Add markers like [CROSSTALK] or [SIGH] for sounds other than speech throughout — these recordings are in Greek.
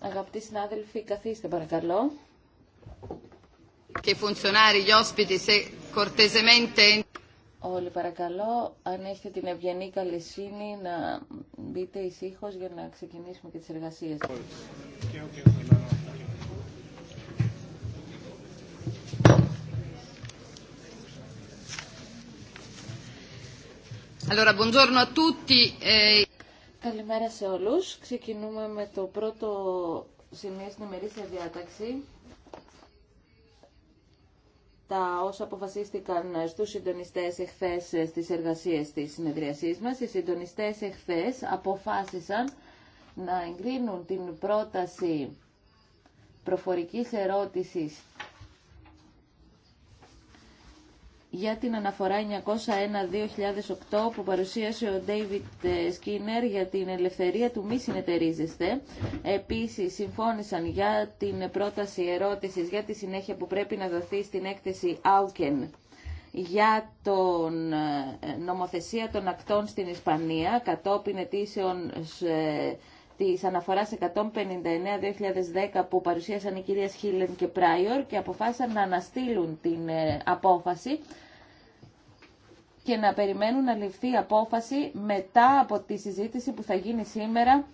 Αγαπητοί συνάδελφοι, καθίστε παρακαλώ. Και Όλοι παρακαλώ, αν έχετε την ευγενή καλεσύνη να μπείτε ησύχω για να ξεκινήσουμε και τι εργασίε. Allora, buongiorno a tutti. Eh, Καλημέρα σε όλους. Ξεκινούμε με το πρώτο σημείο στην ημερήσια διάταξη. Τα όσα αποφασίστηκαν στους συντονιστές εχθές στις εργασίες της συνεδριασής μας. Οι συντονιστές εχθές αποφάσισαν να εγκρίνουν την πρόταση προφορικής ερώτησης για την αναφορά 901-2008 που παρουσίασε ο David ε, Skinner για την ελευθερία του μη συνεταιρίζεστε. Επίσης συμφώνησαν για την πρόταση ερώτησης για τη συνέχεια που πρέπει να δοθεί στην έκθεση Auken για τον ε, νομοθεσία των ακτών στην Ισπανία κατόπιν ετήσεων τη αναφορά 159-2010 που παρουσίασαν οι κυρίε Χίλεν και Πράιορ και αποφάσισαν να αναστείλουν την ε, απόφαση και να περιμένουν να ληφθεί απόφαση μετά από τη συζήτηση που θα γίνει σήμερα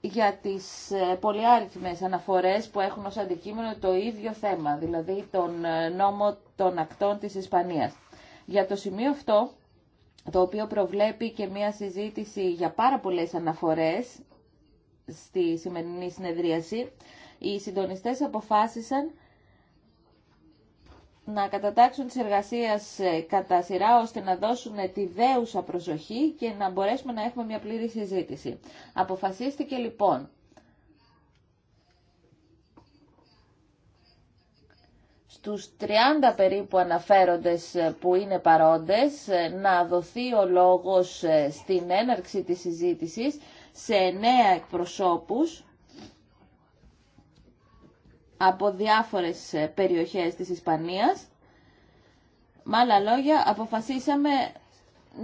για τις ε, πολυάριθμες αναφορές που έχουν ως αντικείμενο το ίδιο θέμα, δηλαδή τον ε, νόμο των ακτών της Ισπανίας. Για το σημείο αυτό, το οποίο προβλέπει και μία συζήτηση για πάρα πολλές αναφορές στη σημερινή συνεδρίαση, οι συντονιστές αποφάσισαν να κατατάξουν τις εργασίες ε, κατά σειρά ώστε να δώσουν τη δέουσα προσοχή και να μπορέσουμε να έχουμε μια πλήρη συζήτηση. Αποφασίστηκε λοιπόν στους 30 περίπου αναφέροντες ε, που είναι παρόντες ε, να δοθεί ο λόγος στην έναρξη της συζήτησης σε 9 εκπροσώπους από διάφορες ε, περιοχές της Ισπανίας. Με άλλα λόγια, αποφασίσαμε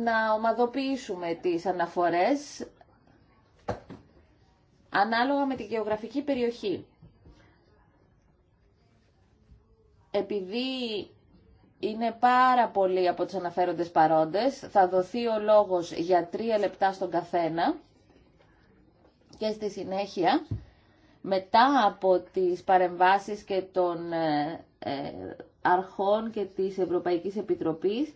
να ομαδοποιήσουμε τις αναφορές ανάλογα με τη γεωγραφική περιοχή. Επειδή είναι πάρα πολλοί από τους αναφέροντες παρόντες, θα δοθεί ο λόγος για τρία λεπτά στον καθένα και στη συνέχεια μετά από τις παρεμβάσεις και των ε, ε, αρχών και της Ευρωπαϊκής Επιτροπής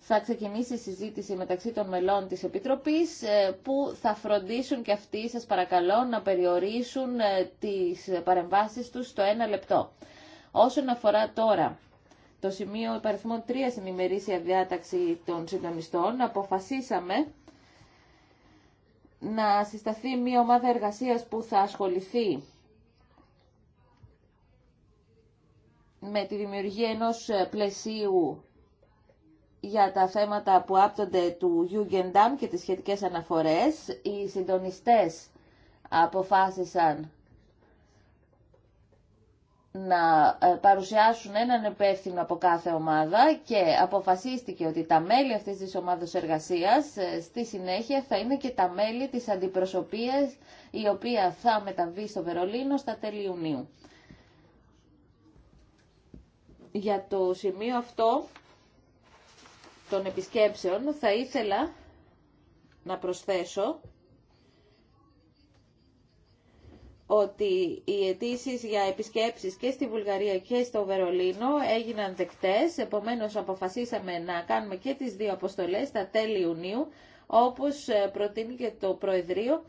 θα ξεκινήσει η συζήτηση μεταξύ των μελών της Επιτροπής ε, που θα φροντίσουν και αυτοί, σας παρακαλώ, να περιορίσουν τις παρεμβάσεις τους στο ένα λεπτό. Όσον αφορά τώρα το σημείο υπαριθμών 3 στην ημερήσια διάταξη των συντονιστών, αποφασίσαμε να συσταθεί μια ομάδα εργασίας που θα ασχοληθεί με τη δημιουργία ενός πλαισίου για τα θέματα που άπτονται του Jugendamt και τις σχετικές αναφορές. Οι συντονιστές αποφάσισαν να ε, παρουσιάσουν έναν υπεύθυνο από κάθε ομάδα και αποφασίστηκε ότι τα μέλη αυτής της ομάδας εργασίας ε, στη συνέχεια θα είναι και τα μέλη της αντιπροσωπείας η οποία θα μεταβεί στο Βερολίνο στα τέλη Ιουνίου. Για το σημείο αυτό των επισκέψεων θα ήθελα να προσθέσω ότι οι αιτήσει για επισκέψεις και στη Βουλγαρία και στο Βερολίνο έγιναν δεκτές, επομένως αποφασίσαμε να κάνουμε και τις δύο αποστολές στα τέλη Ιουνίου, όπως ε, προτείνει και το Προεδρείο,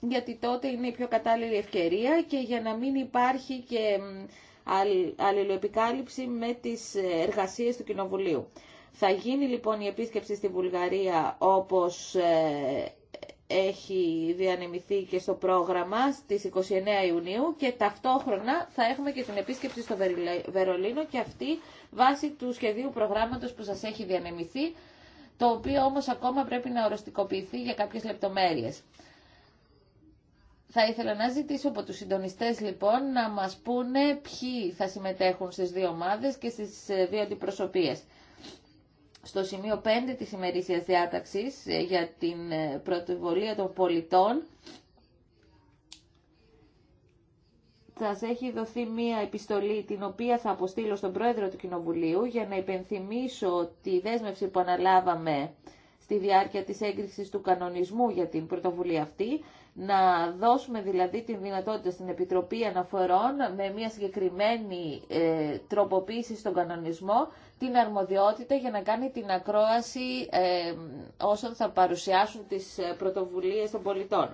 γιατί τότε είναι η πιο κατάλληλη ευκαιρία και για να μην υπάρχει και αλληλοεπικάλυψη με τις ε, εργασίες του Κοινοβουλίου. Θα γίνει λοιπόν η επίσκεψη στη Βουλγαρία όπως ε, έχει διανεμηθεί και στο πρόγραμμα στις 29 Ιουνίου και ταυτόχρονα θα έχουμε και την επίσκεψη στο Βερολίνο και αυτή βάσει του σχεδίου προγράμματος που σας έχει διανεμηθεί, το οποίο όμως ακόμα πρέπει να οριστικοποιηθεί για κάποιες λεπτομέρειες. Θα ήθελα να ζητήσω από τους συντονιστές λοιπόν να μας πούνε ποιοι θα συμμετέχουν στις δύο ομάδες και στις ε, δύο αντιπροσωπείες στο σημείο 5 της ημερήσιας διάταξης ε, για την ε, πρωτοβολία των πολιτών. Σας έχει δοθεί μία επιστολή την οποία θα αποστείλω στον Πρόεδρο του Κοινοβουλίου για να υπενθυμίσω τη δέσμευση που αναλάβαμε στη διάρκεια της έγκρισης του κανονισμού για την πρωτοβουλία αυτή να δώσουμε δηλαδή την δυνατότητα στην Επιτροπή Αναφορών με μια συγκεκριμένη ε, τροποποίηση στον κανονισμό την αρμοδιότητα για να κάνει την ακρόαση ε, όσων θα παρουσιάσουν τις ε, πρωτοβουλίες των πολιτών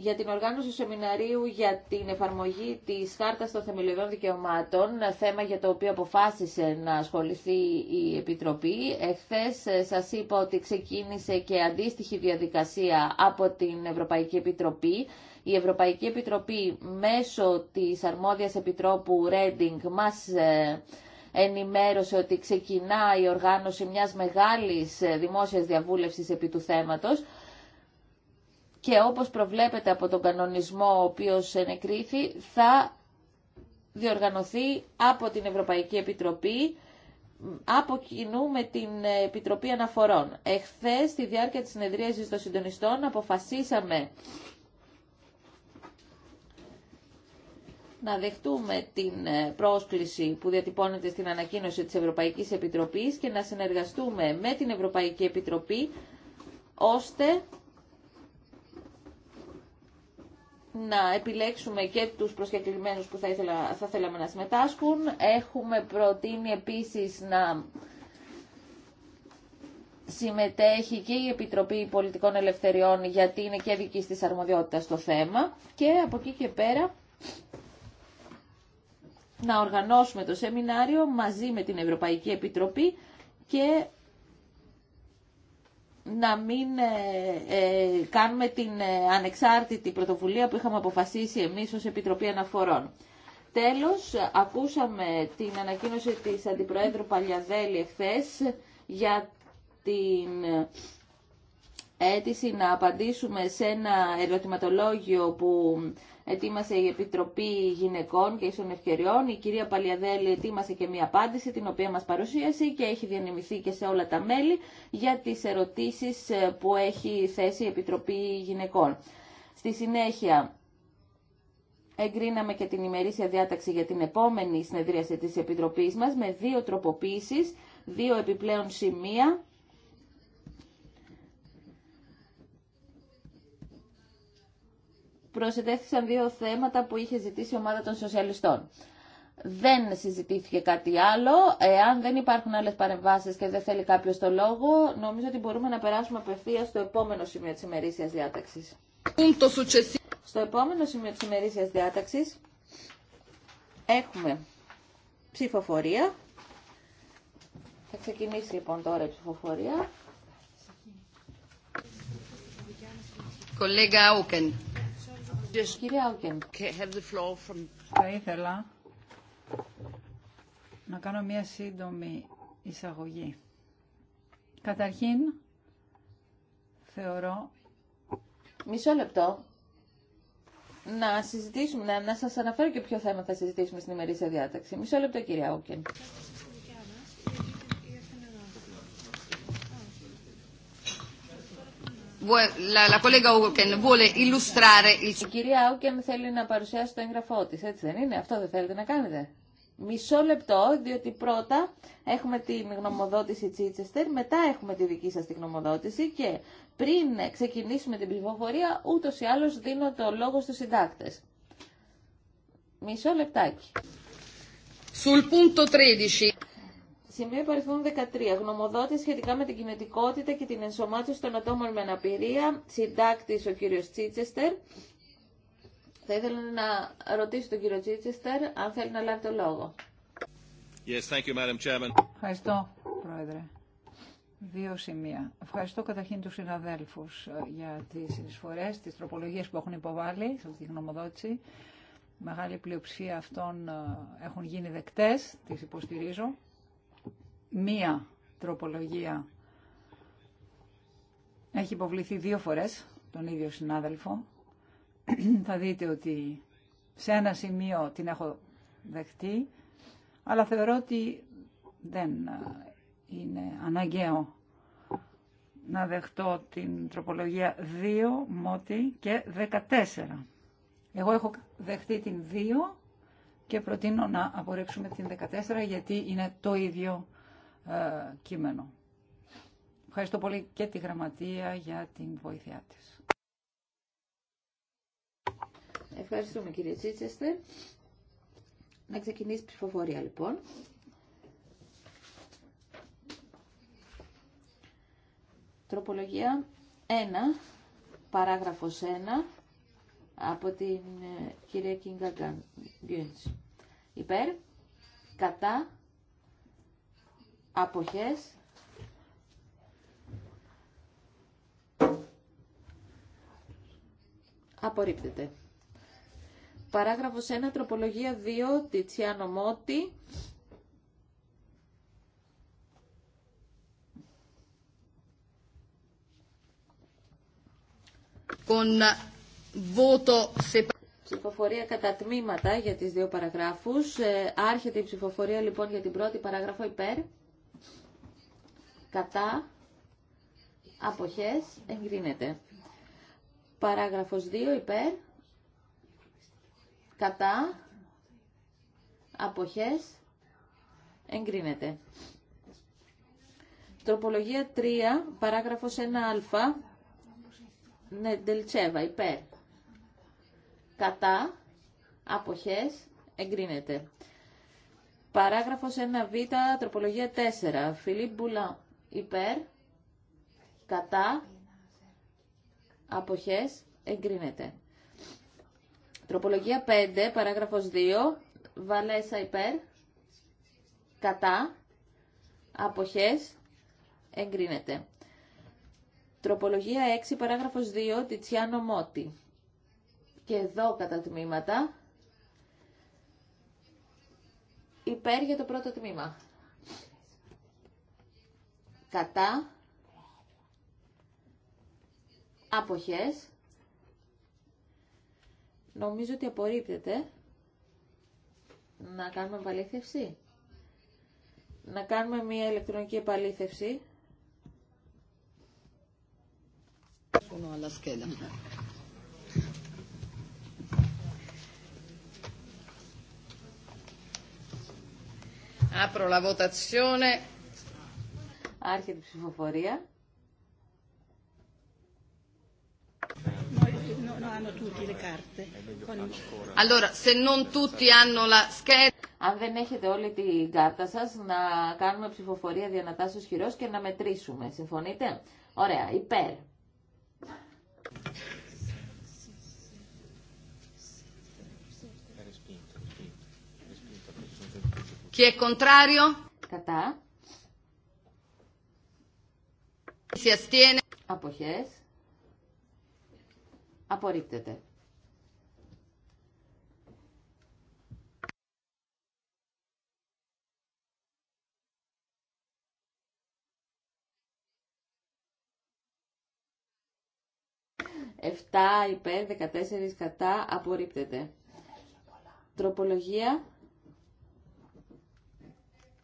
για την οργάνωση σεμιναρίου για την εφαρμογή της Χάρτας των Θεμελιωδών Δικαιωμάτων, θέμα για το οποίο αποφάσισε να ασχοληθεί η Επιτροπή. Εχθές ε, σας είπα ότι ξεκίνησε και αντίστοιχη διαδικασία από την Ευρωπαϊκή Επιτροπή. Η Ευρωπαϊκή Επιτροπή μέσω της αρμόδιας Επιτρόπου Ρέντινγκ μας ε, ενημέρωσε ότι ξεκινά η οργάνωση μιας μεγάλης ε, δημόσιας διαβούλευσης επί του θέματος και όπως προβλέπεται από τον κανονισμό ο οποίος ενεκρίθη θα διοργανωθεί από την Ευρωπαϊκή Επιτροπή από κοινού με την Επιτροπή Αναφορών. Εχθές, στη διάρκεια της συνεδρίασης των συντονιστών, αποφασίσαμε να δεχτούμε την ε, πρόσκληση που διατυπώνεται στην ανακοίνωση της Ευρωπαϊκής Επιτροπής και να συνεργαστούμε με την Ευρωπαϊκή Επιτροπή, ώστε να επιλέξουμε και τους προσκεκλημένους που θα, ήθελα, θα θέλαμε να συμμετάσχουν. Έχουμε προτείνει επίσης να συμμετέχει και η Επιτροπή Πολιτικών Ελευθεριών γιατί είναι και δική της αρμοδιότητας το θέμα και από εκεί και πέρα να οργανώσουμε το σεμινάριο μαζί με την Ευρωπαϊκή Επιτροπή και να μην ε, ε, κάνουμε την ε, ανεξάρτητη πρωτοβουλία που είχαμε αποφασίσει εμείς ως Επιτροπή Αναφορών. Τέλος, ακούσαμε την ανακοίνωση της Αντιπροέδρου Παλιαδέλη εχθές για την αίτηση να απαντήσουμε σε ένα ερωτηματολόγιο που ετοίμασε η Επιτροπή Γυναικών και Ίσων Ευκαιριών. Η κυρία Παλιαδέλη ετοίμασε και μία απάντηση την οποία μας παρουσίασε και έχει διανεμηθεί και σε όλα τα μέλη για τις ερωτήσεις ε, που έχει θέσει η Επιτροπή Γυναικών. Στη συνέχεια εγκρίναμε και την ημερήσια διάταξη για την επόμενη συνεδρίαση της Επιτροπής μας με δύο τροποποίησεις, δύο επιπλέον σημεία προσετέθησαν δύο θέματα που είχε ζητήσει η ομάδα των σοσιαλιστών. Δεν συζητήθηκε κάτι άλλο. Εάν δεν υπάρχουν άλλες παρεμβάσεις και δεν θέλει κάποιος το λόγο, νομίζω ότι μπορούμε να περάσουμε απευθεία στο επόμενο σημείο της ημερήσιας διάταξης. Στο επόμενο σημείο της ημερήσιας διάταξης έχουμε ψηφοφορία. Θα ξεκινήσει λοιπόν τώρα η ψηφοφορία. Κολέγα θα ήθελα να κάνω μία σύντομη εισαγωγή. Καταρχήν, θεωρώ... Μισό λεπτό. Να συζητήσουμε, να, να σας αναφέρω και ποιο θέμα θα συζητήσουμε στην ημερήσια διάταξη. Μισό λεπτό, κυρία Όκεν. La, la collega vuole illustrare il... Η κυρία Άουκεν θέλει να παρουσιάσει το έγγραφό τη, έτσι δεν είναι, αυτό δεν θέλετε να κάνετε. Μισό λεπτό, διότι πρώτα έχουμε την γνωμοδότηση Τσίτσεστερ, μετά έχουμε τη δική σας τη γνωμοδότηση και πριν ξεκινήσουμε την πληροφορία, ούτως ή άλλως δίνω το λόγο στους συντάκτες. Μισό λεπτάκι. Sul 13. Σημείο υπαριθμών 13. Γνωμοδότη σχετικά με την κινητικότητα και την ενσωμάτωση των ατόμων με αναπηρία. Συντάκτη ο κύριο Τσίτσεστερ. Θα ήθελα να ρωτήσω τον κύριο Τσίτσεστερ αν θέλει να λάβει το λόγο. Yes, thank you, Madam Chairman. Ευχαριστώ, Πρόεδρε. Δύο σημεία. Ευχαριστώ καταρχήν του συναδέλφου ε, για τι εισφορές, τι τροπολογίε που έχουν υποβάλει σε αυτή τη γνωμοδότηση. Μεγάλη πλειοψηφία αυτών ε, έχουν γίνει δεκτέ, τι υποστηρίζω μία τροπολογία έχει υποβληθεί δύο φορές τον ίδιο συνάδελφο. [CLEARS THROAT] Θα δείτε ότι σε ένα σημείο την έχω δεχτεί, αλλά θεωρώ ότι δεν ε, είναι αναγκαίο να δεχτώ την τροπολογία 2, μότι και 14. Εγώ έχω δεχτεί την 2 και προτείνω να απορρίψουμε την 14 γιατί είναι το ίδιο ε, κείμενο. Ευχαριστώ πολύ και τη Γραμματεία για την βοήθειά της. Ευχαριστούμε κύριε Τσίτσεστε. Να ξεκινήσει η ψηφοφορία λοιπόν. Τροπολογία 1, παράγραφος 1, από την ε, κυρία Κίνγκα Υπέρ, κατά, αποχές απορρίπτεται. Παράγραφος 1, τροπολογία 2, Τιτσιάνο Μότι. Ψηφοφορία κατά τμήματα για τις δύο παραγράφους. Ε, άρχεται η ψηφοφορία λοιπόν για την πρώτη παράγραφο υπέρ κατά, αποχές, εγκρίνεται. Παράγραφος 2 υπέρ, κατά, αποχές, εγκρίνεται. Τροπολογία 3, παράγραφος 1α, Νεντελτσέβα, ναι, υπέρ. Κατά, αποχές, εγκρίνεται. Παράγραφος 1β, τροπολογία 4, Φιλίπ υπέρ, κατά, αποχές, εγκρίνεται. Τροπολογία 5, παράγραφος 2, Βαλέσα υπέρ, κατά, αποχές, εγκρίνεται. Τροπολογία 6, παράγραφος 2, Τιτσιάνο Μότι. Και εδώ κατά τμήματα, υπέρ για το πρώτο τμήμα κατά, αποχές, νομίζω ότι απορρίπτεται, να κάνουμε επαλήθευση, να κάνουμε μια ηλεκτρονική επαλήθευση. Approvo la votazione. Άρχεται η ψηφοφορία. Αν δεν έχετε όλη την κάρτα σα να κάνουμε ψηφοφορία διανατάσσεω χειρό και να μετρήσουμε. Συμφωνείτε? Ωραία. Υπέρ. Και κοντράριο. Κατά. Αποχές. Απορρίπτεται. 7, υπέρ, 14 κατά, απορρίπτεται. Τροπολογία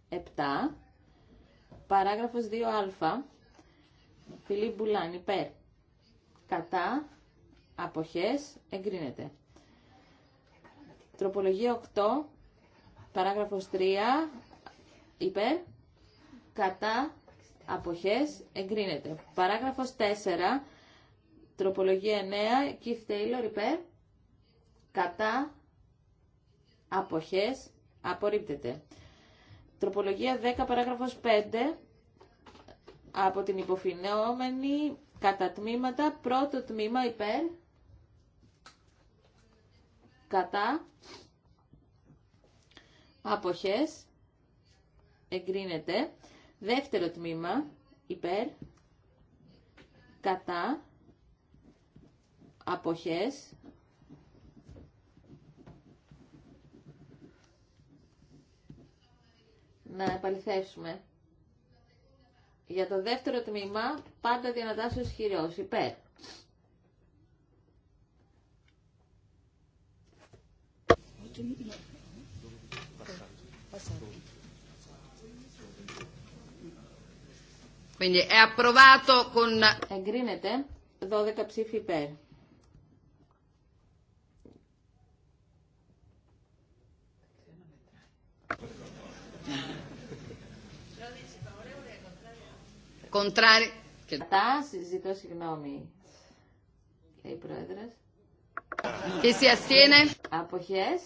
7, παράγραφος 2α, Φιλίπ Μπουλάν υπέρ. Κατά. Αποχές. Εγκρίνεται. Τροπολογία 8. Παράγραφος 3. Υπέρ. Κατά. Αποχές. Εγκρίνεται. Παράγραφος 4. Τροπολογία 9. Keith Taylor υπέρ. Κατά. Αποχές. Απορρίπτεται. Τροπολογία 10 παράγραφος 5 από την υποφινόμενη κατά τμήματα, πρώτο τμήμα υπέρ, κατά, αποχές, εγκρίνεται, δεύτερο τμήμα υπέρ, κατά, αποχές, να επαληθεύσουμε. Για το δεύτερο τμήμα, πάντα διανατάσσεω ισχυρός, Υπέρ. Quindi è approvato con... Εγκρίνεται 12 ψήφοι υπέρ. Κοντράρι. Κατά, ζητώ συγγνώμη. Λέει η Και εσύ Αποχές.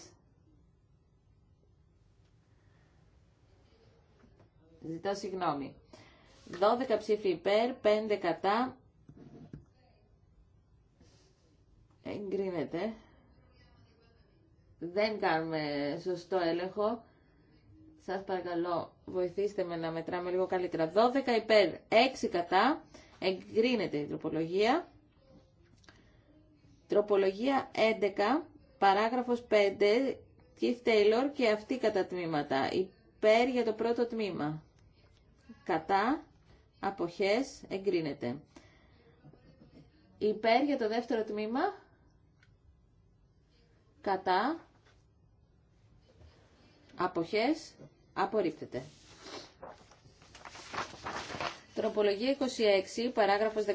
Ζητώ συγγνώμη. 12 ψήφοι υπέρ, 5 κατά. Εγκρίνεται. Δεν κάνουμε σωστό έλεγχο. Σας παρακαλώ, βοηθήστε με να μετράμε λίγο καλύτερα. 12 υπέρ, 6 κατά, εγκρίνεται η τροπολογία. Τροπολογία 11, παράγραφος 5, Keith Taylor και αυτή κατά τμήματα. Υπέρ για το πρώτο τμήμα. Κατά, αποχές, εγκρίνεται. Υπέρ για το δεύτερο τμήμα. Κατά, αποχές, Απορρίπτεται. Τροπολογία 26, παράγραφος 13α.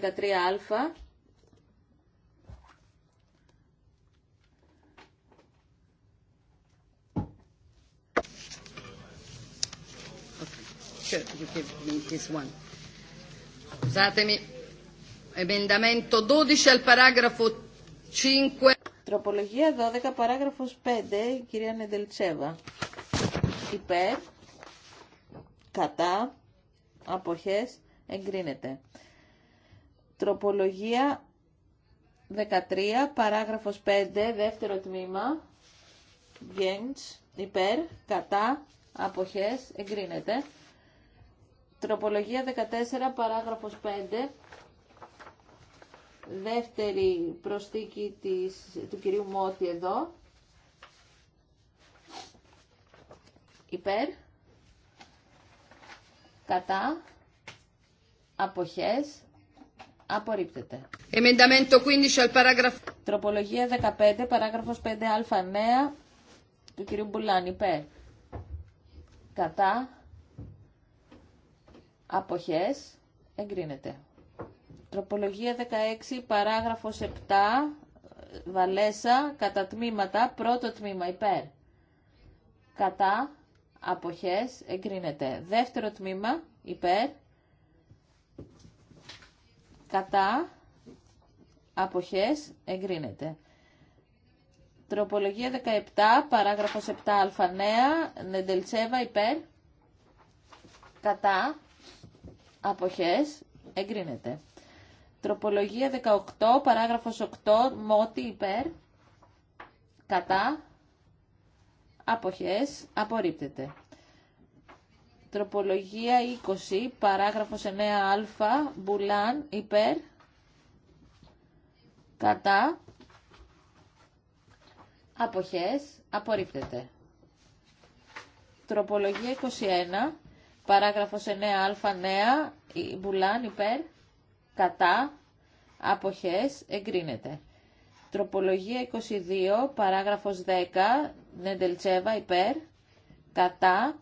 12 al paragrafo 5. Τροπολογία 12, παράγραφος 5, κυρία Νεντελτσέβα υπέρ, κατά, αποχές, εγκρίνεται. Τροπολογία 13, παράγραφος 5, δεύτερο τμήμα, γέντς, υπέρ, κατά, αποχές, εγκρίνεται. Τροπολογία 14, παράγραφος 5, δεύτερη προστίκη του κυρίου Μότι εδώ, υπέρ, κατά, αποχές, απορρίπτεται. Εμενταμέντο 15 al παράγραφο. Τροπολογία 15, παράγραφος 5α 9 του κυρίου Μπουλάν, υπέρ, κατά, αποχές, εγκρίνεται. Τροπολογία 16, παράγραφος 7, Βαλέσα, κατά τμήματα, πρώτο τμήμα υπέρ. Κατά, αποχές εγκρίνεται. Δεύτερο τμήμα υπέρ κατά αποχές εγκρίνεται. Τροπολογία 17, παράγραφος 7α νέα, Νεντελτσέβα υπέρ, κατά, αποχές, εγκρίνεται. Τροπολογία 18, παράγραφος 8, Μότι υπέρ, κατά, αποχές, απορρίπτεται. Τροπολογία 20, παράγραφος 9α, μπουλάν, υπέρ, κατά, αποχές, απορρίπτεται. Τροπολογία 21, παράγραφος 9α, νέα, μπουλάν, υπέρ, κατά, αποχές, εγκρίνεται. Τροπολογία 22, παράγραφος 10, Νεντελτσέβα υπέρ, κατά,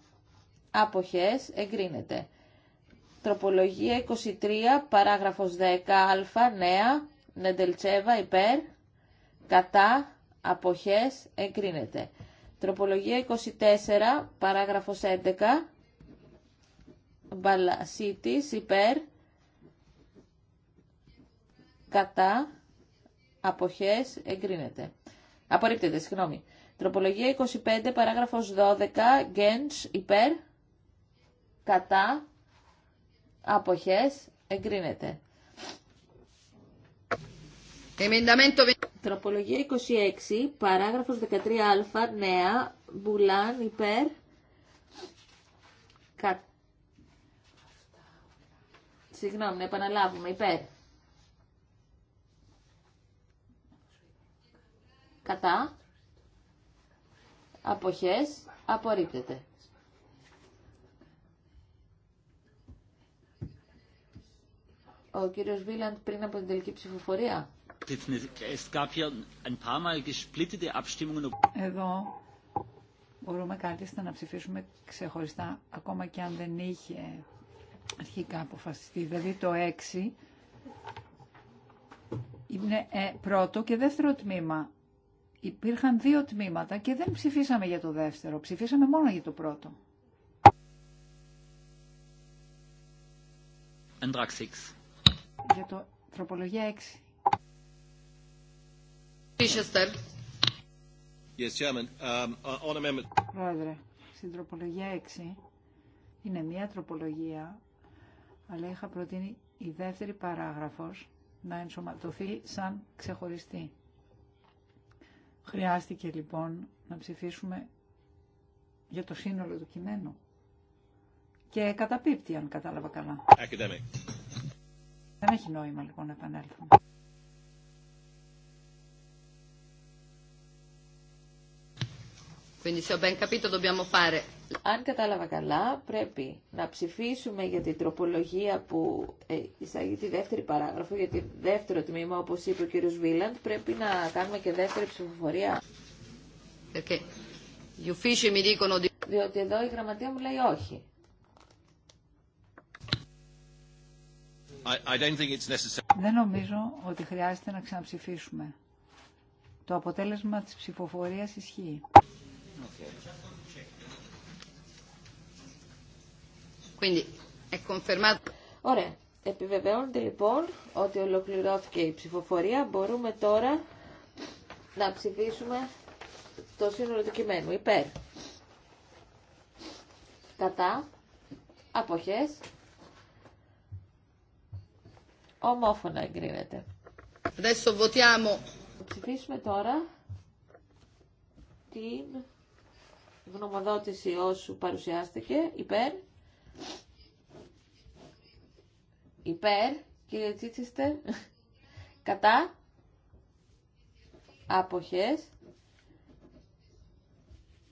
αποχές, εγκρίνεται. Τροπολογία 23, παράγραφος 10α, νέα, Νεντελτσέβα υπέρ, κατά, αποχές, εγκρίνεται. Τροπολογία 24, παράγραφος 11, Μπαλασίτης υπέρ, κατά, αποχές, εγκρίνεται. Απορρίπτεται, συγγνώμη. Τροπολογία 25, παράγραφος 12, γκέντς, υπέρ, κατά, αποχές, εγκρίνεται. Τροπολογία 26, παράγραφος 13α, νέα, μπουλάν, υπέρ, κατά, Συγγνώμη, επαναλάβουμε, υπέρ. Κατά αποχές, απορρίπτεται. Ο κύριος Βίλαντ πριν από την τελική ψηφοφορία. Εδώ μπορούμε κάλλιστα να ψηφίσουμε ξεχωριστά, ακόμα και αν δεν είχε αρχικά αποφασιστεί. Δηλαδή το 6 είναι ε, πρώτο και δεύτερο τμήμα υπήρχαν δύο τμήματα και δεν ψηφίσαμε για το δεύτερο, ψηφίσαμε μόνο για το πρώτο. Για το τροπολογία 6. Yes, um, on Πρόεδρε, στην τροπολογία 6 είναι μία τροπολογία, αλλά είχα προτείνει η δεύτερη παράγραφος να ενσωματωθεί σαν ξεχωριστή. Χρειάστηκε λοιπόν να ψηφίσουμε για το σύνολο του κειμένου. Και καταπίπτει, αν κατάλαβα καλά. Academic. Δεν έχει νόημα λοιπόν να επανέλθουμε. Quindi se ho ben capito dobbiamo fare αν κατάλαβα καλά, πρέπει να ψηφίσουμε για την τροπολογία που ε, εισάγει τη δεύτερη παράγραφο, για τη δεύτερο τμήμα, όπως είπε ο κύριος Βίλαντ, πρέπει να κάνουμε και δεύτερη ψηφοφορία. Okay. Διότι εδώ η γραμματεία μου λέει όχι. Δεν νομίζω ότι χρειάζεται να ξαναψηφίσουμε. Το αποτέλεσμα της ψηφοφορίας ισχύει. Okay. Ωραία. Επιβεβαιώνεται λοιπόν ότι ολοκληρώθηκε η ψηφοφορία. Μπορούμε τώρα να ψηφίσουμε το σύνολο του κειμένου. Υπέρ. Κατά. Αποχές. Ομόφωνα εγκρίνεται. Θα ψηφίσουμε τώρα την γνωμοδότηση όσου παρουσιάστηκε υπέρ. Υπέρ, κύριε Τσίτσιστερ. Κατά. Αποχές.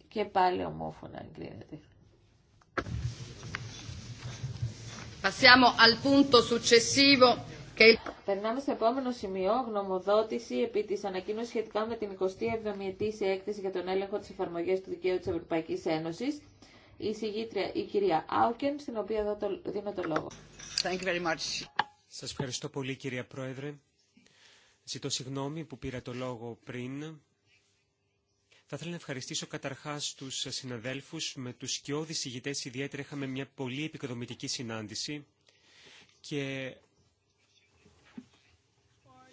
Και πάλι ομόφωνα εγκρίνεται. Passiamo al punto successivo. Περνάμε στο επόμενο σημείο, γνωμοδότηση επί τη ανακοίνωση σχετικά με την 27η ετήσια έκθεση για τον έλεγχο τη εφαρμογή του δικαίου τη Ευρωπαϊκή Ένωση η συγγήτρια η κυρία Άουκεν, στην οποία εδώ το, δίνω το λόγο. Thank you very much. Σας ευχαριστώ πολύ κυρία Πρόεδρε. Ζητώ συγγνώμη που πήρα το λόγο πριν. Θα ήθελα να ευχαριστήσω καταρχάς τους συναδέλφους. Με τους σκιώδεις ηγητές ιδιαίτερα είχαμε μια πολύ επικοδομητική συνάντηση και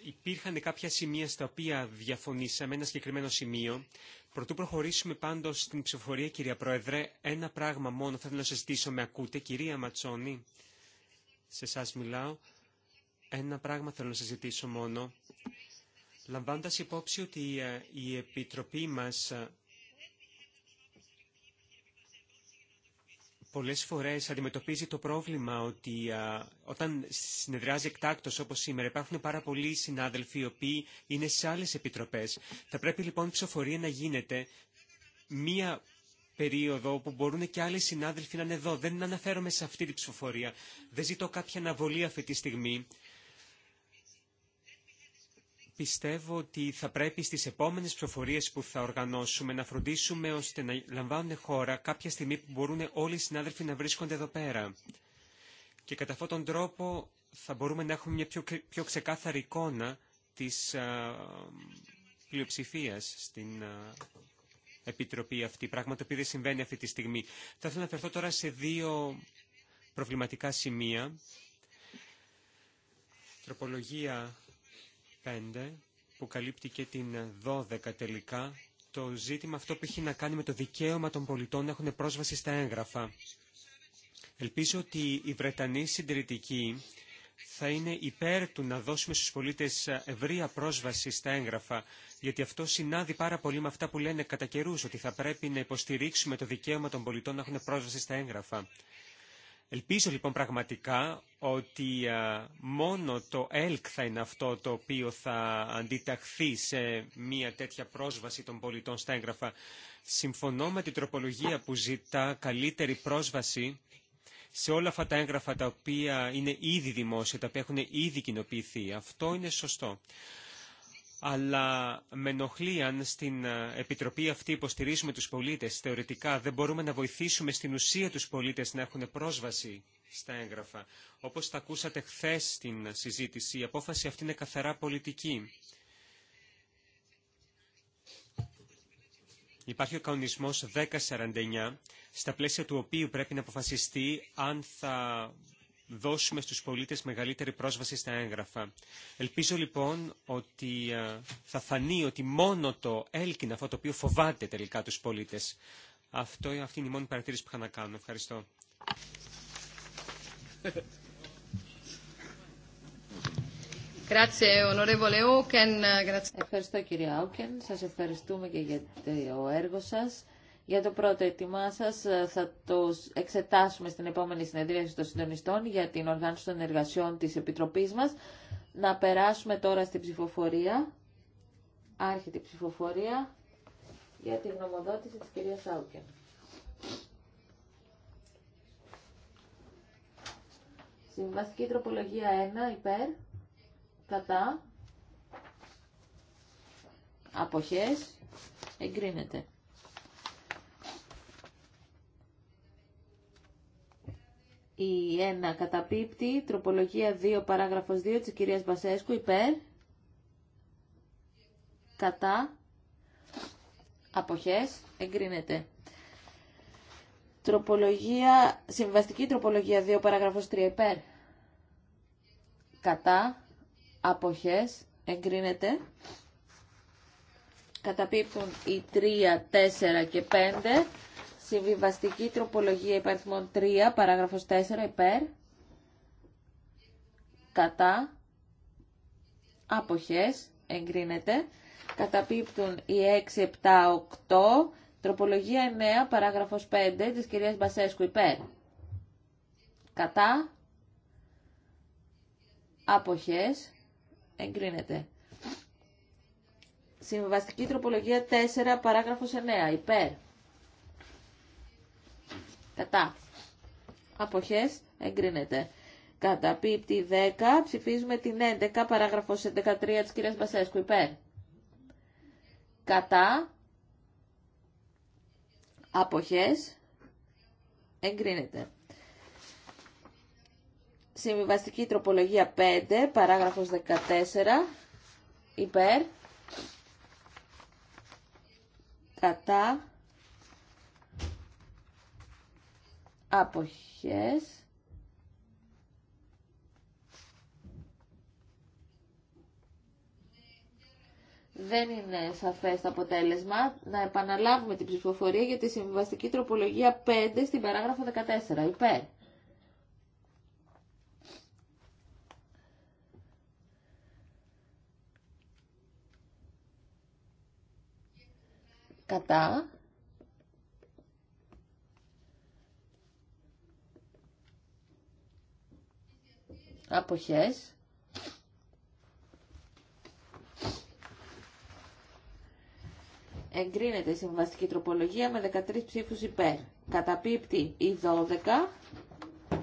υπήρχαν κάποια σημεία στα οποία διαφωνήσαμε, ένα συγκεκριμένο σημείο, Πρωτού προχωρήσουμε πάντω στην ψηφοφορία, κυρία Πρόεδρε, ένα πράγμα μόνο θέλω να σα ζητήσω. Με ακούτε, κυρία Ματσόνη, σε εσά μιλάω. Ένα πράγμα θέλω να σα ζητήσω μόνο. Λαμβάνοντα υπόψη ότι ε, η Επιτροπή μα ε, πολλές φορές αντιμετωπίζει το πρόβλημα ότι όταν συνεδριάζει εκτάκτος όπως σήμερα υπάρχουν πάρα πολλοί συνάδελφοι οι οποίοι είναι σε άλλες επιτροπές. Θα πρέπει λοιπόν η ψηφοφορία να γίνεται μία περίοδο που μπορούν και άλλοι συνάδελφοι να είναι εδώ. Δεν αναφέρομαι σε αυτή την ψηφοφορία. Δεν ζητώ κάποια αναβολή αυτή τη στιγμή πιστεύω ότι θα πρέπει στις επόμενες προφορίες που θα οργανώσουμε να φροντίσουμε ώστε να λαμβάνουν χώρα κάποια στιγμή που μπορούν όλοι οι συνάδελφοι να βρίσκονται εδώ πέρα. Και κατά αυτόν τον τρόπο θα μπορούμε να έχουμε μια πιο, πιο ξεκάθαρη εικόνα της α, πλειοψηφίας στην Επιτροπή αυτή, πράγμα το οποίο δεν συμβαίνει αυτή τη στιγμή. Θα ήθελα να αφαιρθώ τώρα σε δύο προβληματικά σημεία. Τροπολογία 5 που καλύπτει και την 12 τελικά, το ζήτημα αυτό που έχει να κάνει με το δικαίωμα των πολιτών να έχουν πρόσβαση στα έγγραφα. Ελπίζω ότι οι Βρετανοί συντηρητικοί θα είναι υπέρ του να δώσουμε στους πολίτες ευρεία πρόσβαση στα έγγραφα, γιατί αυτό συνάδει πάρα πολύ με αυτά που λένε κατά καιρούς ότι θα πρέπει να υποστηρίξουμε το δικαίωμα των πολιτών να έχουν πρόσβαση στα έγγραφα. Ελπίζω λοιπόν πραγματικά ότι μόνο το ΕΛΚ θα είναι αυτό το οποίο θα αντιταχθεί σε μια τέτοια πρόσβαση των πολιτών στα έγγραφα. Συμφωνώ με την τροπολογία που ζητά καλύτερη πρόσβαση σε όλα αυτά τα έγγραφα τα οποία είναι ήδη δημόσια, τα οποία έχουν ήδη κοινοποιηθεί. Αυτό είναι σωστό αλλά με ενοχλεί αν στην ε, Επιτροπή αυτή υποστηρίζουμε τους πολίτες θεωρητικά, δεν μπορούμε να βοηθήσουμε στην ουσία τους πολίτες να έχουν πρόσβαση στα έγγραφα. Όπως τα ακούσατε χθε στην συζήτηση, η απόφαση αυτή είναι καθαρά πολιτική. Υπάρχει ο κανονισμός 1049, στα πλαίσια του οποίου πρέπει να αποφασιστεί αν θα δώσουμε στους πολίτες μεγαλύτερη πρόσβαση στα έγγραφα. Ελπίζω λοιπόν ότι ε, θα φανεί ότι μόνο το ΕΛΚ αυτό το οποίο φοβάται τελικά τους πολίτες. Αυτό, αυτή είναι η μόνη παρατήρηση που είχα να κάνω. Ευχαριστώ. Ευχαριστώ κύριε Άουκεν. Σας ευχαριστούμε και για το έργο σας για το πρώτο έτοιμά σα ε, Θα το εξετάσουμε στην επόμενη συνεδρίαση των συντονιστών για την οργάνωση των εργασιών της Επιτροπής μας. Να περάσουμε τώρα στην ψηφοφορία. Άρχεται η ψηφοφορία για την γνωμοδότηση της κυρίας Σάουκεν. Συμβαστική τροπολογία 1 υπέρ, κατά, αποχές, εγκρίνεται. Η 1 καταπίπτει, τροπολογία 2 παράγραφος 2 της κυρίας Μπασέσκου υπέρ, κατά, αποχές, εγκρίνεται. Τροπολογία, συμβαστική τροπολογία 2 παράγραφος 3 υπέρ, κατά, αποχές, εγκρίνεται. Καταπίπτουν οι 3, 4 και 5. Συμβιβαστική τροπολογία υπαριθμών 3, παράγραφος 4, υπέρ. Κατά. Άποχες. Εγκρίνεται. Καταπίπτουν οι 6, 7, 8. Τροπολογία 9, παράγραφος 5, της κυρίας Μπασέσκου, υπέρ. Κατά. Άποχες. Εγκρίνεται. Συμβιβαστική τροπολογία 4, παράγραφος 9, υπέρ. Κατά. Αποχές εγκρίνεται. Κατά πίπτη 10. Ψηφίζουμε την 11 παράγραφος 13 της κυρίας Μπασέσκου. Υπέρ. Κατά. Αποχές εγκρίνεται. Συμβιβαστική τροπολογία 5, παράγραφος 14, υπέρ, κατά, αποχές δεν είναι σαφές το αποτέλεσμα. Να επαναλάβουμε την ψηφοφορία για τη συμβιβαστική τροπολογία 5 στην παράγραφο 14. Υπέρ. Κατά. αποχές εγκρίνεται η συμβαστική τροπολογία με 13 ψήφους υπέρ. Καταπίπτει η 12.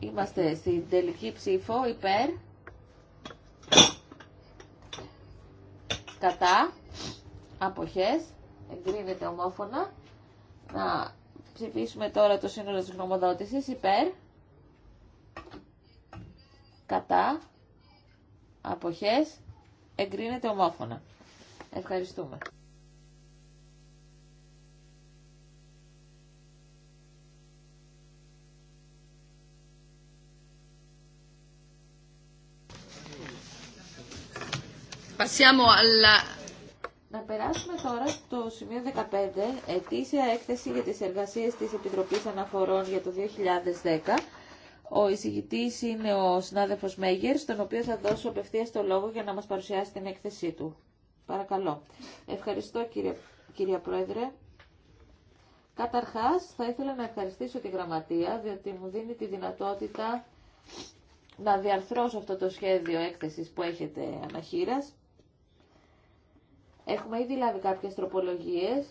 Είμαστε στην τελική ψήφο υπέρ. Κατά. Αποχές. Εγκρίνεται ομόφωνα. Να ψηφίσουμε τώρα το σύνολο της γνωμοδότησης υπέρ κατά, αποχές, εγκρίνεται ομόφωνα. Ευχαριστούμε. Να περάσουμε τώρα στο σημείο 15, ετήσια έκθεση για τις εργασίες της Επιτροπής Αναφορών για το 2010 ο εισηγητή είναι ο συνάδελφος Μέγερ, στον οποίο θα δώσω απευθεία το λόγο για να μας παρουσιάσει την έκθεσή του. Παρακαλώ. Ευχαριστώ κύριε, κυρία Πρόεδρε. Καταρχάς θα ήθελα να ευχαριστήσω τη Γραμματεία, διότι μου δίνει τη δυνατότητα να διαρθρώσω αυτό το σχέδιο έκθεσης που έχετε αναχείρας. Έχουμε ήδη λάβει κάποιες τροπολογίες,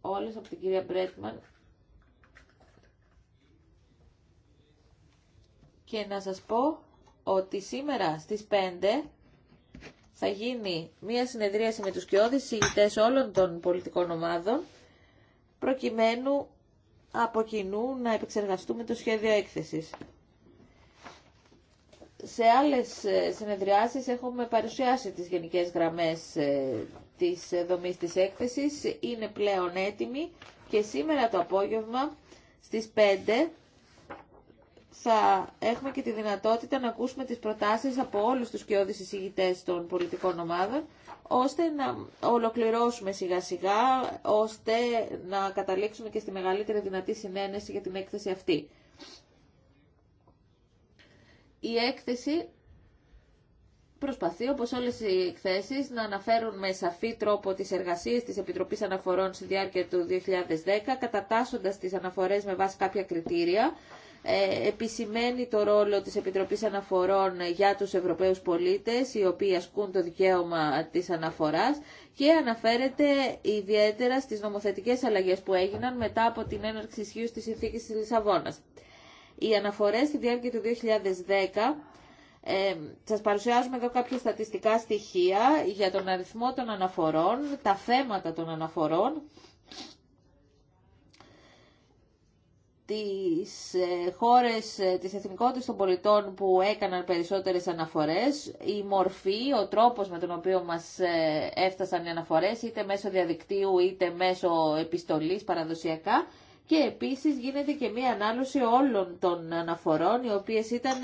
όλες από την κυρία Μπρέτμαν, και να σας πω ότι σήμερα στις 5 θα γίνει μία συνεδρίαση με τους κοιόδης συγητές όλων των πολιτικών ομάδων προκειμένου από κοινού να επεξεργαστούμε το σχέδιο έκθεσης. Σε άλλες ε, συνεδριάσεις έχουμε παρουσιάσει τις γενικές γραμμές ε, της δομής της έκθεσης. Είναι πλέον έτοιμη και σήμερα το απόγευμα στις 5 θα έχουμε και τη δυνατότητα να ακούσουμε τις προτάσεις από όλους τους κοιόδης εισηγητές των πολιτικών ομάδων, ώστε να ολοκληρώσουμε σιγά σιγά, ώστε να καταλήξουμε και στη μεγαλύτερη δυνατή συνένεση για την έκθεση αυτή. Η έκθεση προσπαθεί, όπως όλες οι εκθέσεις, να αναφέρουν με σαφή τρόπο τις εργασίες της Επιτροπής Αναφορών στη διάρκεια του 2010, κατατάσσοντας τις αναφορές με βάση κάποια κριτήρια, ε, επισημαίνει το ρόλο της Επιτροπής Αναφορών για τους Ευρωπαίους πολίτες, οι οποίοι ασκούν το δικαίωμα της αναφοράς και αναφέρεται ιδιαίτερα στις νομοθετικές αλλαγές που έγιναν μετά από την έναρξη ισχύου της συνθήκη της Λισαβόνας. Οι αναφορές στη διάρκεια του 2010 ε, σας παρουσιάζουμε εδώ κάποια στατιστικά στοιχεία για τον αριθμό των αναφορών, τα θέματα των αναφορών τις ε, χώρες ε, της εθνικότητας των πολιτών που έκαναν περισσότερες αναφορές, η μορφή, ο τρόπος με τον οποίο μας ε, έφτασαν οι αναφορές, είτε μέσω διαδικτύου είτε μέσω επιστολής παραδοσιακά, και επίσης γίνεται και μία ανάλυση όλων των αναφορών, οι οποίες ήταν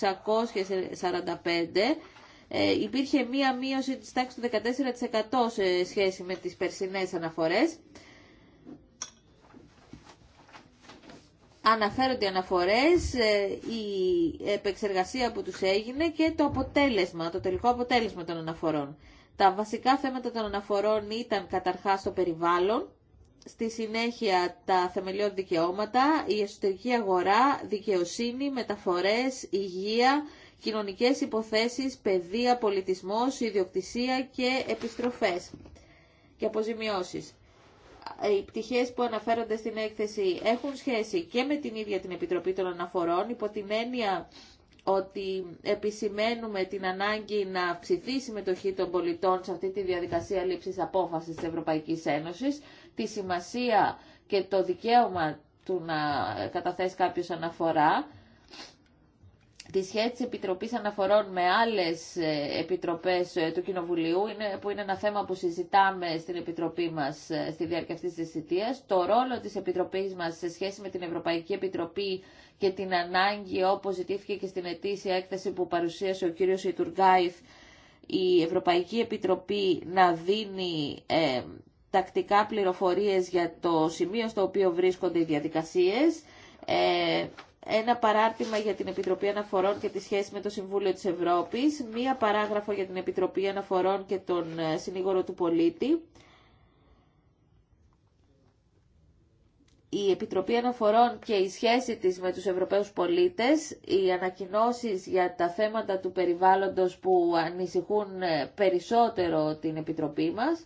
1645, υπήρχε μία μείωση της τάξης του 14% σε σχέση με τις περσινές αναφορές αναφέρονται αναφορές, ε, η επεξεργασία που τους έγινε και το αποτέλεσμα, το τελικό αποτέλεσμα των αναφορών. Τα βασικά θέματα των αναφορών ήταν καταρχάς το περιβάλλον, στη συνέχεια τα θεμελιώδη δικαιώματα, η εσωτερική αγορά, δικαιοσύνη, μεταφορές, υγεία, κοινωνικές υποθέσεις, παιδεία, πολιτισμός, ιδιοκτησία και επιστροφές και αποζημιώσεις οι πτυχές που αναφέρονται στην έκθεση έχουν σχέση και με την ίδια την Επιτροπή των Αναφορών υπό την έννοια ότι επισημαίνουμε την ανάγκη να αυξηθεί η συμμετοχή των πολιτών σε αυτή τη διαδικασία λήψης απόφασης της Ευρωπαϊκής Ένωσης, τη σημασία και το δικαίωμα του να καταθέσει κάποιος αναφορά τη σχέση της Επιτροπής Αναφορών με άλλες ε, επιτροπές ε, του Κοινοβουλίου, είναι, που είναι ένα θέμα που συζητάμε στην Επιτροπή μας ε, στη διάρκεια αυτής της θητείας, το ρόλο της Επιτροπής μας σε σχέση με την Ευρωπαϊκή Επιτροπή και την ανάγκη, όπως ζητήθηκε και στην ετήσια έκθεση που παρουσίασε ο κύριος ιτουργάιθ η Ευρωπαϊκή Επιτροπή να δίνει τακτικά πληροφορίες για το σημείο στο οποίο βρίσκονται οι διαδικασίες, ε, ένα παράρτημα για την Επιτροπή Αναφορών και τη σχέση με το Συμβούλιο της Ευρώπης, μία παράγραφο για την Επιτροπή Αναφορών και τον ε, Συνήγορο του Πολίτη. Η Επιτροπή Αναφορών και η σχέση της με τους Ευρωπαίους πολίτες, οι ανακοινώσεις για τα θέματα του περιβάλλοντος που ανησυχούν ε, περισσότερο την Επιτροπή μας.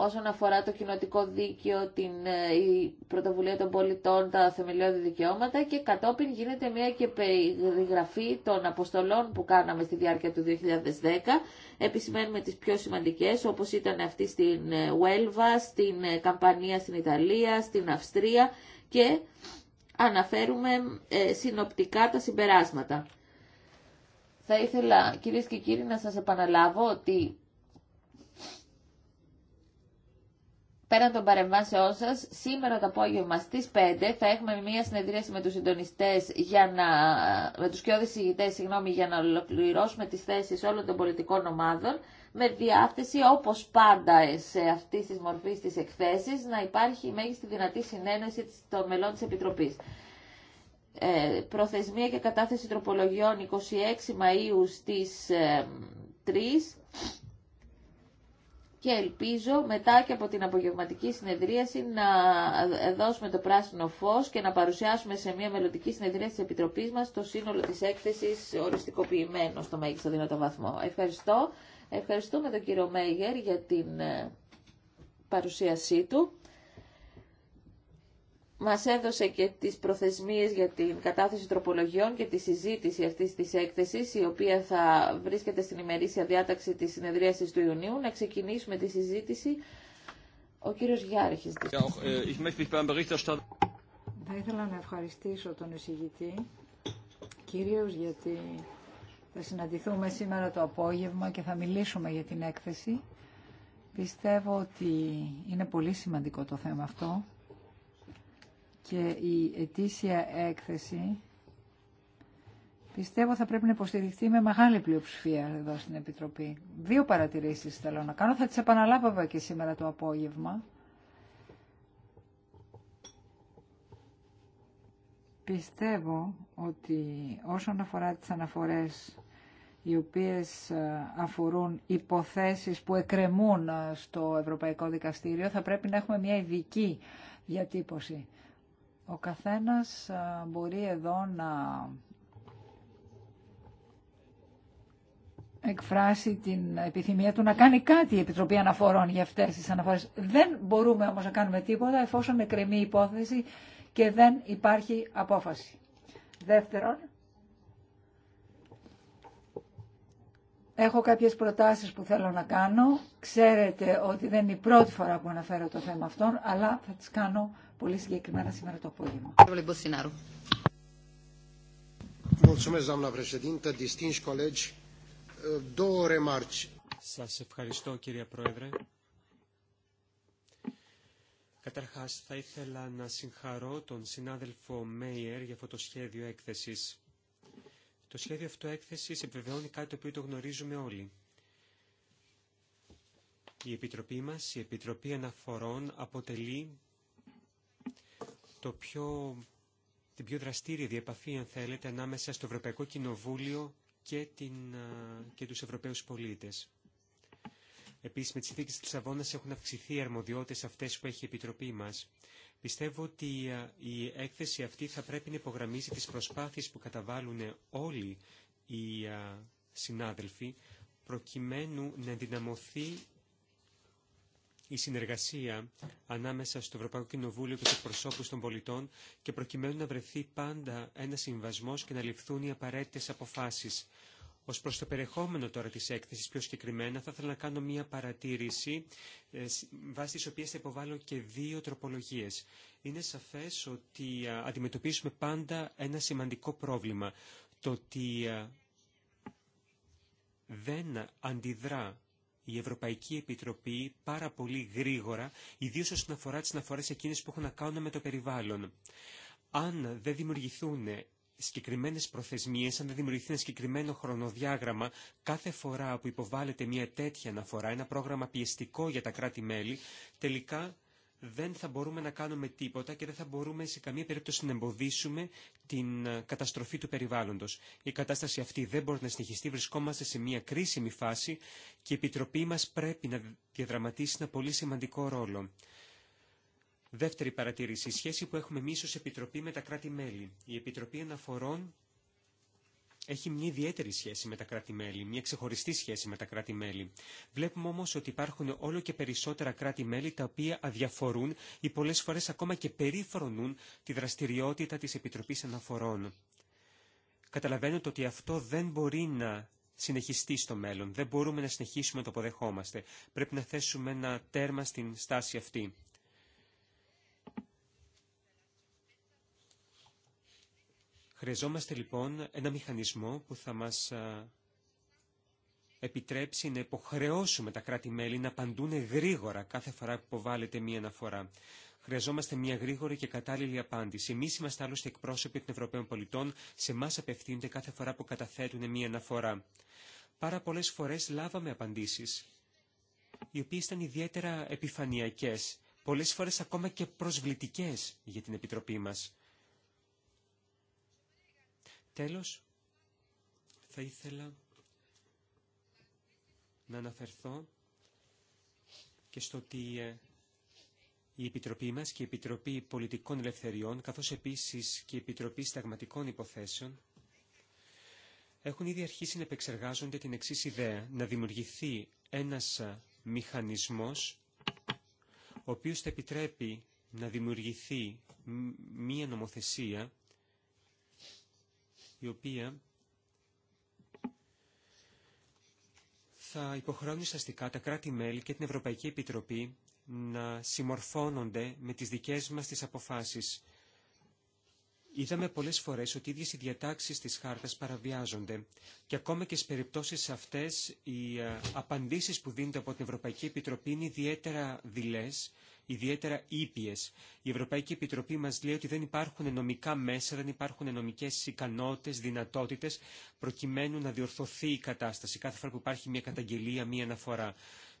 όσον αφορά το κοινοτικό δίκαιο, την ε, η πρωτοβουλία των πολιτών, τα θεμελιώδη δικαιώματα και κατόπιν γίνεται μια και περιγραφή των αποστολών που κάναμε στη διάρκεια του 2010. Επισημαίνουμε τις πιο σημαντικές όπως ήταν αυτή στην Ουέλβα, ε, στην ε, Καμπανία στην Ιταλία, στην Αυστρία και αναφέρουμε συνοπτικά τα συμπεράσματα. Θα ήθελα κυρίες και κύριοι να σας επαναλάβω ότι πέραν των παρεμβάσεών σα, σήμερα το απόγευμα στι 5 θα έχουμε μια συνεδρίαση με του συντονιστέ για να, με του κοιόδης ηγητές, για να ολοκληρώσουμε τι θέσει όλων των πολιτικών ομάδων με διάθεση όπω πάντα σε αυτή τη μορφή τη εκθέσεις να υπάρχει η μέγιστη δυνατή συνένεση των μελών τη Επιτροπή. Ε, προθεσμία και κατάθεση τροπολογιών 26 Μαΐου στις 3 ε, και ελπίζω μετά και από την απογευματική συνεδρίαση να δώσουμε το πράσινο φως και να παρουσιάσουμε σε μια μελλοντική συνεδρία της Επιτροπής μας το σύνολο της έκθεσης οριστικοποιημένο στο μέγιστο δυνατό βαθμό. Ευχαριστώ. Ευχαριστούμε τον κύριο Μέγερ για την ε, παρουσίασή του μας έδωσε και τις προθεσμίες για την κατάθεση τροπολογιών και τη συζήτηση αυτής της έκθεσης, η οποία θα βρίσκεται στην ημερήσια διάταξη της συνεδρίασης του Ιουνίου. Να ξεκινήσουμε τη συζήτηση. Ο κύριος Γιάρχης. Äh, θα ήθελα να ευχαριστήσω τον εισηγητή, κυρίως γιατί θα συναντηθούμε σήμερα το απόγευμα και θα μιλήσουμε για την έκθεση. Πιστεύω ότι είναι πολύ σημαντικό το θέμα αυτό και η ετήσια έκθεση πιστεύω θα πρέπει να υποστηριχθεί με μεγάλη πλειοψηφία εδώ στην Επιτροπή. Δύο παρατηρήσεις θέλω να κάνω, θα τις επαναλάβω και σήμερα το απόγευμα. Πιστεύω ότι όσον αφορά τις αναφορές οι οποίες ε, αφορούν υποθέσεις που εκκρεμούν ε, στο Ευρωπαϊκό Δικαστήριο, θα πρέπει να έχουμε μια ειδική διατύπωση. Ο καθένας μπορεί εδώ να εκφράσει την επιθυμία του να κάνει κάτι η Επιτροπή Αναφορών για αυτές τις αναφορές. Δεν μπορούμε όμως να κάνουμε τίποτα εφόσον εκκρεμεί η υπόθεση και δεν υπάρχει απόφαση. Δεύτερον, έχω κάποιες προτάσεις που θέλω να κάνω. Ξέρετε ότι δεν είναι η πρώτη φορά που αναφέρω το θέμα αυτόν, αλλά θα τις κάνω πολύ συγκεκριμένα σήμερα το απόγευμα. Σα ευχαριστώ κύριε Πρόεδρε. Καταρχά θα ήθελα να συγχαρώ τον συνάδελφο Μέιερ για αυτό το σχέδιο έκθεσης. Το σχέδιο αυτό έκθεσης επιβεβαιώνει κάτι το οποίο το γνωρίζουμε όλοι. Η Επιτροπή μας, η Επιτροπή Αναφορών, αποτελεί το πιο, την πιο δραστήρια διεπαφή, αν θέλετε, ανάμεσα στο Ευρωπαϊκό Κοινοβούλιο και, την, και τους Ευρωπαίους πολίτες. Επίσης, με τις συνθήκες της Λισαβόνας έχουν αυξηθεί οι αρμοδιότητες αυτές που έχει η Επιτροπή μας. Πιστεύω ότι η έκθεση αυτή θα πρέπει να υπογραμμίζει τις προσπάθειες που καταβάλουν όλοι οι συνάδελφοι προκειμένου να ενδυναμωθεί η συνεργασία ανάμεσα στο Ευρωπαϊκό Κοινοβούλιο και τους προσώπους των πολιτών και προκειμένου να βρεθεί πάντα ένα συμβασμός και να ληφθούν οι απαραίτητες αποφάσεις. Ω προ το περιεχόμενο τώρα τη έκθεση πιο συγκεκριμένα, θα ήθελα να κάνω μία παρατήρηση, ε, βάσει τη οποία θα υποβάλω και δύο τροπολογίε. Είναι σαφέ ότι αντιμετωπίσουμε πάντα ένα σημαντικό πρόβλημα. Το ότι δεν αντιδρά η Ευρωπαϊκή Επιτροπή πάρα πολύ γρήγορα, ιδίω όσον αφορά τι αναφορέ εκείνε που έχουν να κάνουν με το περιβάλλον. Αν δεν δημιουργηθούν συγκεκριμένε προθεσμίες, αν δεν δημιουργηθεί ένα συγκεκριμένο χρονοδιάγραμμα, κάθε φορά που υποβάλλεται μια τέτοια αναφορά, ένα πρόγραμμα πιεστικό για τα κράτη-μέλη, τελικά δεν θα μπορούμε να κάνουμε τίποτα και δεν θα μπορούμε σε καμία περίπτωση να εμποδίσουμε την ε, καταστροφή του περιβάλλοντος. Η κατάσταση αυτή δεν μπορεί να συνεχιστεί, βρισκόμαστε σε μια κρίσιμη φάση και η Επιτροπή μας πρέπει να διαδραματίσει ένα πολύ σημαντικό ρόλο. Δεύτερη παρατήρηση, η σχέση που έχουμε εμεί ω Επιτροπή με τα κράτη-μέλη. Η Επιτροπή Αναφορών έχει μια ιδιαίτερη σχέση με τα κράτη-μέλη, μια ξεχωριστή σχέση με τα κράτη-μέλη. Βλέπουμε όμω ότι υπάρχουν όλο και περισσότερα κράτη-μέλη τα οποία αδιαφορούν ή πολλέ φορέ ακόμα και περίφρονούν τη δραστηριότητα τη Επιτροπή Αναφορών. Καταλαβαίνετε ότι αυτό δεν μπορεί να συνεχιστεί στο μέλλον. Δεν μπορούμε να συνεχίσουμε να το αποδεχόμαστε. Πρέπει να θέσουμε ένα τέρμα στην στάση αυτή. Χρειαζόμαστε λοιπόν ένα μηχανισμό που θα μας επιτρέψει να υποχρεώσουμε τα κράτη-μέλη να απαντούν γρήγορα κάθε φορά που υποβάλλεται μία αναφορά. Χρειαζόμαστε μια γρήγορη και κατάλληλη απάντηση. Εμεί είμαστε άλλωστε εκπρόσωποι των Ευρωπαίων πολιτών, σε εμά απευθύνονται κάθε φορά που καταθέτουν μια αναφορά. Πάρα πολλέ φορέ λάβαμε απαντήσει, οι οποίε ήταν ιδιαίτερα επιφανειακέ, πολλέ φορέ ακόμα και προσβλητικέ για την Επιτροπή μα. Τέλος, θα ήθελα να αναφερθώ και στο ότι ε, η Επιτροπή μας και η Επιτροπή Πολιτικών Ελευθεριών, καθώς επίσης και η Επιτροπή Σταγματικών Υποθέσεων, έχουν ήδη αρχίσει να επεξεργάζονται την εξής ιδέα, να δημιουργηθεί ένας ε, μηχανισμός, ο οποίος θα επιτρέπει να δημιουργηθεί μία νομοθεσία η οποία θα υποχρεώνει ουσιαστικά τα κράτη-μέλη και την Ευρωπαϊκή Επιτροπή να συμμορφώνονται με τις δικές μας τις αποφάσεις. Είδαμε πολλές φορές ότι οι ίδιες οι διατάξεις της χάρτας παραβιάζονται και ακόμα και στις περιπτώσεις αυτές οι ε, απαντήσεις που δίνονται από την Ευρωπαϊκή Επιτροπή είναι ιδιαίτερα δειλές ιδιαίτερα ήπιες. Η Ευρωπαϊκή Επιτροπή μα λέει ότι δεν υπάρχουν νομικά μέσα, δεν υπάρχουν νομικέ ικανότητε, δυνατότητε προκειμένου να διορθωθεί η κατάσταση κάθε φορά που υπάρχει μια καταγγελία, μια αναφορά.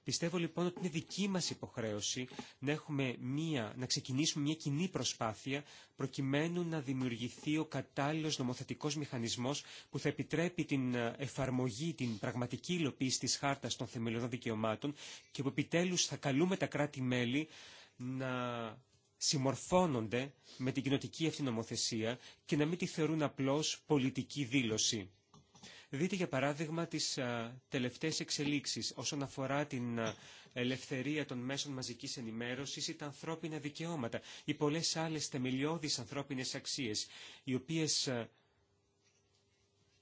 Πιστεύω λοιπόν ότι είναι δική μα υποχρέωση να, έχουμε μία, να ξεκινήσουμε μια κοινή προσπάθεια προκειμένου να δημιουργηθεί ο κατάλληλο νομοθετικό μηχανισμό που θα επιτρέπει την ε, εφαρμογή, την πραγματική υλοποίηση τη χάρτα των θεμελιωδών δικαιωμάτων και που επιτέλου θα καλούμε τα κράτη-μέλη να συμμορφώνονται με την κοινοτική αυτή νομοθεσία και να μην τη θεωρούν απλώς πολιτική δήλωση. Δείτε για παράδειγμα τις α, τελευταίες εξελίξεις όσον αφορά την ελευθερία των μέσων μαζικής ενημέρωσης ή τα ανθρώπινα δικαιώματα ή πολλές άλλες θεμελιώδεις ανθρώπινες αξίες, οι οποίες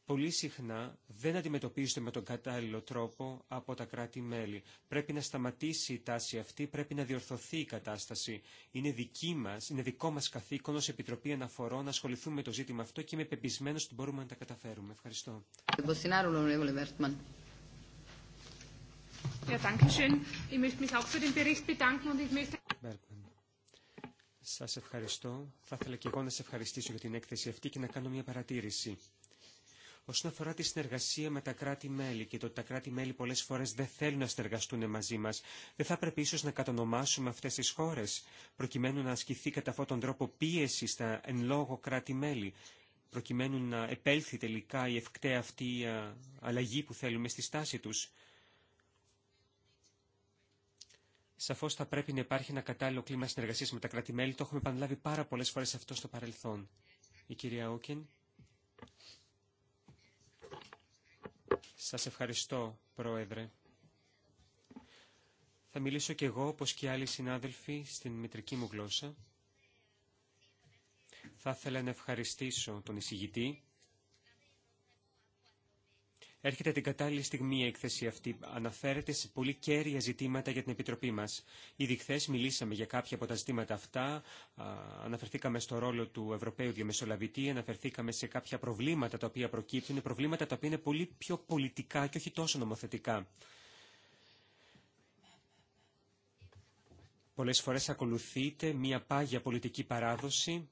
πολύ συχνά δεν αντιμετωπίζονται με τον κατάλληλο τρόπο από τα κράτη-μέλη. Πρέπει να σταματήσει η τάση αυτή, πρέπει να διορθωθεί η κατάσταση. Είναι, δική μας, είναι δικό μας καθήκον ως Επιτροπή Αναφορών να ασχοληθούμε με το ζήτημα αυτό και είμαι πεπισμένος ότι μπορούμε να τα καταφέρουμε. Ευχαριστώ. Σας ευχαριστώ. Θα ήθελα και εγώ να σε ευχαριστήσω για την έκθεση αυτή και να κάνω μια παρατήρηση όσον αφορά τη συνεργασία με τα κράτη-μέλη και το ότι τα κράτη-μέλη πολλές φορές δεν θέλουν να συνεργαστούν μαζί μας, δεν θα πρέπει ίσως να κατονομάσουμε αυτές τις χώρες, προκειμένου να ασκηθεί κατά αυτόν τον τρόπο πίεση στα εν λόγω κράτη-μέλη, προκειμένου να επέλθει τελικά η ευκταία αυτή αλλαγή που θέλουμε στη στάση τους. Σαφώς θα πρέπει να υπάρχει ένα κατάλληλο κλίμα συνεργασίας με τα κράτη-μέλη. Το έχουμε επαναλάβει πάρα πολλές φορές αυτό στο παρελθόν. Η κυρία Όκεν. Σας ευχαριστώ, Πρόεδρε. Θα μιλήσω κι εγώ, όπως και άλλοι συνάδελφοι, στην μητρική μου γλώσσα. Θα ήθελα να ευχαριστήσω τον εισηγητή Έρχεται την κατάλληλη στιγμή η έκθεση αυτή. Αναφέρεται σε πολύ κέρια ζητήματα για την Επιτροπή μα. Ήδη χθε μιλήσαμε για κάποια από τα ζητήματα αυτά. Αναφερθήκαμε στο ρόλο του Ευρωπαίου Διαμεσολαβητή, αναφερθήκαμε σε κάποια προβλήματα τα οποία προκύπτουν, προβλήματα τα οποία είναι πολύ πιο πολιτικά και όχι τόσο νομοθετικά. Πολλές φορές ακολουθείται μία πάγια πολιτική παράδοση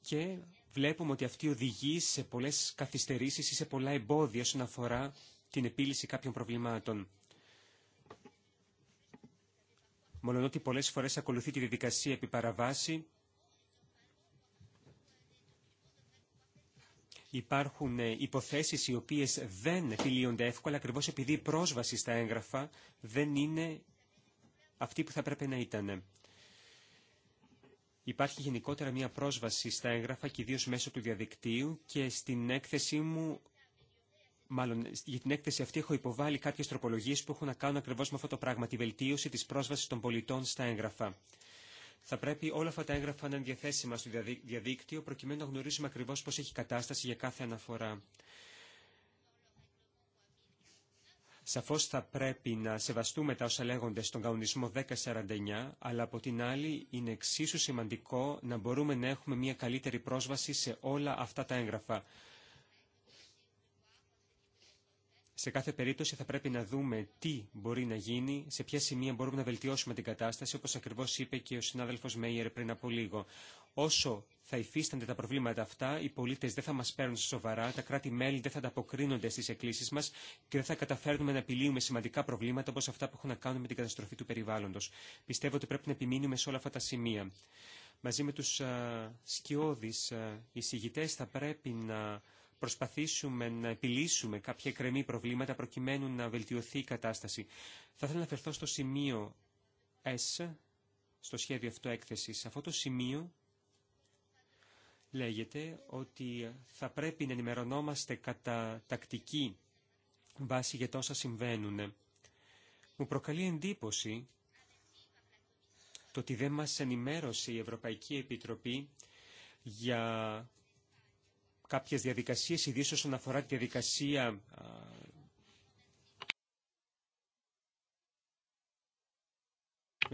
και βλέπουμε ότι αυτή οδηγεί σε πολλές καθυστερήσεις ή σε πολλά εμπόδια όσον αφορά την επίλυση κάποιων προβλημάτων. Μόλον ότι πολλές φορές ακολουθεί τη διαδικασία επί παραβάση, υπάρχουν ε, υποθέσεις οι οποίες δεν επιλύονται εύκολα, ακριβώς επειδή η πρόσβαση προβληματων μολονοτι οτι πολλες φορες ακολουθει τη έγγραφα δεν είναι αυτή που θα πρέπει να ήταν. Υπάρχει γενικότερα μια πρόσβαση στα έγγραφα και ιδίω μέσω του διαδικτύου και στην έκθεσή μου Μάλλον για την έκθεση αυτή έχω υποβάλει κάποιες τροπολογίες που έχουν να κάνουν ακριβώς με αυτό το πράγμα, τη βελτίωση της πρόσβασης των πολιτών στα έγγραφα. Θα πρέπει όλα αυτά τα έγγραφα να είναι διαθέσιμα στο διαδίκτυο προκειμένου να γνωρίζουμε ακριβώς πώ έχει κατάσταση για κάθε αναφορά. Σαφώς θα πρέπει να σεβαστούμε τα όσα λέγονται στον κανονισμό 1049, αλλά από την άλλη είναι εξίσου σημαντικό να μπορούμε να έχουμε μια καλύτερη πρόσβαση σε όλα αυτά τα έγγραφα. Σε κάθε περίπτωση θα πρέπει να δούμε τι μπορεί να γίνει, σε ποια σημεία μπορούμε να βελτιώσουμε την κατάσταση, όπως ακριβώς είπε και ο συνάδελφος Μέιερ πριν από λίγο. Όσο θα υφίστανται τα προβλήματα αυτά, οι πολίτε δεν θα μα παίρνουν σοβαρά, τα κράτη-μέλη δεν θα ανταποκρίνονται στι εκκλήσει μα και δεν θα καταφέρνουμε να επιλύουμε σημαντικά προβλήματα όπω αυτά που έχουν να κάνουν με την καταστροφή του περιβάλλοντο. Πιστεύω ότι πρέπει να επιμείνουμε σε όλα αυτά τα σημεία. Μαζί με του σκιώδει εισηγητέ θα πρέπει να προσπαθήσουμε να επιλύσουμε κάποια εκκρεμή προβλήματα προκειμένου να βελτιωθεί η κατάσταση. Θα ήθελα να αφαιρθώ στο σημείο S, στο σχέδιο αυτό έκθεση. Σε αυτό το σημείο λέγεται ότι θα πρέπει να ενημερωνόμαστε κατά τακτική βάση για τόσα συμβαίνουν. Μου προκαλεί εντύπωση το ότι δεν μας ενημέρωσε η Ευρωπαϊκή Επιτροπή για κάποιες διαδικασίες, ιδίως όσον αφορά τη διαδικασία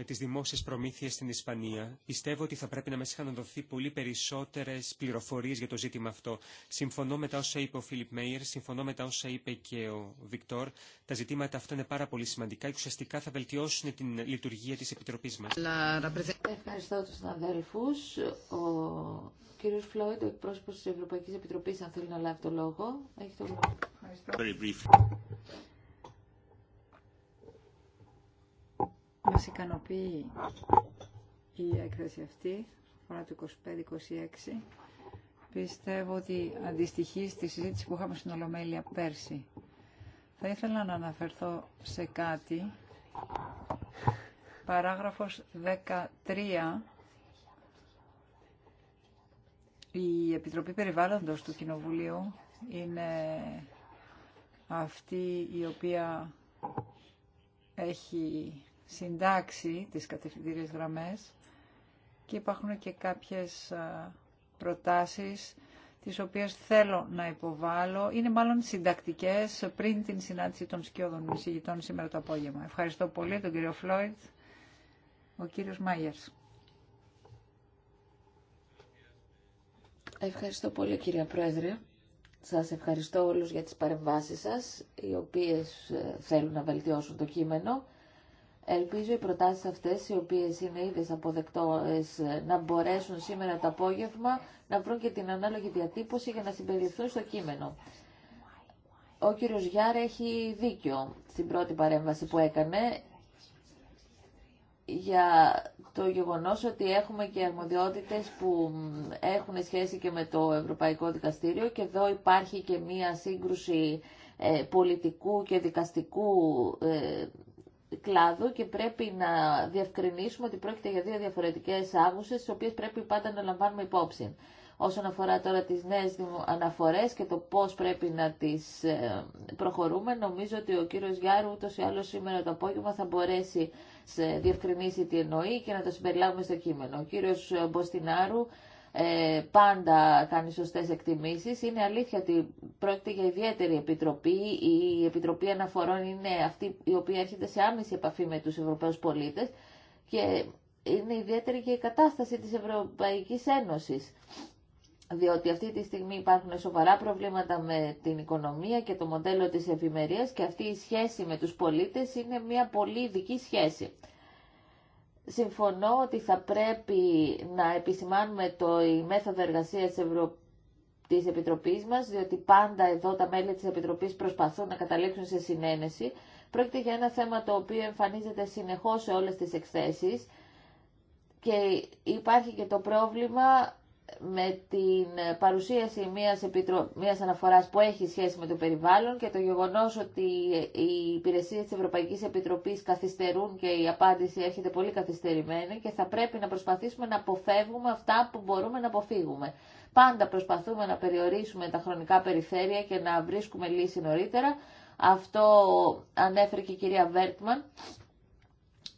με τις δημόσιες προμήθειες στην Ισπανία. Πιστεύω ότι θα πρέπει να μας είχαν δοθεί πολύ περισσότερες πληροφορίες για το ζήτημα αυτό. Συμφωνώ με τα όσα είπε ο Φίλιπ Μέιερ, συμφωνώ με τα όσα είπε και ο Βικτόρ. Τα ζητήματα αυτά είναι πάρα πολύ σημαντικά και ουσιαστικά θα βελτιώσουν την λειτουργία της Επιτροπής μας. Ευχαριστώ τους αδέλφους Ο κύριος Φλόιντ, ο εκπρόσωπος της Ευρωπαϊκής Επιτροπής, αν θέλει να λάβει το λόγο. Έχει το λόγο. Μας ικανοποιεί η έκθεση αυτή, φορά του 25-26. Πιστεύω ότι αντιστοιχεί στη συζήτηση που είχαμε στην Ολομέλεια πέρσι. Θα ήθελα να αναφερθώ σε κάτι. Παράγραφος 13. Η Επιτροπή Περιβάλλοντος του Κοινοβουλίου είναι αυτή η οποία έχει συντάξει τις κατευθυντήριες γραμμές και υπάρχουν και κάποιες προτάσεις τις οποίες θέλω να υποβάλω. Είναι μάλλον συντακτικές πριν την συνάντηση των σκιώδων εισηγητών σήμερα το απόγευμα. Ευχαριστώ πολύ τον κύριο Φλόιντ. ο κύριος Μάγερς. Ευχαριστώ πολύ κύριε Πρόεδρε. Σας ευχαριστώ όλους για τις παρεμβάσεις σας, οι οποίες ε, θέλουν να βελτιώσουν το κείμενο. Ελπίζω οι προτάσεις αυτές, οι οποίες είναι ήδη αποδεκτόες να μπορέσουν σήμερα το απόγευμα να βρουν και την ανάλογη διατύπωση για να συμπεριληφθούν στο κείμενο. Ο κύριος Γιάρ έχει δίκιο στην πρώτη παρέμβαση που έκανε για το γεγονός ότι έχουμε και αρμοδιότητες που έχουν σχέση και με το Ευρωπαϊκό Δικαστήριο και εδώ υπάρχει και μία σύγκρουση ε, πολιτικού και δικαστικού ε, κλάδο και πρέπει να διευκρινίσουμε ότι πρόκειται για δύο διαφορετικές άγουσες, τις οποίες πρέπει πάντα να λαμβάνουμε υπόψη. Όσον αφορά τώρα τις νέες αναφορές και το πώς πρέπει να τις ε, προχωρούμε, νομίζω ότι ο κύριος Γιάρου ούτως ή άλλως σήμερα το απόγευμα θα μπορέσει σε διευκρινίσει τι εννοεί και να το συμπεριλάβουμε στο κείμενο. Ο κύριος Μποστινάρου ε, πάντα κάνει σωστές εκτιμήσεις. Είναι αλήθεια ότι πρόκειται για ιδιαίτερη επιτροπή. Η Επιτροπή Αναφορών είναι αυτή η οποία έρχεται σε άμεση επαφή με τους Ευρωπαίους πολίτες και είναι ιδιαίτερη και η κατάσταση της Ευρωπαϊκής Ένωσης διότι αυτή τη στιγμή υπάρχουν σοβαρά προβλήματα με την οικονομία και το μοντέλο της ευημερία και αυτή η σχέση με τους πολίτες είναι μια πολύ ειδική σχέση συμφωνώ ότι θα πρέπει να επισημάνουμε το, η μέθοδο εργασίας της, Ευρω... της Επιτροπής μας, διότι πάντα εδώ τα μέλη της Επιτροπής προσπαθούν να καταλήξουν σε συνένεση. Πρόκειται για ένα θέμα το οποίο εμφανίζεται συνεχώς σε όλες τις εκθέσεις και υπάρχει και το πρόβλημα με την παρουσίαση μιας, επιτρο... μιας αναφοράς που έχει σχέση με το περιβάλλον και το γεγονός ότι οι υπηρεσίες της Ευρωπαϊκής Επιτροπής καθυστερούν και η απάντηση έρχεται πολύ καθυστερημένη και θα πρέπει να προσπαθήσουμε να αποφεύγουμε αυτά που μπορούμε να αποφύγουμε. Πάντα προσπαθούμε να περιορίσουμε τα χρονικά περιφέρεια και να βρίσκουμε λύση νωρίτερα. Αυτό ανέφερε και η κυρία Βέρτμαν.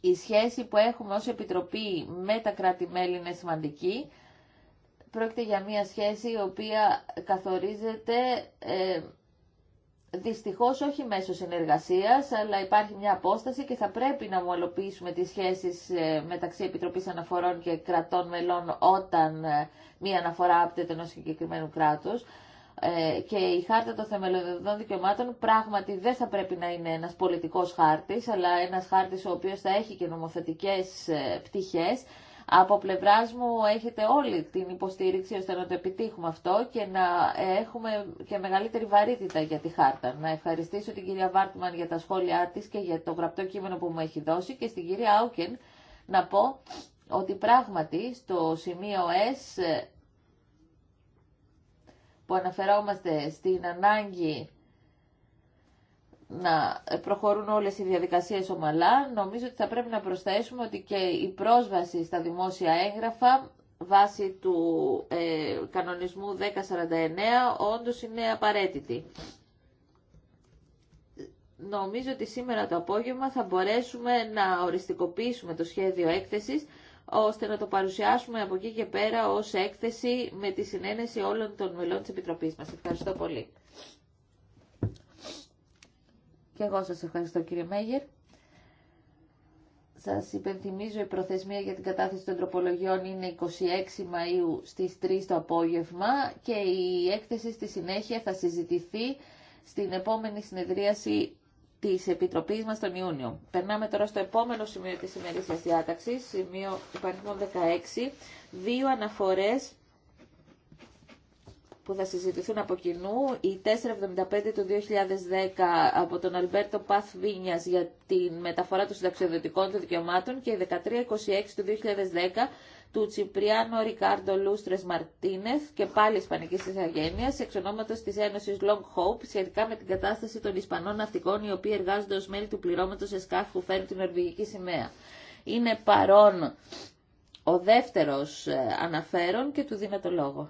Η σχέση που έχουμε ως Επιτροπή με τα κράτη-μέλη είναι σημαντική πρόκειται για μια σχέση η οποία καθορίζεται ε, δυστυχώς όχι μέσω συνεργασίας, αλλά υπάρχει μια απόσταση και θα πρέπει να ομολοποιήσουμε τις σχέσεις ε, μεταξύ Επιτροπής Αναφορών και κρατών μελών όταν ε, μια αναφορά άπτεται ενός συγκεκριμένου κράτους. Ε, και η χάρτα των θεμελιωδών δικαιωμάτων πράγματι δεν θα πρέπει να είναι ένας πολιτικός χάρτης, αλλά ένας χάρτης ο οποίος θα έχει και νομοθετικές πτυχές από πλευρά μου έχετε όλη την υποστήριξη ώστε να το επιτύχουμε αυτό και να έχουμε και μεγαλύτερη βαρύτητα για τη χάρτα. Να ευχαριστήσω την κυρία Βάρτμαν για τα σχόλιά της και για το γραπτό κείμενο που μου έχει δώσει και στην κυρία Άουκεν να πω ότι πράγματι στο σημείο S που αναφερόμαστε στην ανάγκη να προχωρούν όλες οι διαδικασίες ομαλά, νομίζω ότι θα πρέπει να προσθέσουμε ότι και η πρόσβαση στα δημόσια έγγραφα βάσει του ε, κανονισμού 1049 όντως είναι απαραίτητη. Νομίζω ότι σήμερα το απόγευμα θα μπορέσουμε να οριστικοποιήσουμε το σχέδιο έκθεσης ώστε να το παρουσιάσουμε από εκεί και πέρα ως έκθεση με τη συνένεση όλων των μελών της Επιτροπής μας. Ευχαριστώ πολύ. Και εγώ σας ευχαριστώ κύριε Μέγερ. Σας υπενθυμίζω η προθεσμία για την κατάθεση των τροπολογιών είναι 26 Μαΐου στις 3 το απόγευμα και η έκθεση στη συνέχεια θα συζητηθεί στην επόμενη συνεδρίαση της Επιτροπής μας τον Ιούνιο. Περνάμε τώρα στο επόμενο σημείο της ημερήσιας διάταξης, σημείο του 16, δύο αναφορές που θα συζητηθούν από κοινού, η 475 του 2010 από τον Αλμπέρτο Παθ Βίνιας για τη μεταφορά των συνταξιοδοτικών των δικαιωμάτων και η 1326 του 2010 του Τσιπριάνο Ρικάρντο Λούστρε Μαρτίνεθ και πάλι Ισπανική Ιθαγένεια, εξ ονόματο τη Ένωση Long Hope, σχετικά με την κατάσταση των Ισπανών ναυτικών οι οποίοι εργάζονται ω μέλη του πληρώματο σε σκάφη που φέρνει την Ορβηγική σημαία. Είναι παρόν ο δεύτερος ε, αναφέρον και του δίνω το λόγο.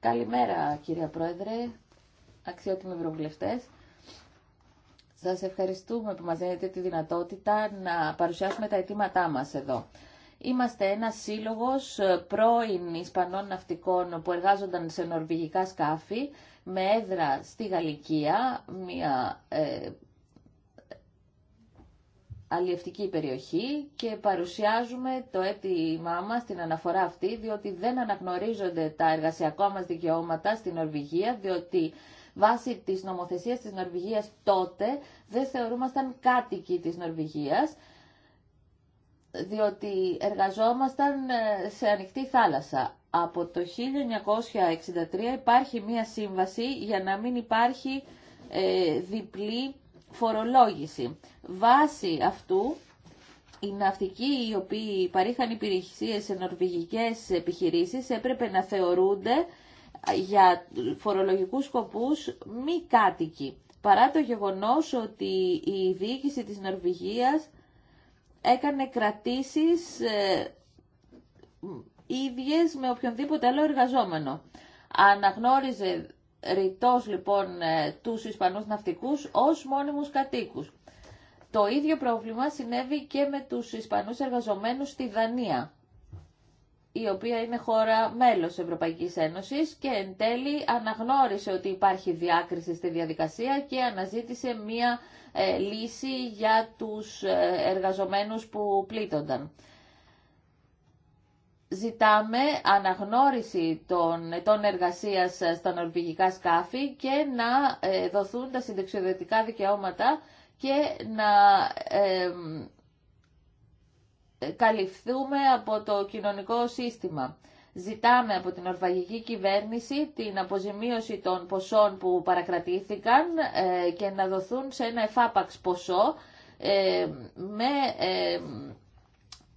Καλημέρα κύριε Πρόεδρε, αξιότιμοι ευρωβουλευτέ. Σα ευχαριστούμε που μας δίνετε τη δυνατότητα να παρουσιάσουμε τα αιτήματά μα εδώ. Είμαστε ένα σύλλογο πρώην Ισπανών ναυτικών που εργάζονταν σε νορβηγικά σκάφη με έδρα στη Γαλλικία, μια ε, αλλιευτική περιοχή και παρουσιάζουμε το αίτημά μας στην αναφορά αυτή διότι δεν αναγνωρίζονται τα εργασιακά μας δικαιώματα στην Νορβηγία διότι βάσει της νομοθεσίας της Νορβηγίας τότε δεν θεωρούμασταν κάτοικοι της Νορβηγίας διότι εργαζόμασταν ε, σε ανοιχτή θάλασσα. Από το 1963 υπάρχει μία σύμβαση για να μην υπάρχει ε, διπλή φορολόγηση. Βάσει αυτού οι ναυτικοί οι οποίοι παρήχαν υπηρεσίε σε νορβηγικές επιχειρήσεις έπρεπε να θεωρούνται για φορολογικούς σκοπούς μη κάτοικοι. Παρά το γεγονός ότι η διοίκηση της Νορβηγίας έκανε κρατήσεις ε, ίδιες με οποιονδήποτε άλλο εργαζόμενο. Αναγνώριζε ρητός λοιπόν ε, τους Ισπανούς ναυτικούς ως μόνιμους κατοίκους. Το ίδιο πρόβλημα συνέβη και με τους Ισπανούς εργαζομένους στη Δανία, η οποία είναι χώρα μέλος Ευρωπαϊκής Ένωσης και εν τέλει αναγνώρισε ότι υπάρχει διάκριση στη διαδικασία και αναζήτησε μία ε, λύση για τους ε, εργαζομένους που πλήττονταν ζητάμε αναγνώριση των ετών εργασίας στα νορβηγικά σκάφη και να ε, δοθούν τα συντεξιοδοτικά δικαιώματα και να ε, ε, καλυφθούμε από το κοινωνικό σύστημα. Ζητάμε από την ορφαγική κυβέρνηση την αποζημίωση των ποσών που παρακρατήθηκαν και να δοθούν σε ένα εφάπαξ ποσό με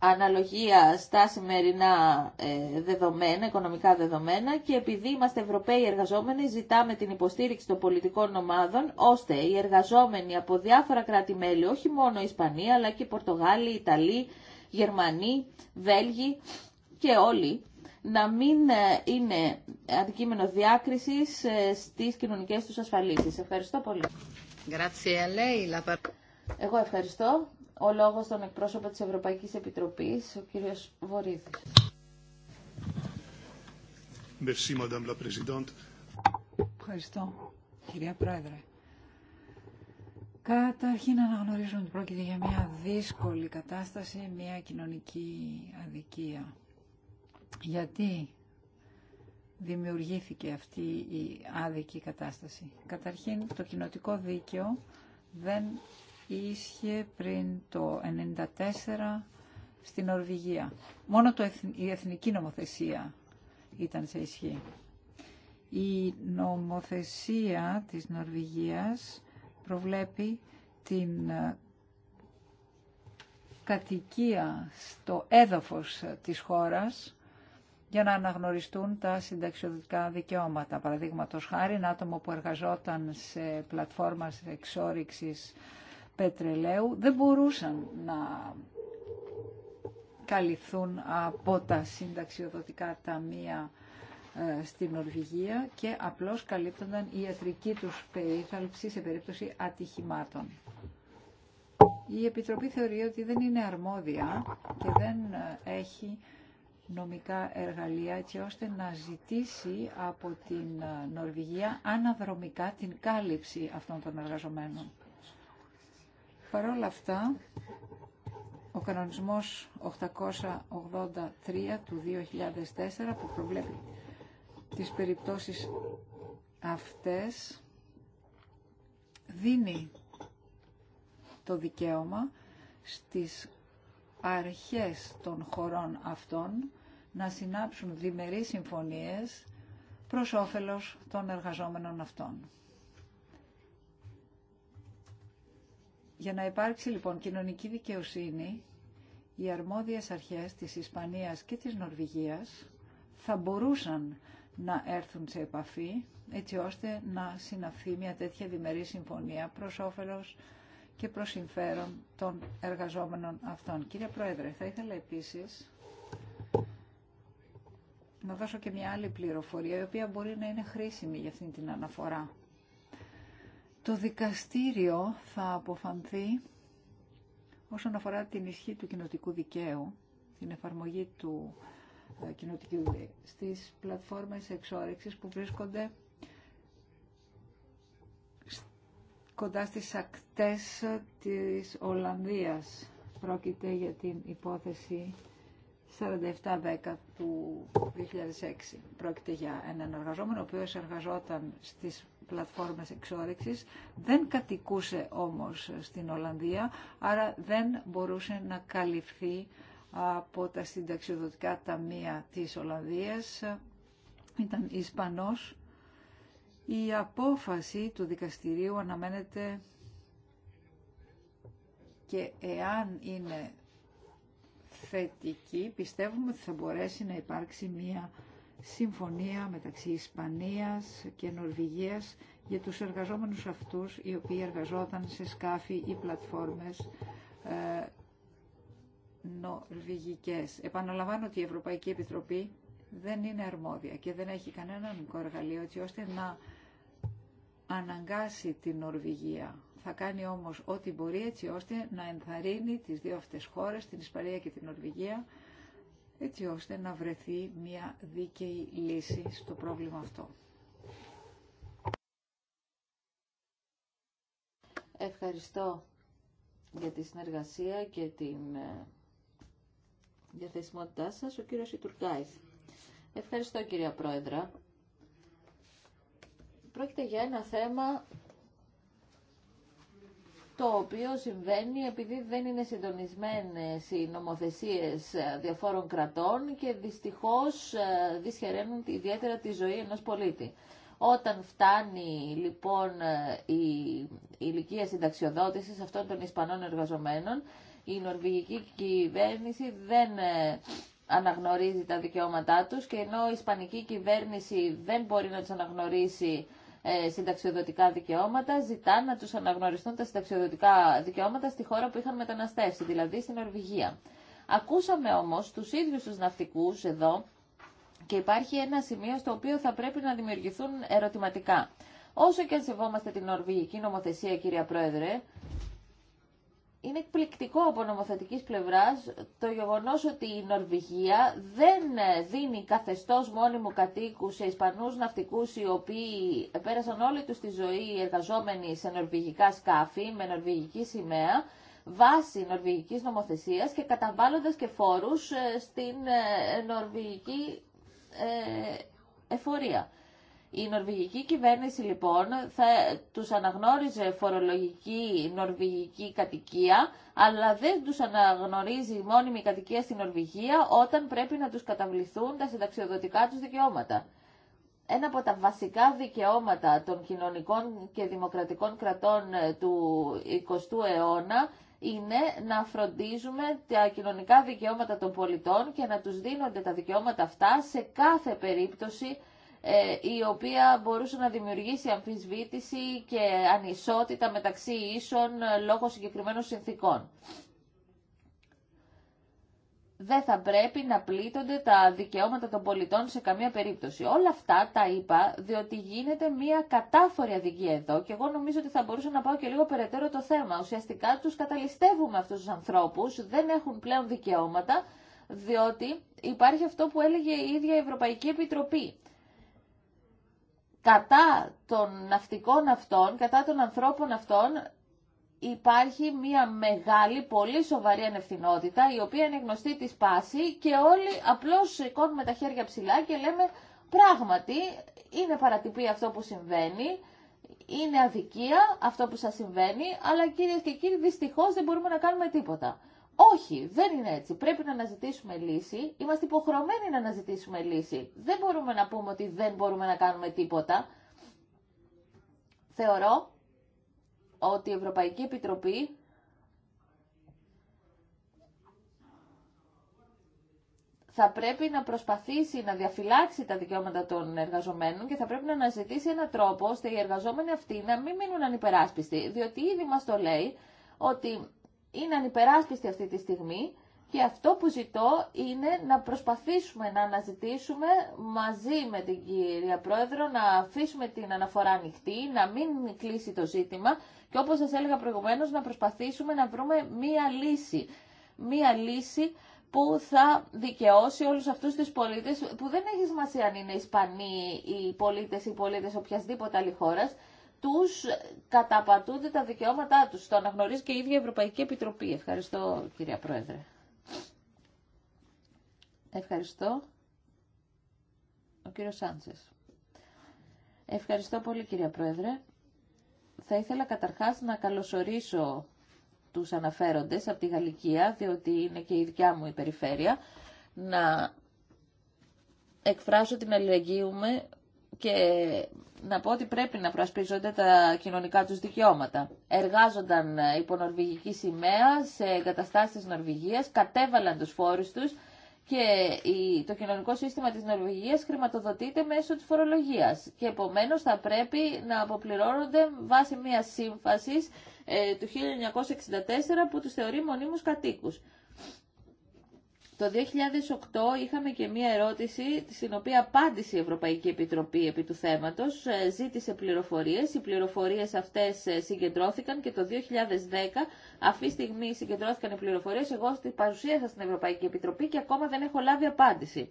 αναλογία στα σημερινά ε, δεδομένα, οικονομικά δεδομένα και επειδή είμαστε Ευρωπαίοι εργαζόμενοι ζητάμε την υποστήριξη των πολιτικών ομάδων ώστε οι εργαζόμενοι από διάφορα κράτη-μέλη, όχι μόνο Ισπανία αλλά και Πορτογάλοι, Ιταλοί, Γερμανοί, Βέλγοι και όλοι να μην ε, είναι αντικείμενο διάκρισης ε, στις κοινωνικές τους ασφαλίσεις. Ευχαριστώ πολύ. Εγώ ευχαριστώ ο λόγος στον εκπρόσωπο της Ευρωπαϊκής Επιτροπής, ο κύριος Βορύδης. Ευχαριστώ, κυρία Πρόεδρε. Καταρχήν αναγνωρίζουμε ότι πρόκειται για μια δύσκολη κατάσταση, μια κοινωνική αδικία. Γιατί δημιουργήθηκε αυτή η άδικη κατάσταση. Καταρχήν το κοινοτικό δίκαιο δεν ίσχυε πριν το 1994 στην Νορβηγία. Μόνο το, η εθνική νομοθεσία ήταν σε ισχύ. Η νομοθεσία της Νορβηγίας προβλέπει την ε, κατοικία στο έδαφος της χώρας για να αναγνωριστούν τα συνταξιοδοτικά δικαιώματα. Παραδείγματος χάρη, ένα άτομο που εργαζόταν σε πλατφόρμα εξόριξης πετρελαίου δεν μπορούσαν να καλυφθούν από τα συνταξιοδοτικά ταμεία ε, στην Νορβηγία και απλώς καλύπτονταν η ιατρική τους περίθαλψη σε περίπτωση ατυχημάτων. Η Επιτροπή θεωρεί ότι δεν είναι αρμόδια και δεν ε, έχει νομικά εργαλεία έτσι ώστε να ζητήσει από την ε, Νορβηγία αναδρομικά την κάλυψη αυτών των εργαζομένων. Παρ' όλα αυτά, ο κανονισμός 883 του 2004 που προβλέπει τις περιπτώσεις αυτές δίνει το δικαίωμα στις αρχές των χωρών αυτών να συνάψουν διμερείς συμφωνίες προς όφελος των εργαζόμενων αυτών. Για να υπάρξει λοιπόν κοινωνική δικαιοσύνη, οι αρμόδιες αρχές της Ισπανίας και της Νορβηγίας θα μπορούσαν να έρθουν σε επαφή έτσι ώστε να συναυθεί μια τέτοια διμερή συμφωνία προς όφελος και προς συμφέρον των εργαζόμενων αυτών. Κύριε Πρόεδρε, θα ήθελα επίσης να δώσω και μια άλλη πληροφορία η οποία μπορεί να είναι χρήσιμη για αυτήν την αναφορά. Το δικαστήριο θα αποφανθεί όσον αφορά την ισχύ του κοινοτικού δικαίου, την εφαρμογή του ε, κοινοτικού δικαίου στις πλατφόρμες εξόρεξης που βρίσκονται κοντά στις ακτές της Ολλανδίας. Πρόκειται για την υπόθεση 4710 του 2006. Πρόκειται για έναν εργαζόμενο ο οποίος εργαζόταν στις πλατφόρμες εξόρυξης, δεν κατοικούσε όμως στην Ολλανδία, άρα δεν μπορούσε να καλυφθεί από τα συνταξιοδοτικά ταμεία της Ολλανδίας. Ήταν Ισπανός. Η απόφαση του δικαστηρίου αναμένεται και εάν είναι θετική, πιστεύουμε ότι θα μπορέσει να υπάρξει μία συμφωνία μεταξύ Ισπανίας και Νορβηγίας για τους εργαζόμενους αυτούς οι οποίοι εργαζόταν σε σκάφη ή πλατφόρμες ε, νορβηγικές. Επαναλαμβάνω ότι η Ευρωπαϊκή Επιτροπή δεν είναι αρμόδια και δεν έχει κανένα νομικό εργαλείο έτσι ώστε να αναγκάσει την Νορβηγία. Θα κάνει όμως ό,τι μπορεί έτσι ώστε να ενθαρρύνει τις δύο αυτές χώρες, την Ισπανία και την Νορβηγία, έτσι ώστε να βρεθεί μια δίκαιη λύση στο πρόβλημα αυτό. Ευχαριστώ για τη συνεργασία και την ε, διαθεσιμότητά σας, ο κύριος Ιτουρκάης. Ευχαριστώ κυρία Πρόεδρα. Πρόκειται για ένα θέμα το οποίο συμβαίνει επειδή δεν είναι συντονισμένες οι νομοθεσίες ε, διαφόρων κρατών και δυστυχώς ε, δυσχεραίνουν ιδιαίτερα τη ζωή ενός πολίτη. Όταν φτάνει λοιπόν ε, η ηλικία συνταξιοδότησης αυτών των Ισπανών εργαζομένων, η νορβηγική κυβέρνηση δεν αναγνωρίζει τα δικαιώματά τους και ενώ η Ισπανική κυβέρνηση δεν μπορεί να τους αναγνωρίσει ε, συνταξιοδοτικά δικαιώματα ζητά να τους αναγνωριστούν τα συνταξιοδοτικά δικαιώματα στη χώρα που είχαν μεταναστεύσει, δηλαδή στην Νορβηγία. Ακούσαμε όμως τους ίδιους τους ναυτικούς εδώ και υπάρχει ένα σημείο στο οποίο θα πρέπει να δημιουργηθούν ερωτηματικά. Όσο και αν σεβόμαστε την Νορβηγική νομοθεσία, κυρία Πρόεδρε, είναι εκπληκτικό από νομοθετικής πλευράς το γεγονός ότι η Νορβηγία δεν δίνει καθεστώς μόνιμου κατοίκου σε Ισπανούς ναυτικούς οι οποίοι πέρασαν όλη τους τη ζωή εργαζόμενοι σε νορβηγικά σκάφη με νορβηγική σημαία βάσει νορβηγικής νομοθεσίας και καταβάλλοντας και φόρους ε, στην ε, νορβηγική ε, εφορία. Η νορβηγική κυβέρνηση λοιπόν θα τους αναγνώριζε φορολογική νορβηγική κατοικία, αλλά δεν τους αναγνωρίζει μόνιμη κατοικία στην Νορβηγία όταν πρέπει να τους καταβληθούν τα συνταξιοδοτικά τους δικαιώματα. Ένα από τα βασικά δικαιώματα των κοινωνικών και δημοκρατικών κρατών ε, του 20ου αιώνα είναι να φροντίζουμε τα κοινωνικά δικαιώματα των πολιτών και να τους δίνονται τα δικαιώματα αυτά σε κάθε περίπτωση ε, η οποία μπορούσε να δημιουργήσει αμφισβήτηση και ανισότητα μεταξύ ίσων ε, λόγω συγκεκριμένων συνθήκων. Δεν θα πρέπει να πλήττονται τα δικαιώματα των πολιτών σε καμία περίπτωση. Όλα αυτά τα είπα διότι γίνεται μια κατάφορη αδικία εδώ και εγώ νομίζω ότι θα μπορούσα να πάω και λίγο περαιτέρω το θέμα. Ουσιαστικά τους καταλυστεύουμε αυτούς τους ανθρώπους, δεν έχουν πλέον δικαιώματα διότι υπάρχει αυτό που έλεγε η ίδια η Ευρωπαϊκή Επιτροπή κατά των ναυτικών αυτών, κατά των ανθρώπων αυτών, υπάρχει μια μεγάλη, πολύ σοβαρή ανευθυνότητα, η οποία είναι γνωστή τη πάση και όλοι απλώς σηκώνουμε τα χέρια ψηλά και λέμε πράγματι είναι παρατυπή αυτό που συμβαίνει, είναι αδικία αυτό που σας συμβαίνει, αλλά κύριε και κύριοι δυστυχώς δεν μπορούμε να κάνουμε τίποτα. Όχι, δεν είναι έτσι. Πρέπει να αναζητήσουμε λύση. Είμαστε υποχρεωμένοι να αναζητήσουμε λύση. Δεν μπορούμε να πούμε ότι δεν μπορούμε να κάνουμε τίποτα. Θεωρώ ότι η Ευρωπαϊκή Επιτροπή θα πρέπει να προσπαθήσει να διαφυλάξει τα δικαιώματα των εργαζομένων και θα πρέπει να αναζητήσει έναν τρόπο ώστε οι εργαζόμενοι αυτοί να μην μείνουν ανυπεράσπιστοι. Διότι ήδη μας το λέει ότι είναι ανυπεράσπιστη αυτή τη στιγμή και αυτό που ζητώ είναι να προσπαθήσουμε να αναζητήσουμε μαζί με την κυρία Πρόεδρο να αφήσουμε την αναφορά ανοιχτή, να μην κλείσει το ζήτημα και όπως σας έλεγα προηγουμένως να προσπαθήσουμε να βρούμε μία λύση. Μία λύση που θα δικαιώσει όλους αυτούς τους πολίτες που δεν έχει σημασία αν είναι Ισπανοί οι πολίτες ή πολίτες οποιασδήποτε άλλη χώρας, τους ε, καταπατούνται τα δικαιώματά τους. Το αναγνωρίζει και η ίδια η Ευρωπαϊκή Επιτροπή. Ευχαριστώ κυρία Πρόεδρε. Ευχαριστώ. Ο κύριος Σάντσες. Ευχαριστώ πολύ κυρία Πρόεδρε. Θα ήθελα καταρχάς να καλωσορίσω τους αναφέροντες από τη Γαλλικία, διότι είναι και η δικιά μου η περιφέρεια, να εκφράσω την αλληλεγγύη και να πω ότι πρέπει να προασπίζονται τα κοινωνικά τους δικαιώματα. Εργάζονταν υπό νορβηγική σημαία σε εγκαταστάσεις της Νορβηγίας, κατέβαλαν τους φόρους τους και το κοινωνικό σύστημα της Νορβηγίας χρηματοδοτείται μέσω της φορολογίας και επομένως θα πρέπει να αποπληρώνονται βάσει μια σύμφασης ε, του 1964 που τους θεωρεί μονίμους κατοίκους. Το 2008 είχαμε και μία ερώτηση στην οποία απάντησε η Ευρωπαϊκή Επιτροπή επί του θέματος, ε, ζήτησε πληροφορίες, οι πληροφορίες αυτές ε, συγκεντρώθηκαν και το 2010 αυτή τη στιγμή συγκεντρώθηκαν οι πληροφορίες, εγώ παρουσίασα στην Ευρωπαϊκή Επιτροπή και ακόμα δεν έχω λάβει απάντηση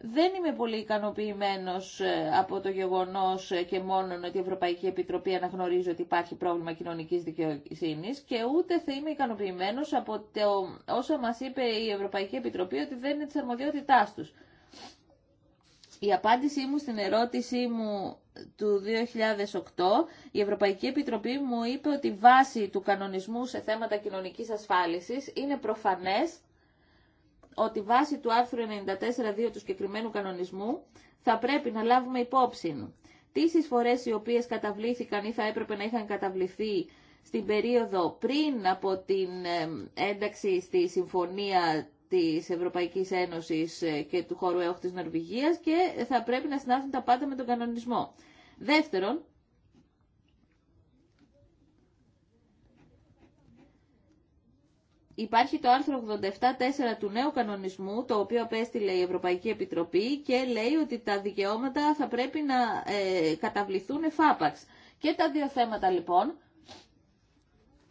δεν είμαι πολύ ικανοποιημένο ε, από το γεγονός ε, και μόνον ότι η Ευρωπαϊκή Επιτροπή αναγνωρίζει ότι υπάρχει πρόβλημα κοινωνικής δικαιοσύνης και ούτε θα είμαι ικανοποιημένο από το όσα μας είπε η Ευρωπαϊκή Επιτροπή ότι δεν είναι της αρμοδιότητάς τους. Η απάντησή μου στην ερώτησή μου του 2008, η Ευρωπαϊκή Επιτροπή μου είπε ότι βάση του κανονισμού σε θέματα κοινωνικής ασφάλισης είναι προφανές ότι βάσει του άρθρου 94.2 του συγκεκριμένου κανονισμού θα πρέπει να λάβουμε υπόψη τις εισφορές οι οποίες καταβλήθηκαν ή θα έπρεπε να είχαν καταβληθεί στην περίοδο πριν από την ένταξη στη Συμφωνία της Ευρωπαϊκής Ένωσης ε, και του χώρου ΕΟΧ της Νορβηγίας και θα πρέπει να συνάθουν τα πάντα με τον κανονισμό. Δεύτερον, Υπάρχει το άρθρο 87.4 του νέου κανονισμού, το οποίο απέστειλε η Ευρωπαϊκή Επιτροπή και λέει ότι τα δικαιώματα θα πρέπει να ε, καταβληθούν εφάπαξ. Και τα δύο θέματα λοιπόν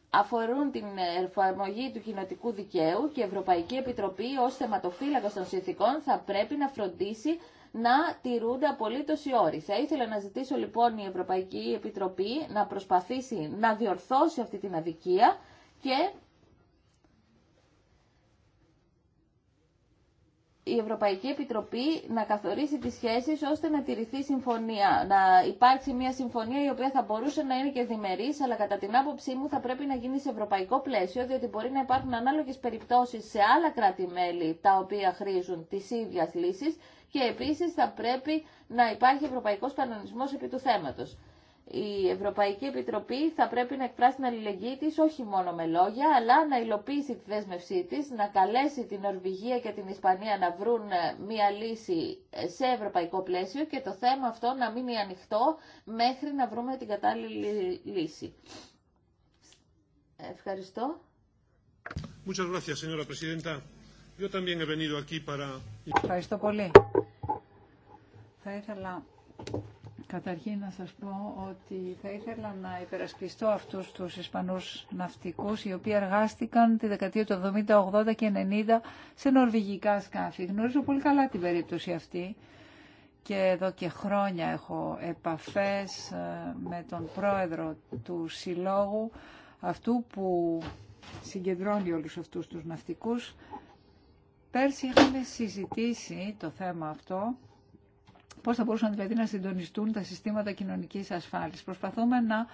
αφορούν την εφαρμογή του κοινοτικού δικαίου και η Ευρωπαϊκή Επιτροπή ως θεματοφύλακα των συνθήκων θα πρέπει να φροντίσει να τηρούνται απολύτω οι όροι. Θα ήθελα να ζητήσω λοιπόν η Ευρωπαϊκή Επιτροπή να προσπαθήσει να διορθώσει αυτή την αδικία και η Ευρωπαϊκή Επιτροπή να καθορίσει τις σχέσεις ώστε να τηρηθεί συμφωνία, να υπάρξει μια συμφωνία η οποία θα μπορούσε να είναι και διμερής, αλλά κατά την άποψή μου θα πρέπει να γίνει σε ευρωπαϊκό πλαίσιο, διότι μπορεί να υπάρχουν ανάλογες περιπτώσεις σε άλλα κράτη-μέλη τα οποία χρήζουν τις ίδιες λύσεις και επίσης θα πρέπει να υπάρχει ευρωπαϊκός κανονισμός επί του θέματος η Ευρωπαϊκή Επιτροπή θα πρέπει να εκφράσει την αλληλεγγύη της όχι μόνο με λόγια, αλλά να υλοποιήσει τη δέσμευσή της, να καλέσει την Ορβηγία και την Ισπανία να βρουν ε, μία λύση ε, σε ευρωπαϊκό πλαίσιο και το θέμα αυτό να μείνει ανοιχτό μέχρι να βρούμε την κατάλληλη λύση. Ευχαριστώ. Muchas gracias, señora presidenta. Yo también he venido aquí para... Ευχαριστώ πολύ. Θα ήθελα Καταρχήν να σας πω ότι θα ήθελα να υπερασπιστώ αυτούς τους Ισπανούς ναυτικούς οι οποίοι εργάστηκαν τη δεκαετία του 70, 80 και 90 σε νορβηγικά σκάφη. Γνωρίζω πολύ καλά την περίπτωση αυτή και εδώ και χρόνια έχω επαφές ε, με τον πρόεδρο του συλλόγου αυτού που συγκεντρώνει όλους αυτούς τους ναυτικούς. Πέρσι είχαμε συζητήσει το θέμα αυτό πώς θα μπορούσαν δηλαδή να συντονιστούν τα συστήματα κοινωνικής ασφάλισης. Προσπαθούμε να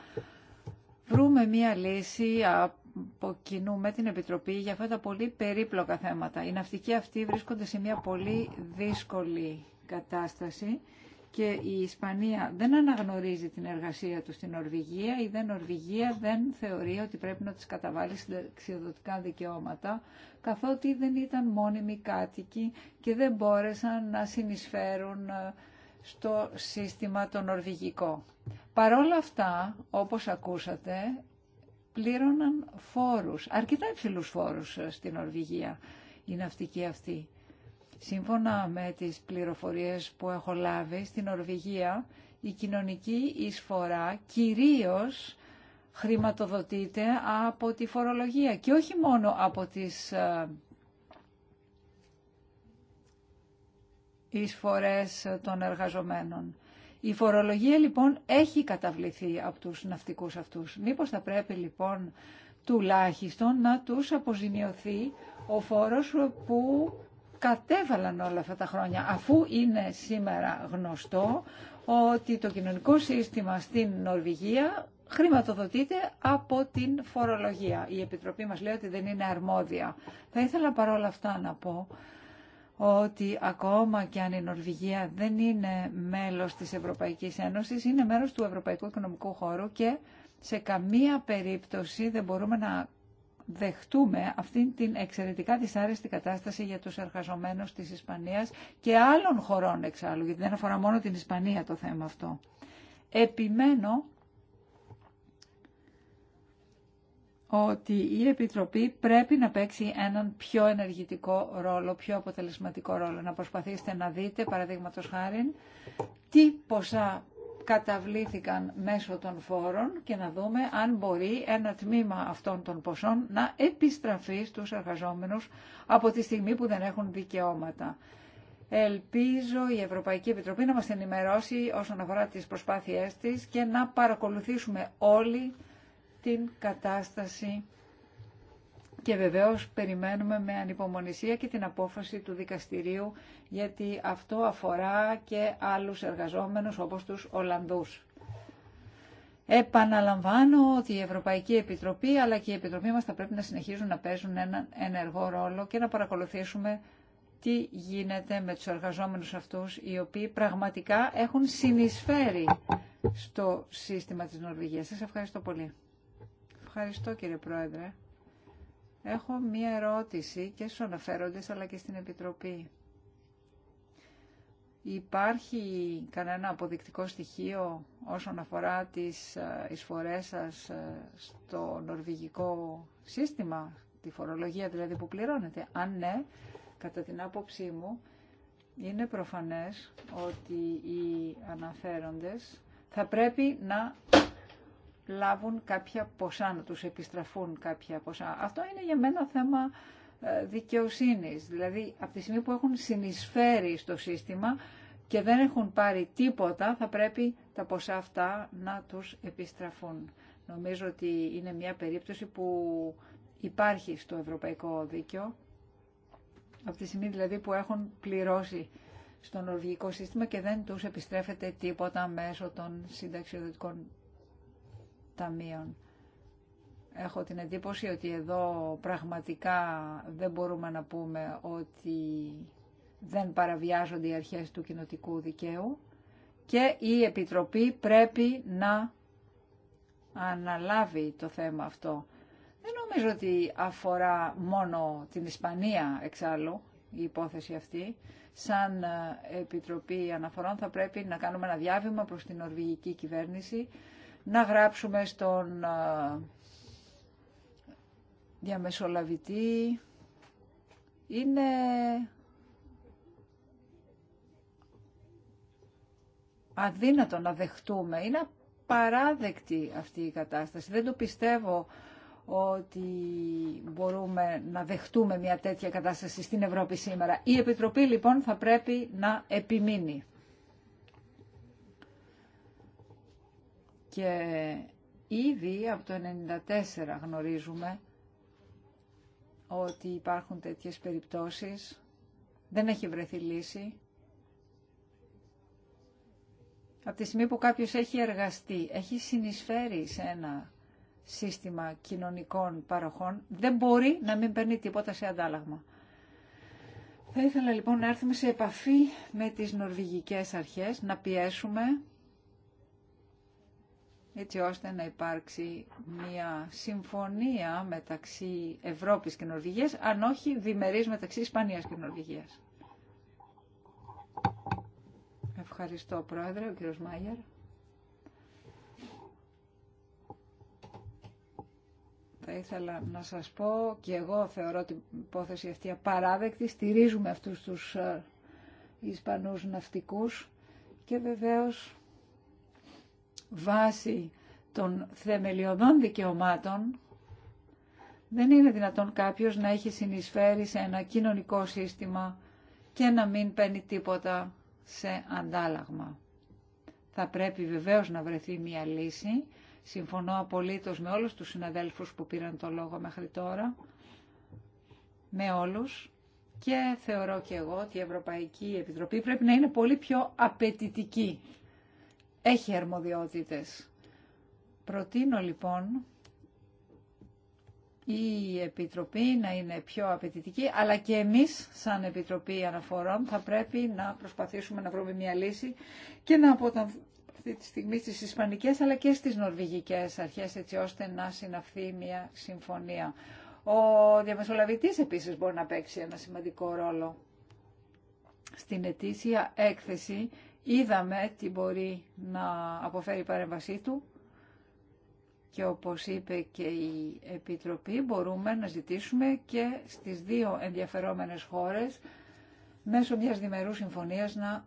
βρούμε μία λύση από κοινού με την Επιτροπή για αυτά τα πολύ περίπλοκα θέματα. Οι ναυτικοί αυτοί βρίσκονται σε μία πολύ δύσκολη κατάσταση και η Ισπανία δεν αναγνωρίζει την εργασία του στην Νορβηγία, η δεν Νορβηγία δεν θεωρεί ότι πρέπει να τις καταβάλει συνταξιοδοτικά δικαιώματα, καθότι δεν ήταν μόνιμοι κάτοικοι και δεν μπόρεσαν να συνεισφέρουν ε, στο σύστημα το νορβηγικό. Παρόλα αυτά, όπως ακούσατε, πλήρωναν φόρους, αρκετά υψηλούς φόρους ε, στην Νορβηγία η ναυτική αυτή. Σύμφωνα με τις πληροφορίες που έχω λάβει στην Νορβηγία, η κοινωνική εισφορά κυρίως χρηματοδοτείται από τη φορολογία και όχι μόνο από τις ε, εισφορές των εργαζομένων. Η φορολογία λοιπόν έχει καταβληθεί από τους ναυτικούς αυτούς. Μήπως θα πρέπει λοιπόν τουλάχιστον να τους αποζημιωθεί ο φόρος που κατέβαλαν όλα αυτά τα χρόνια, αφού είναι σήμερα γνωστό ότι το κοινωνικό σύστημα στην Νορβηγία χρηματοδοτείται από την φορολογία. Η Επιτροπή μας λέει ότι δεν είναι αρμόδια. Θα ήθελα παρόλα αυτά να πω ότι ακόμα και αν η Νορβηγία δεν είναι μέλος της Ευρωπαϊκής Ένωσης, είναι μέρος του Ευρωπαϊκού Οικονομικού Χώρου και σε καμία περίπτωση δεν μπορούμε να δεχτούμε αυτή την εξαιρετικά δυσάρεστη κατάσταση για τους εργαζομένους της Ισπανίας και άλλων χωρών εξάλλου, γιατί δεν αφορά μόνο την Ισπανία το θέμα αυτό. Επιμένω ότι η Επιτροπή πρέπει να παίξει έναν πιο ενεργητικό ρόλο, πιο αποτελεσματικό ρόλο. Να προσπαθήσετε να δείτε, παραδείγματο χάρη, τι ποσά καταβλήθηκαν μέσω των φόρων και να δούμε αν μπορεί ένα τμήμα αυτών των ποσών να επιστραφεί στους εργαζόμενους από τη στιγμή που δεν έχουν δικαιώματα. Ελπίζω η Ευρωπαϊκή Επιτροπή να μας ενημερώσει όσον αφορά τις προσπάθειές της και να παρακολουθήσουμε όλοι την κατάσταση και βεβαίως περιμένουμε με ανυπομονησία και την απόφαση του δικαστηρίου γιατί αυτό αφορά και άλλους εργαζόμενους όπως τους Ολλανδούς. Επαναλαμβάνω ότι η Ευρωπαϊκή Επιτροπή αλλά και η Επιτροπή μας θα πρέπει να συνεχίζουν να παίζουν έναν ενεργό ρόλο και να παρακολουθήσουμε τι γίνεται με τους εργαζόμενους αυτούς οι οποίοι πραγματικά έχουν συνεισφέρει στο σύστημα της Νορβηγίας. Σας ευχαριστώ πολύ. Ευχαριστώ κύριε Πρόεδρε. Έχω μία ερώτηση και στους αναφέροντες αλλά και στην Επιτροπή. Υπάρχει κανένα αποδεικτικό στοιχείο όσον αφορά τις ε, εισφορές σας ε, στο νορβηγικό σύστημα, τη φορολογία δηλαδή που πληρώνετε. Αν ναι, κατά την άποψή μου, είναι προφανές ότι οι αναφέροντες θα πρέπει να λάβουν κάποια ποσά, να τους επιστραφούν κάποια ποσά. Αυτό είναι για μένα θέμα ε, δικαιοσύνης. Δηλαδή, από τη στιγμή που έχουν συνεισφέρει στο σύστημα και δεν έχουν πάρει τίποτα, θα πρέπει τα ποσά αυτά να τους επιστραφούν. Νομίζω ότι είναι μια περίπτωση που υπάρχει στο ευρωπαϊκό δίκαιο, από τη στιγμή δηλαδή που έχουν πληρώσει στο νορβηγικό σύστημα και δεν τους επιστρέφεται τίποτα μέσω των συνταξιοδοτικών ταμείων. Έχω την εντύπωση ότι εδώ πραγματικά δεν μπορούμε να πούμε ότι δεν παραβιάζονται οι αρχές του κοινοτικού δικαίου και η Επιτροπή πρέπει να αναλάβει το θέμα αυτό. Δεν νομίζω ότι αφορά μόνο την Ισπανία εξάλλου η υπόθεση αυτή. Σαν ε, Επιτροπή Αναφορών θα πρέπει να κάνουμε ένα διάβημα προς την Ορβηγική κυβέρνηση να γράψουμε στον διαμεσολαβητή. Είναι αδύνατο να δεχτούμε. Είναι απαράδεκτη αυτή η κατάσταση. Δεν το πιστεύω ότι μπορούμε να δεχτούμε μια τέτοια κατάσταση στην Ευρώπη σήμερα. Η Επιτροπή λοιπόν θα πρέπει να επιμείνει. Και ήδη από το 1994 γνωρίζουμε ότι υπάρχουν τέτοιες περιπτώσεις. Δεν έχει βρεθεί λύση. Από τη στιγμή που κάποιος έχει εργαστεί, έχει συνεισφέρει σε ένα σύστημα κοινωνικών παροχών, δεν μπορεί να μην παίρνει τίποτα σε αντάλλαγμα. Θα ήθελα λοιπόν να έρθουμε σε επαφή με τις νορβηγικές αρχές, να πιέσουμε έτσι ώστε να υπάρξει μια συμφωνία μεταξύ Ευρώπης και Νορβηγίας, αν όχι διμερείς μεταξύ Ισπανίας και Νορβηγίας. Ευχαριστώ, Πρόεδρε, ο κύριος Μάγερ. Θα ήθελα να σας πω και εγώ θεωρώ την υπόθεση αυτή απαράδεκτη. Στηρίζουμε αυτούς τους ε, Ισπανούς ναυτικούς και βεβαίως βάση των θεμελιωδών δικαιωμάτων, δεν είναι δυνατόν κάποιος να έχει συνεισφέρει σε ένα κοινωνικό σύστημα και να μην παίρνει τίποτα σε αντάλλαγμα. Θα πρέπει βεβαίως να βρεθεί μια λύση. Συμφωνώ απολύτως με όλους τους συναδέλφους που πήραν το λόγο μέχρι τώρα. Με όλους. Και θεωρώ και εγώ ότι η Ευρωπαϊκή Επιτροπή πρέπει να είναι πολύ πιο απαιτητική έχει αρμοδιότητες. Προτείνω λοιπόν η Επιτροπή να είναι πιο απαιτητική, αλλά και εμείς σαν Επιτροπή Αναφορών θα πρέπει να προσπαθήσουμε να βρούμε μια λύση και να αποταθεί τη στιγμή στις Ισπανικές αλλά και στις Νορβηγικές αρχές έτσι ώστε να συναυθεί μια συμφωνία. Ο διαμεσολαβητής επίσης μπορεί να παίξει ένα σημαντικό ρόλο. Στην ετήσια έκθεση είδαμε τι μπορεί να αποφέρει η παρέμβασή του και όπως είπε και η Επιτροπή μπορούμε να ζητήσουμε και στις δύο ενδιαφερόμενες χώρες μέσω μιας διμερούς συμφωνίας να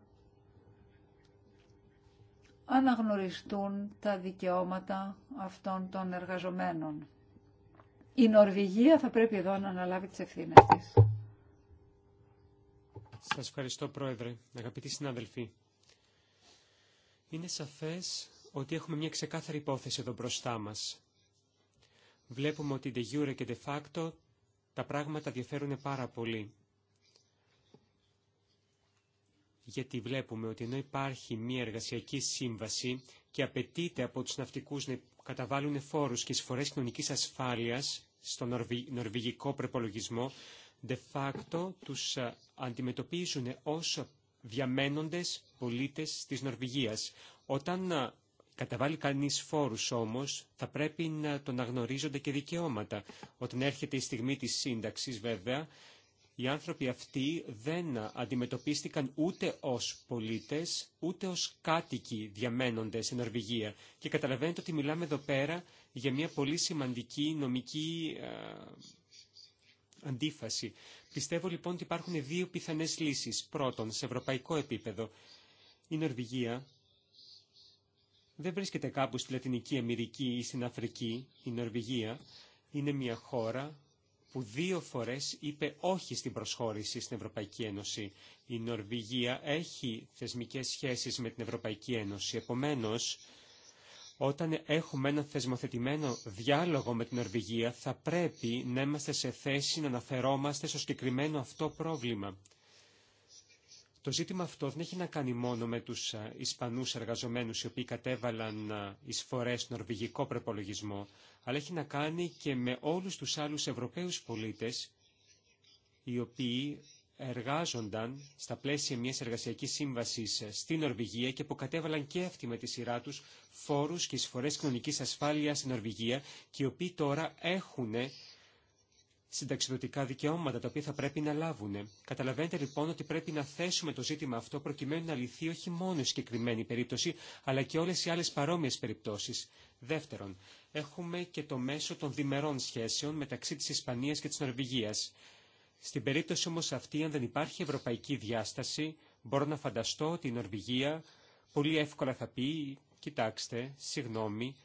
αναγνωριστούν τα δικαιώματα αυτών των εργαζομένων. Η Νορβηγία θα πρέπει εδώ να αναλάβει τις ευθύνες της. Σας ευχαριστώ Πρόεδρε, αγαπητοί συνάδελφοι. Είναι σαφές ότι έχουμε μια ξεκάθαρη υπόθεση εδώ μπροστά μας. Βλέπουμε ότι de jure και de facto τα πράγματα διαφέρουν πάρα πολύ. Γιατί βλέπουμε ότι ενώ υπάρχει μια εργασιακή σύμβαση και απαιτείται από τους ναυτικούς να καταβάλουν φόρους και εισφορές κοινωνικής ασφάλειας στον νορβηγικό προπολογισμό, de facto τους ε, αντιμετωπίζουν ως διαμένοντες πολίτες της Νορβηγίας. Όταν ε, καταβάλει κανείς φόρους όμως, θα πρέπει να τον αγνωρίζονται και δικαιώματα. Όταν έρχεται η στιγμή της σύνταξης βέβαια, οι άνθρωποι αυτοί δεν αντιμετωπίστηκαν ούτε ως πολίτες, ούτε ως κάτοικοι διαμένοντες στην Νορβηγία. Και καταλαβαίνετε ότι μιλάμε εδώ πέρα για μια πολύ σημαντική νομική ε, αντίφαση. Πιστεύω λοιπόν ότι υπάρχουν δύο πιθανές λύσεις. Πρώτον, σε ευρωπαϊκό επίπεδο, η Νορβηγία δεν βρίσκεται κάπου στη Λατινική Αμερική ή στην Αφρική. Η Νορβηγία είναι μια χώρα που δύο φορές είπε όχι στην προσχώρηση στην Ευρωπαϊκή Ένωση. Η Νορβηγία έχει θεσμικές σχέσεις με την Ευρωπαϊκή Ένωση. Επομένως, όταν έχουμε ένα θεσμοθετημένο διάλογο με την Νορβηγία, θα πρέπει να είμαστε σε θέση να αναφερόμαστε στο συγκεκριμένο αυτό πρόβλημα. Το ζήτημα αυτό δεν έχει να κάνει μόνο με τους Ισπανούς εργαζομένους οι οποίοι κατέβαλαν εισφορές στον νορβηγικό προπολογισμό, αλλά έχει να κάνει και με όλους τους άλλους Ευρωπαίους πολίτες οι οποίοι εργάζονταν στα πλαίσια μιας εργασιακής σύμβασης ε, στην Νορβηγία και που κατέβαλαν και αυτοί με τη σειρά τους φόρους και εισφορές κοινωνικής ασφάλειας στην Νορβηγία και οι οποίοι τώρα έχουν συνταξιδοτικά δικαιώματα τα οποία θα πρέπει να λάβουν. Καταλαβαίνετε λοιπόν ότι πρέπει να θέσουμε το ζήτημα αυτό προκειμένου να λυθεί όχι μόνο η συγκεκριμένη περίπτωση, αλλά και όλες οι άλλες παρόμοιες περιπτώσεις. Δεύτερον, έχουμε και το μέσο των διμερών σχέσεων μεταξύ της Ισπανίας και της Νορβηγίας. Στην περίπτωση όμως αυτή, αν δεν υπάρχει ευρωπαϊκή διάσταση, μπορώ να φανταστώ ότι η Νορβηγία πολύ εύκολα θα πει «Κοιτάξτε, συγγνώμη,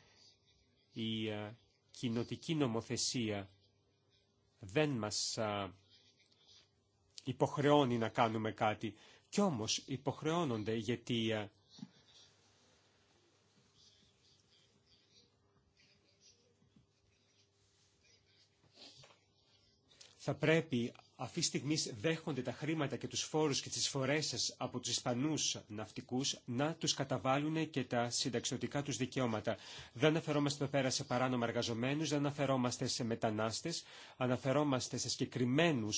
η α, ε, κοινοτική νομοθεσία δεν μας ε, υποχρεώνει να κάνουμε κάτι». Κι όμως υποχρεώνονται γιατί α, ε, θα πρέπει αυτή τη στιγμή δέχονται τα χρήματα και τους φόρους και τις φορές σας από τους Ισπανούς ναυτικούς να τους καταβάλουν και τα συνταξιωτικά τους δικαιώματα. Δεν αναφερόμαστε εδώ πέρα σε παράνομα εργαζομένους, δεν αναφερόμαστε σε μετανάστες, αναφερόμαστε σε συγκεκριμένου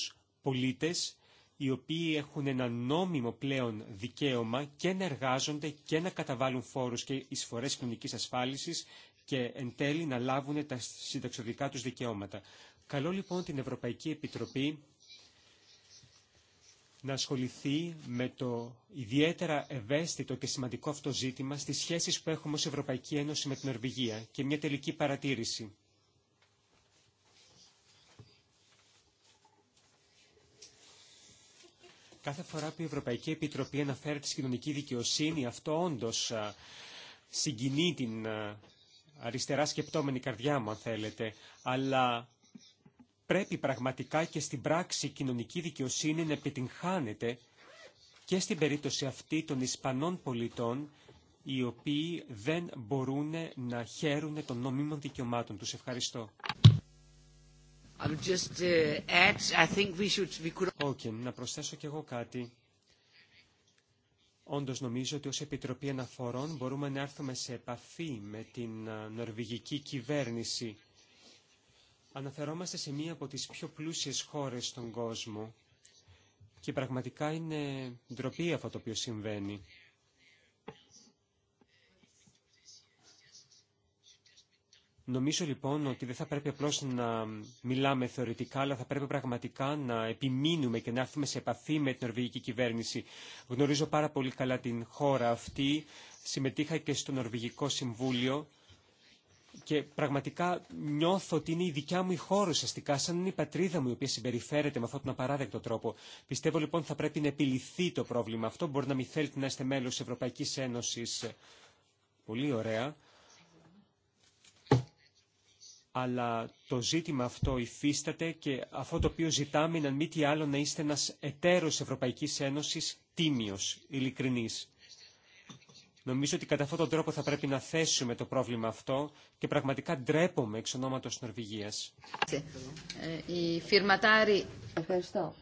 πολίτες οι οποίοι έχουν ένα νόμιμο πλέον δικαίωμα και να εργάζονται και να καταβάλουν φόρους και εισφορές κοινωνικής ασφάλισης και εν τέλει να λάβουν τα συνταξιωτικά τους δικαιώματα. Καλό λοιπόν την Ευρωπαϊκή Επιτροπή να ασχοληθεί με το ιδιαίτερα ευαίσθητο και σημαντικό αυτό ζήτημα στις σχέσεις που έχουμε ως Ευρωπαϊκή Ένωση με την Νορβηγία και μια τελική παρατήρηση. Κάθε φορά που η Ευρωπαϊκή Επιτροπή αναφέρεται τη κοινωνική δικαιοσύνη, αυτό όντως συγκινεί την αριστερά σκεπτόμενη καρδιά μου, αν θέλετε. Αλλά πρέπει πραγματικά και στην πράξη η κοινωνική δικαιοσύνη να επιτυγχάνεται και στην περίπτωση αυτή των Ισπανών πολιτών οι οποίοι δεν μπορούν να χαίρουν των νομίμων δικαιωμάτων τους. Ευχαριστώ. Όχι, uh, να προσθέσω κι εγώ κάτι. Όντως νομίζω ότι ως Επιτροπή Αναφορών μπορούμε να έρθουμε σε επαφή με την νορβηγική κυβέρνηση αναφερόμαστε σε μία από τις πιο πλούσιες χώρες στον κόσμο και πραγματικά είναι ντροπή αυτό το οποίο συμβαίνει. Νομίζω λοιπόν ότι δεν θα πρέπει απλώς να μιλάμε θεωρητικά, αλλά θα πρέπει πραγματικά να επιμείνουμε και να έρθουμε σε επαφή με την νορβηγική κυβέρνηση. Γνωρίζω πάρα πολύ καλά την χώρα αυτή, συμμετείχα και στο Νορβηγικό Συμβούλιο και πραγματικά νιώθω ότι είναι η δικιά μου η χώρα ουσιαστικά, σαν είναι η πατρίδα μου η οποία συμπεριφέρεται με αυτόν τον απαράδεκτο τρόπο. Πιστεύω λοιπόν θα πρέπει να επιληθεί το πρόβλημα αυτό. Μπορεί να μην θέλετε να είστε μέλος Ευρωπαϊκή Ευρωπαϊκής Ένωσης. Πολύ ωραία. Αλλά το ζήτημα αυτό υφίσταται και αυτό το οποίο ζητάμε είναι αν μη τι άλλο να είστε ένας εταίρος Ευρωπαϊκής Ένωσης τίμιος, ειλικρινής. Νομίζω ότι κατά αυτόν τον τρόπο θα πρέπει να θέσουμε το πρόβλημα αυτό και πραγματικά ντρέπομαι εξ ονόματος Νορβηγίας. Οι ε, Ευχαριστώ.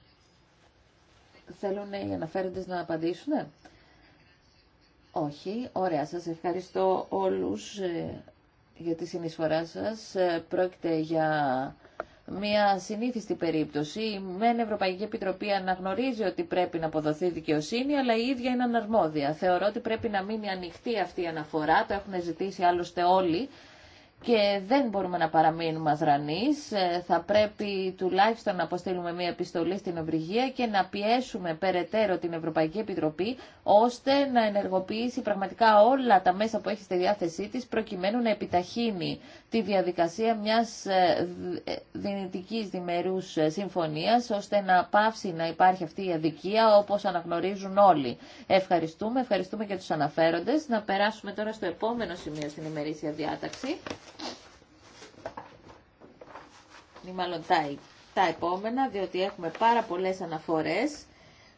Θέλουν οι αναφέροντε να απαντήσουν. Όχι. Ωραία. σα ευχαριστώ όλου ε, για τη συνεισφορά σα. Ε, πρόκειται για μια συνήθιστη περίπτωση. Η ΜΕΝ Ευρωπαϊκή Επιτροπή αναγνωρίζει ότι πρέπει να αποδοθεί δικαιοσύνη, αλλά η ίδια είναι αναρμόδια. Θεωρώ ότι πρέπει να μείνει ανοιχτή αυτή η αναφορά, το έχουν ζητήσει άλλωστε όλοι, και δεν μπορούμε να παραμείνουμε αδρανείς. Ε, θα πρέπει τουλάχιστον να αποστείλουμε μια επιστολή στην ευρυγία και να πιέσουμε περαιτέρω την Ευρωπαϊκή Επιτροπή ώστε να ενεργοποιήσει πραγματικά όλα τα μέσα που έχει στη διάθεσή της προκειμένου να επιταχύνει τη διαδικασία μιας ε, ε, δυνητικής διμερούς συμφωνίας ώστε να πάυσει να υπάρχει αυτή η αδικία όπως αναγνωρίζουν όλοι. Ευχαριστούμε, ευχαριστούμε και τους αναφέροντες. Να περάσουμε τώρα στο επόμενο σημείο στην ημερήσια διάταξη ή μάλλον τα, επόμενα, διότι έχουμε πάρα πολλές αναφορές.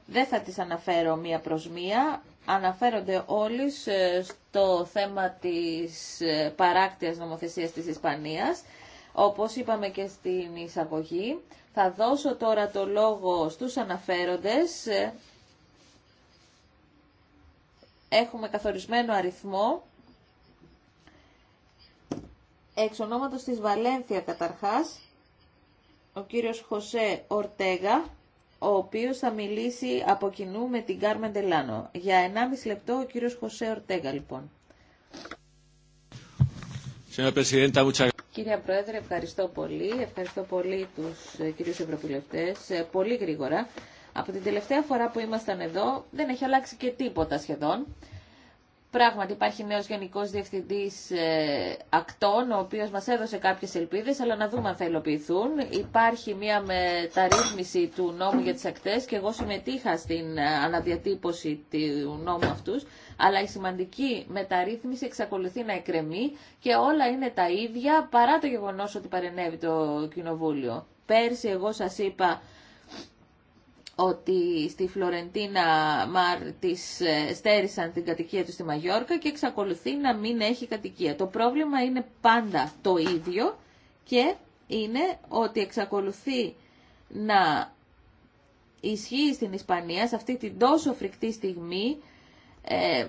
Δεν θα τις αναφέρω μία προς μία. Αναφέρονται όλοι ε, στο θέμα της ε, παράκτειας νομοθεσίας της Ισπανίας. Όπως είπαμε και στην εισαγωγή, θα δώσω τώρα το λόγο στους αναφέροντες. Ε, έχουμε καθορισμένο αριθμό. Εξ ονόματος της Βαλένθια καταρχάς, ο κύριος Χωσέ Ορτέγα, ο οποίος θα μιλήσει από κοινού με την Κάρμεν Τελάνο. Για 1,5 λεπτό ο κύριος Χωσέ Ορτέγα λοιπόν. Κύριε Πρόεδρε, ευχαριστώ πολύ. Ευχαριστώ πολύ τους ε, κυρίους Ευρωβουλευτές. Ε, πολύ γρήγορα. Από την τελευταία φορά που ήμασταν εδώ δεν έχει αλλάξει και τίποτα σχεδόν. Πράγματι υπάρχει νέο Γενικό Διευθυντή ε, Ακτών, ο οποίος μας έδωσε κάποιες ελπίδες, αλλά να δούμε αν θα υλοποιηθούν. Υπάρχει μια μεταρρύθμιση του νόμου για τις ακτές και εγώ συμμετείχα στην ε, αναδιατύπωση του νόμου αυτούς, αλλά η σημαντική μεταρρύθμιση εξακολουθεί να εκρεμεί και όλα είναι τα ίδια παρά το γεγονό ότι παρενέβη το Κοινοβούλιο. Πέρσι εγώ σα είπα ότι στη Φλωρεντίνα Μαρ της ε, στέρισαν την κατοικία του στη Μαγιόρκα και εξακολουθεί να μην έχει κατοικία. Το πρόβλημα είναι πάντα το ίδιο και είναι ότι εξακολουθεί να ισχύει στην Ισπανία σε αυτή την τόσο φρικτή στιγμή ε,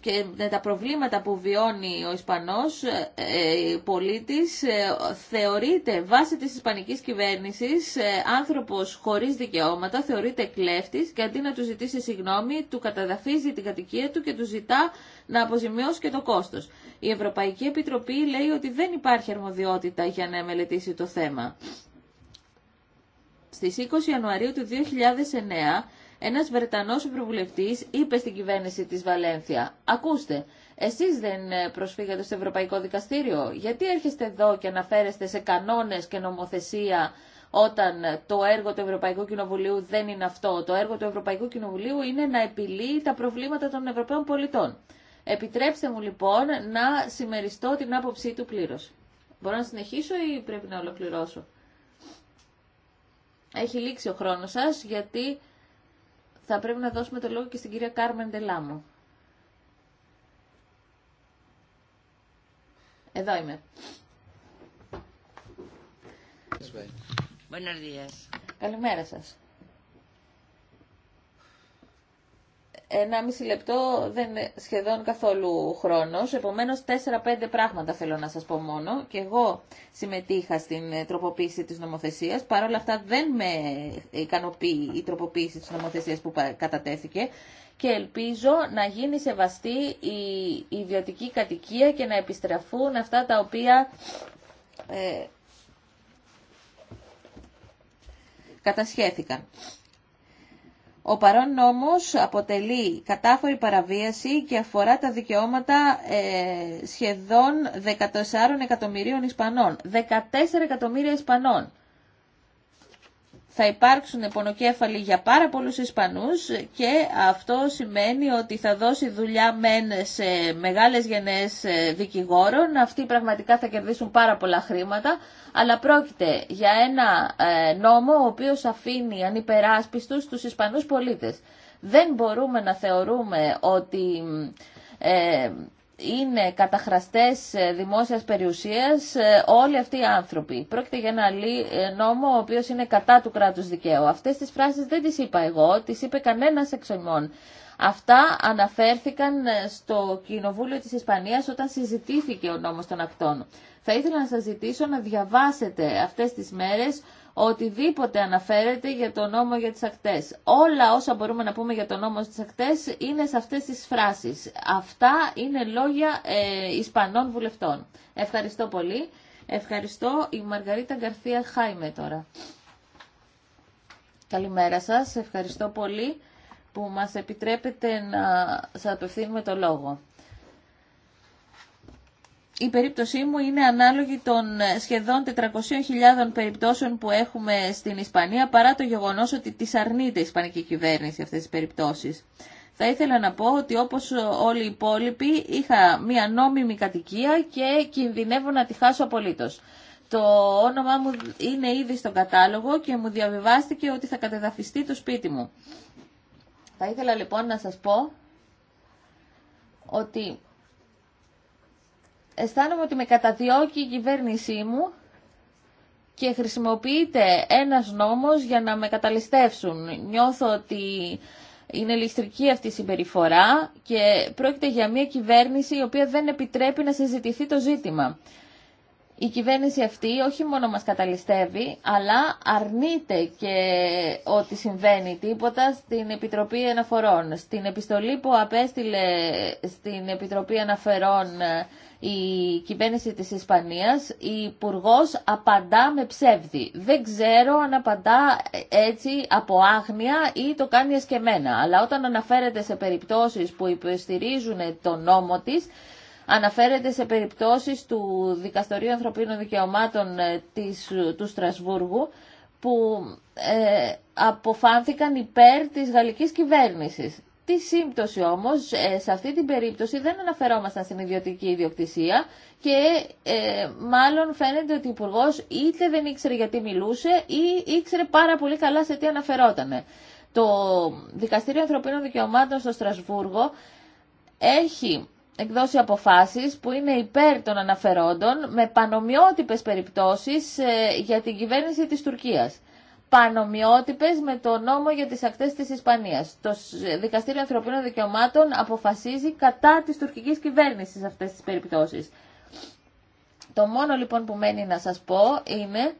και τα προβλήματα που βιώνει ο Ισπανός ε, ε πολίτης ε, θεωρείται βάσει της Ισπανικής κυβέρνησης ε, άνθρωπος χωρίς δικαιώματα, θεωρείται κλέφτης και αντί να του ζητήσει συγγνώμη του καταδαφίζει την κατοικία του και του ζητά να αποζημιώσει και το κόστος. Η Ευρωπαϊκή Επιτροπή λέει ότι δεν υπάρχει αρμοδιότητα για να μελετήσει το θέμα. Στις 20 Ιανουαρίου του 2009 ένας Βρετανός Ευρωβουλευτής είπε στην κυβέρνηση της Βαλένθια «Ακούστε, εσείς δεν ε, προσφύγατε στο Ευρωπαϊκό Δικαστήριο, γιατί έρχεστε εδώ και αναφέρεστε σε κανόνες και νομοθεσία όταν το έργο του Ευρωπαϊκού Κοινοβουλίου δεν είναι αυτό. Το έργο του Ευρωπαϊκού Κοινοβουλίου είναι να επιλύει τα προβλήματα των Ευρωπαίων πολιτών. Επιτρέψτε μου λοιπόν να συμμεριστώ την άποψή του πλήρως. Μπορώ να συνεχίσω ή πρέπει να ολοκληρώσω. Έχει λήξει ο χρόνος σας γιατί θα πρέπει να δώσουμε το λόγο και στην κυρία Κάρμεν Τελάμου. Εδώ είμαι. Καλημέρα σας. μισή λεπτό δεν είναι σχεδόν καθόλου χρόνος, επομένως τέσσερα-πέντε πράγματα θέλω να σας πω μόνο και εγώ συμμετείχα στην τροποποίηση της νομοθεσίας, παρόλα αυτά δεν με ικανοποιεί η τροποποίηση της νομοθεσίας που κατατέθηκε και ελπίζω να γίνει σεβαστή η ιδιωτική κατοικία και να επιστραφούν αυτά τα οποία ε, κατασχέθηκαν. Ο παρόν νόμος αποτελεί κατάφορη παραβίαση και αφορά τα δικαιώματα ε, σχεδόν 14 εκατομμυρίων Ισπανών. 14 εκατομμύρια Ισπανών θα υπάρξουν πονοκέφαλοι για πάρα πολλούς Ισπανούς και αυτό σημαίνει ότι θα δώσει δουλειά μεν σε μεγάλες γενναίες ε, δικηγόρων. Αυτοί πραγματικά θα κερδίσουν πάρα πολλά χρήματα, αλλά πρόκειται για ένα ε, νόμο ο οποίος αφήνει ανυπεράσπιστους τους Ισπανούς πολίτες. Δεν μπορούμε να θεωρούμε ότι... Ε, είναι καταχραστές ε, δημόσιας περιουσίας ε, όλοι αυτοί οι άνθρωποι. Πρόκειται για ένα ε, νόμο ο οποίος είναι κατά του κράτους δικαίου. Αυτές τις φράσεις δεν τις είπα εγώ, τις είπε κανένας εξ ομών. Αυτά αναφέρθηκαν στο Κοινοβούλιο της Ισπανίας όταν συζητήθηκε ο νόμος των ακτών. Θα ήθελα να σας ζητήσω να διαβάσετε αυτές τις μέρες οτιδήποτε αναφέρεται για τον νόμο για τις ακτές. Όλα όσα μπορούμε να πούμε για τον νόμο τις ακτές είναι σε αυτές τις φράσεις. Αυτά είναι λόγια ε, Ισπανών βουλευτών. Ευχαριστώ πολύ. Ευχαριστώ η Μαργαρίτα Γκαρθία Χάιμε τώρα. Καλημέρα σας. Ευχαριστώ πολύ που μας επιτρέπετε να σας απευθύνουμε το λόγο η περίπτωσή μου είναι ανάλογη των ε, σχεδόν 400.000 περιπτώσεων που έχουμε στην Ισπανία, παρά το γεγονός ότι τις αρνείται η Ισπανική κυβέρνηση αυτές τις περιπτώσεις. Θα ήθελα να πω ότι όπως όλοι οι υπόλοιποι είχα μία νόμιμη κατοικία και κινδυνεύω να τη χάσω απολύτως. Το όνομά μου είναι ήδη στον κατάλογο και μου διαβιβάστηκε ότι θα κατεδαφιστεί το σπίτι μου. Θα ήθελα λοιπόν να σας πω ότι αισθάνομαι ότι με καταδιώκει η κυβέρνησή μου και χρησιμοποιείται ένας νόμος για να με καταλυστεύσουν. Νιώθω ότι είναι ληστρική αυτή η συμπεριφορά και πρόκειται για μια κυβέρνηση η οποία δεν επιτρέπει να συζητηθεί το ζήτημα. Η κυβέρνηση αυτή όχι μόνο μας καταλυστεύει, αλλά αρνείται και ότι συμβαίνει τίποτα στην Επιτροπή Αναφορών. Στην επιστολή που απέστειλε στην Επιτροπή Αναφορών η κυβέρνηση της Ισπανίας, η υπουργό απαντά με ψεύδι. Δεν ξέρω αν απαντά ε, έτσι από άγνοια ή το κάνει εσκεμένα. Αλλά όταν αναφέρεται σε περιπτώσεις που υποστηρίζουν τον νόμο της, αναφέρεται σε περιπτώσεις του Δικαστορίου Ανθρωπίνων Δικαιωμάτων ε, της, του Στρασβούργου, που ε, αποφάνθηκαν υπέρ της γαλλικής κυβέρνησης. Τι σύμπτωση όμως, ε, σε αυτή την περίπτωση δεν αναφερόμασταν στην ιδιωτική ιδιοκτησία και ε, μάλλον φαίνεται ότι ο υπουργό είτε δεν ήξερε γιατί μιλούσε ή ήξερε πάρα πολύ καλά σε τι αναφερόταν. Το Δικαστήριο Ανθρωπίνων Δικαιωμάτων στο Στρασβούργο έχει εκδώσει αποφάσεις που είναι υπέρ των αναφερόντων με πανομοιότυπες περιπτώσεις ε, για την κυβέρνηση της Τουρκίας πανομοιότυπες με το νόμο για τις ακτές της Ισπανίας. Το Δικαστήριο Ανθρωπίνων Δικαιωμάτων αποφασίζει κατά της τουρκικής κυβέρνησης αυτές τις περιπτώσεις. Το μόνο λοιπόν που μένει να σας πω είναι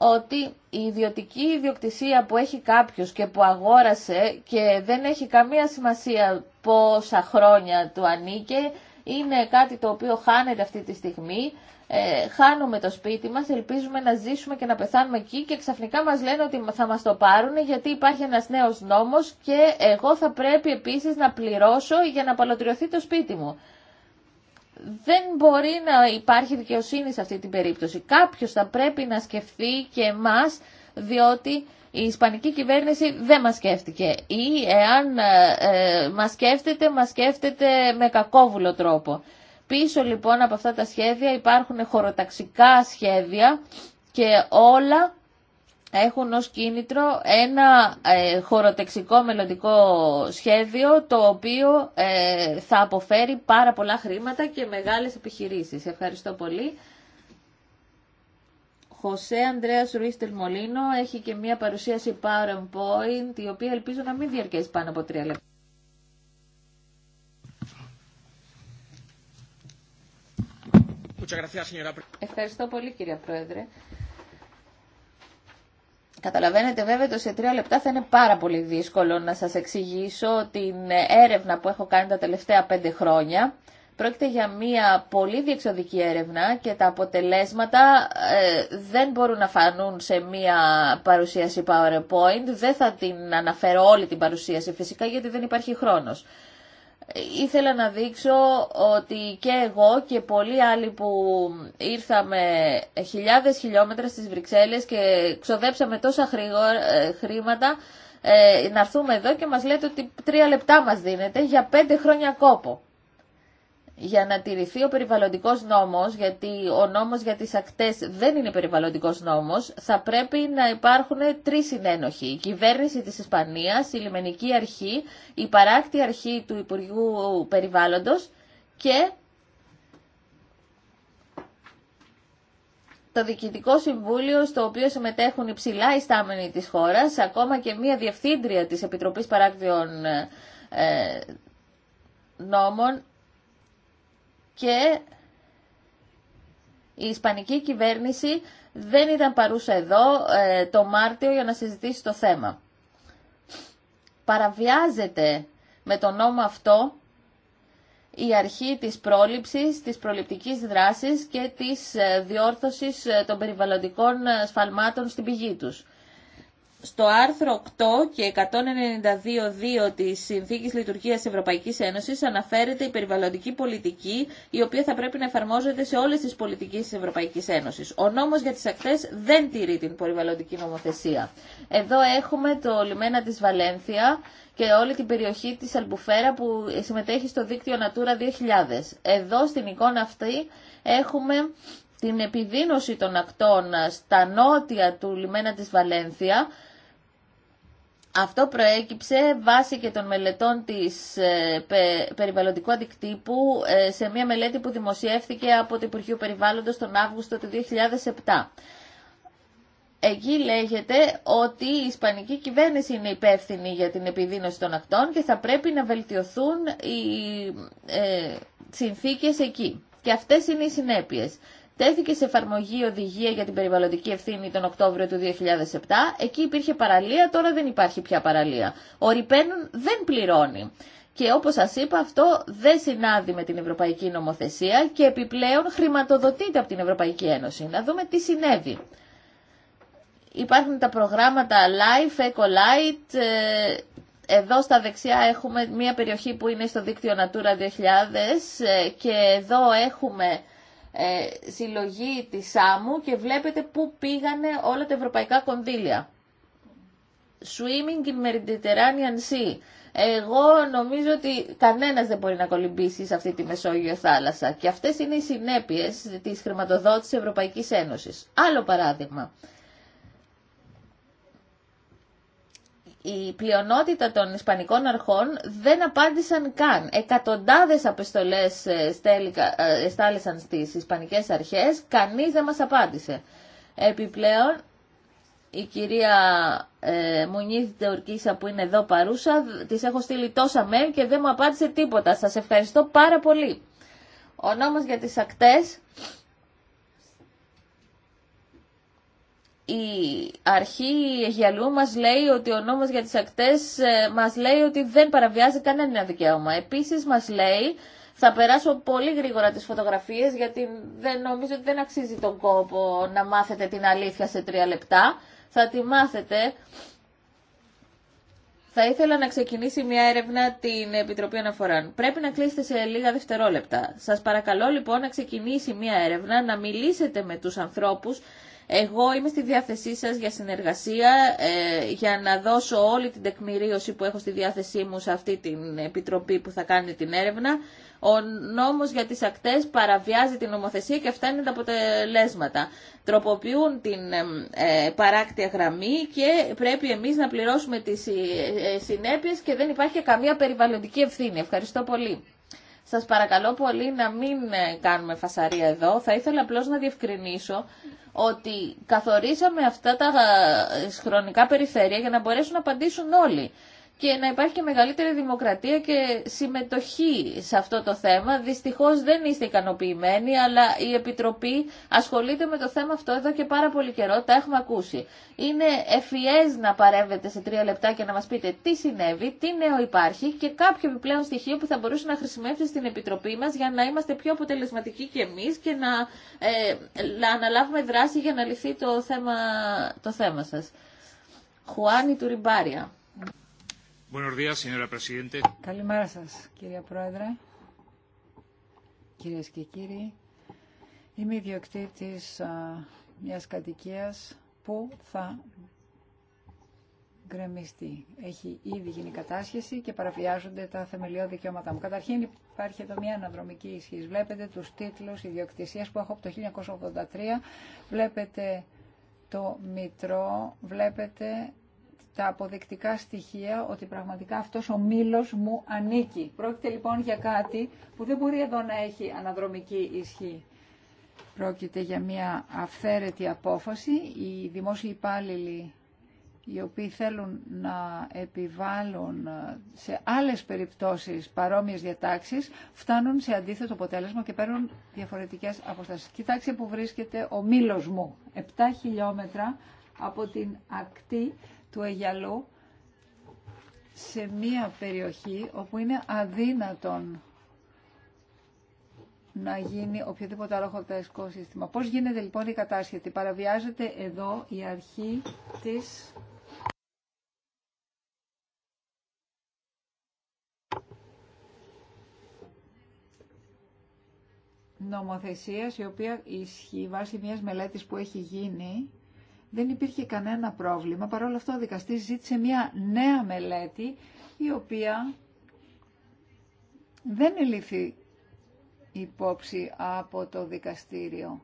ότι η ιδιωτική ιδιοκτησία που έχει κάποιος και που αγόρασε και δεν έχει καμία σημασία πόσα χρόνια του ανήκε, είναι κάτι το οποίο χάνεται αυτή τη στιγμή ε, χάνουμε το σπίτι μας, ελπίζουμε να ζήσουμε και να πεθάνουμε εκεί και ξαφνικά μας λένε ότι θα μας το πάρουν γιατί υπάρχει ένας νέος νόμος και εγώ θα πρέπει επίσης να πληρώσω για να παλωτριωθεί το σπίτι μου. Δεν μπορεί να υπάρχει δικαιοσύνη σε αυτή την περίπτωση. Κάποιος θα πρέπει να σκεφτεί και εμάς διότι η Ισπανική κυβέρνηση δεν μας σκέφτηκε ή εάν ε, ε, μας σκέφτεται, μας σκέφτεται με κακόβουλο τρόπο. Πίσω λοιπόν από αυτά τα σχέδια υπάρχουν χωροταξικά σχέδια και όλα έχουν ως κίνητρο ένα ε, μελλοντικό σχέδιο το οποίο ε, θα αποφέρει πάρα πολλά χρήματα και μεγάλες επιχειρήσεις. Ευχαριστώ πολύ. Χωσέ Ανδρέας Ρουίστελ Μολίνο έχει και μια παρουσίαση PowerPoint η οποία ελπίζω να μην διαρκέσει πάνω από τρία λεπτά. Ευχαριστώ πολύ κυρία Πρόεδρε. Καταλαβαίνετε βέβαια ότι σε τρία λεπτά θα είναι πάρα πολύ δύσκολο να σας εξηγήσω την έρευνα που έχω κάνει τα τελευταία πέντε χρόνια. Πρόκειται για μία πολύ διεξοδική έρευνα και τα αποτελέσματα ε, δεν μπορούν να φανούν σε μία παρουσίαση PowerPoint. Δεν θα την αναφέρω όλη την παρουσίαση φυσικά γιατί δεν υπάρχει χρόνος ήθελα να δείξω ότι και εγώ και πολλοί άλλοι που ήρθαμε χιλιάδες χιλιόμετρα στις Βρυξέλλες και ξοδέψαμε τόσα ε, χρήματα ε, να έρθουμε εδώ και μας λέτε ότι τρία λεπτά μας δίνετε για πέντε χρόνια κόπο για να τηρηθεί ο περιβαλλοντικός νόμος, γιατί ο νόμος για τις ακτές δεν είναι περιβαλλοντικός νόμος, θα πρέπει να υπάρχουν τρεις συνένοχοι. Η κυβέρνηση της Ισπανίας, η λιμενική αρχή, η παράκτη αρχή του Υπουργείου Περιβάλλοντος και το Διοικητικό Συμβούλιο, στο οποίο συμμετέχουν υψηλά ιστάμενοι της χώρας, ακόμα και μία διευθύντρια της Επιτροπής Παράκτιων ε, Νόμων και η Ισπανική κυβέρνηση δεν ήταν παρούσα εδώ ε, το Μάρτιο για να συζητήσει το θέμα. Παραβιάζεται με τον νόμο αυτό η αρχή της πρόληψης, της προληπτικής δράσης και της ε, διόρθωσης ε, των περιβαλλοντικών σφαλμάτων στην πηγή τους στο άρθρο 8 και 192.2 της Συνθήκης Λειτουργίας Ευρωπαϊκής Ένωσης αναφέρεται η περιβαλλοντική πολιτική η οποία θα πρέπει να εφαρμόζεται σε όλες τις πολιτικές της Ευρωπαϊκής Ένωσης. Ο νόμος για τις ακτές δεν τηρεί την περιβαλλοντική νομοθεσία. Εδώ έχουμε το λιμένα της Βαλένθια και όλη την περιοχή της Αλμπουφέρα που συμμετέχει στο δίκτυο Natura 2000. Εδώ στην εικόνα αυτή έχουμε την επιδείνωση των ακτών στα νότια του λιμένα της Βαλένθια αυτό προέκυψε βάσει και των μελετών της ε, περιβαλλοντικού αντικτύπου ε, σε μια μελέτη που δημοσιεύθηκε από το Υπουργείο Περιβάλλοντος τον Αύγουστο του 2007. Εκεί λέγεται ότι η Ισπανική κυβέρνηση είναι υπεύθυνη για την επιδείνωση των ακτών και θα πρέπει να βελτιωθούν οι ε, συνθήκες εκεί. Και αυτές είναι οι συνέπειες. Τέθηκε σε εφαρμογή οδηγία για την περιβαλλοντική ευθύνη τον Οκτώβριο του 2007. Εκεί υπήρχε παραλία, τώρα δεν υπάρχει πια παραλία. Ο Ριπένον δεν πληρώνει. Και όπως σας είπα αυτό δεν συνάδει με την Ευρωπαϊκή Νομοθεσία και επιπλέον χρηματοδοτείται από την Ευρωπαϊκή Ένωση. Να δούμε τι συνέβη. Υπάρχουν τα προγράμματα Life, Ecolite. Ε, εδώ στα δεξιά έχουμε μια περιοχή που είναι στο δίκτυο Natura 2000 ε, και εδώ έχουμε ε, συλλογή της ΣΑΜΟΥ και βλέπετε πού πήγανε όλα τα ευρωπαϊκά κονδύλια. Swimming in Mediterranean Sea. Εγώ νομίζω ότι κανένας δεν μπορεί να κολυμπήσει σε αυτή τη Μεσόγειο θάλασσα. Και αυτές είναι οι συνέπειες της χρηματοδότησης Ευρωπαϊκής Ένωσης. Άλλο παράδειγμα. η πλειονότητα των Ισπανικών αρχών δεν απάντησαν καν. Εκατοντάδες απεστολές ε, ε, στάλησαν στις Ισπανικές αρχές, κανείς δεν μας απάντησε. Επιπλέον, η κυρία ε, Μουνίδη Τεουρκίσα που είναι εδώ παρούσα, της έχω στείλει τόσα mail και δεν μου απάντησε τίποτα. Σας ευχαριστώ πάρα πολύ. Ο νόμος για τις ακτές η αρχή Αιγιαλού μας λέει ότι ο νόμος για τις ακτές ε, μας λέει ότι δεν παραβιάζει κανένα δικαίωμα. Επίσης μας λέει, θα περάσω πολύ γρήγορα τις φωτογραφίες γιατί δεν νομίζω ότι δεν αξίζει τον κόπο να μάθετε την αλήθεια σε τρία λεπτά. Θα τη μάθετε. Θα ήθελα να ξεκινήσει μια έρευνα την Επιτροπή Αναφορών. Πρέπει να κλείσετε σε λίγα δευτερόλεπτα. Σας παρακαλώ λοιπόν να ξεκινήσει μια έρευνα, να μιλήσετε με τους ανθρώπους εγώ είμαι στη διάθεσή σας για συνεργασία, ε, για να δώσω όλη την τεκμηρίωση που έχω στη διάθεσή μου σε αυτή την επιτροπή που θα κάνει την έρευνα. Ο νόμος για τις ακτές παραβιάζει την νομοθεσία και αυτά είναι τα αποτελέσματα. Τροποποιούν την ε, ε, παράκτια γραμμή και πρέπει εμείς να πληρώσουμε τις συνέπειες και δεν υπάρχει καμία περιβαλλοντική ευθύνη. Ευχαριστώ πολύ. Σας παρακαλώ πολύ να μην ε, κάνουμε φασαρία εδώ. Θα ήθελα απλώς να διευκρινίσω ότι καθορίσαμε αυτά τα ε, χρονικά περιφέρεια για να μπορέσουν να απαντήσουν όλοι και να υπάρχει και μεγαλύτερη δημοκρατία και συμμετοχή σε αυτό το θέμα. Δυστυχώς δεν είστε ικανοποιημένοι, αλλά η Επιτροπή ασχολείται με το θέμα αυτό εδώ και πάρα πολύ καιρό, τα έχουμε ακούσει. Είναι ευφυές να παρέμβετε σε τρία λεπτά και να μας πείτε τι συνέβη, τι νέο υπάρχει και κάποιο επιπλέον στοιχείο που θα μπορούσε να χρησιμεύσει στην Επιτροπή μας για να είμαστε πιο αποτελεσματικοί και εμείς και να, ε, να αναλάβουμε δράση για να λυθεί το θέμα, το θέμα σας. Χουάνι Τουριμπάρια. Καλημέρα σας, κύριε Πρόεδρε, κυρίες και κύριοι. Είμαι ιδιοκτήτης μιας κατοικίας που θα γκρεμιστεί. Έχει ήδη γίνει κατάσχεση και παραβιάζονται τα θεμελιώδη δικαιώματά μου. Καταρχήν υπάρχει εδώ μια αναδρομική ισχύ. Βλέπετε τους τίτλους ιδιοκτησίας που έχω από το 1983. Βλέπετε το μητρό, βλέπετε τα αποδεικτικά στοιχεία ότι πραγματικά αυτός ο μήλος μου ανήκει. Πρόκειται λοιπόν για κάτι που δεν μπορεί εδώ να έχει αναδρομική ισχύ. Πρόκειται για μια αυθαίρετη απόφαση. Οι δημόσιοι υπάλληλοι οι οποίοι θέλουν να επιβάλλουν σε άλλες περιπτώσεις παρόμοιες διατάξεις, φτάνουν σε αντίθετο αποτέλεσμα και παίρνουν διαφορετικές αποστάσεις. Κοιτάξτε που βρίσκεται ο μήλος μου, 7 χιλιόμετρα από την ακτή του Αιγιαλού σε μία περιοχή όπου είναι αδύνατον να γίνει οποιοδήποτε άλλο χορταϊκό σύστημα. Πώς γίνεται λοιπόν η κατάσχετη Παραβιάζεται εδώ η αρχή της νομοθεσίας η οποία ισχύει βάσει μιας μελέτης που έχει γίνει δεν υπήρχε κανένα πρόβλημα. Παρ' όλα αυτό ο δικαστής ζήτησε μια νέα μελέτη η οποία δεν ελήφθη υπόψη από το δικαστήριο.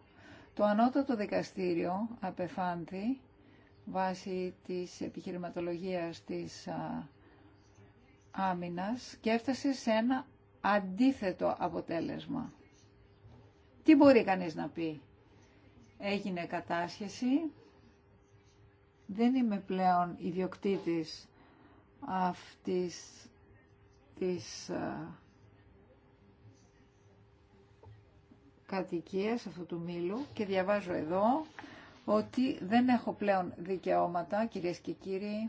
Το ανώτατο δικαστήριο απεφάνθη βάσει της επιχειρηματολογίας της άμυνας και έφτασε σε ένα αντίθετο αποτέλεσμα. Τι μπορεί κανείς να πει. Έγινε κατάσχεση, δεν είμαι πλέον ιδιοκτήτης αυτής της ε, κατοικίας αυτού του μήλου και διαβάζω εδώ ότι δεν έχω πλέον δικαιώματα, κυρίες και κύριοι,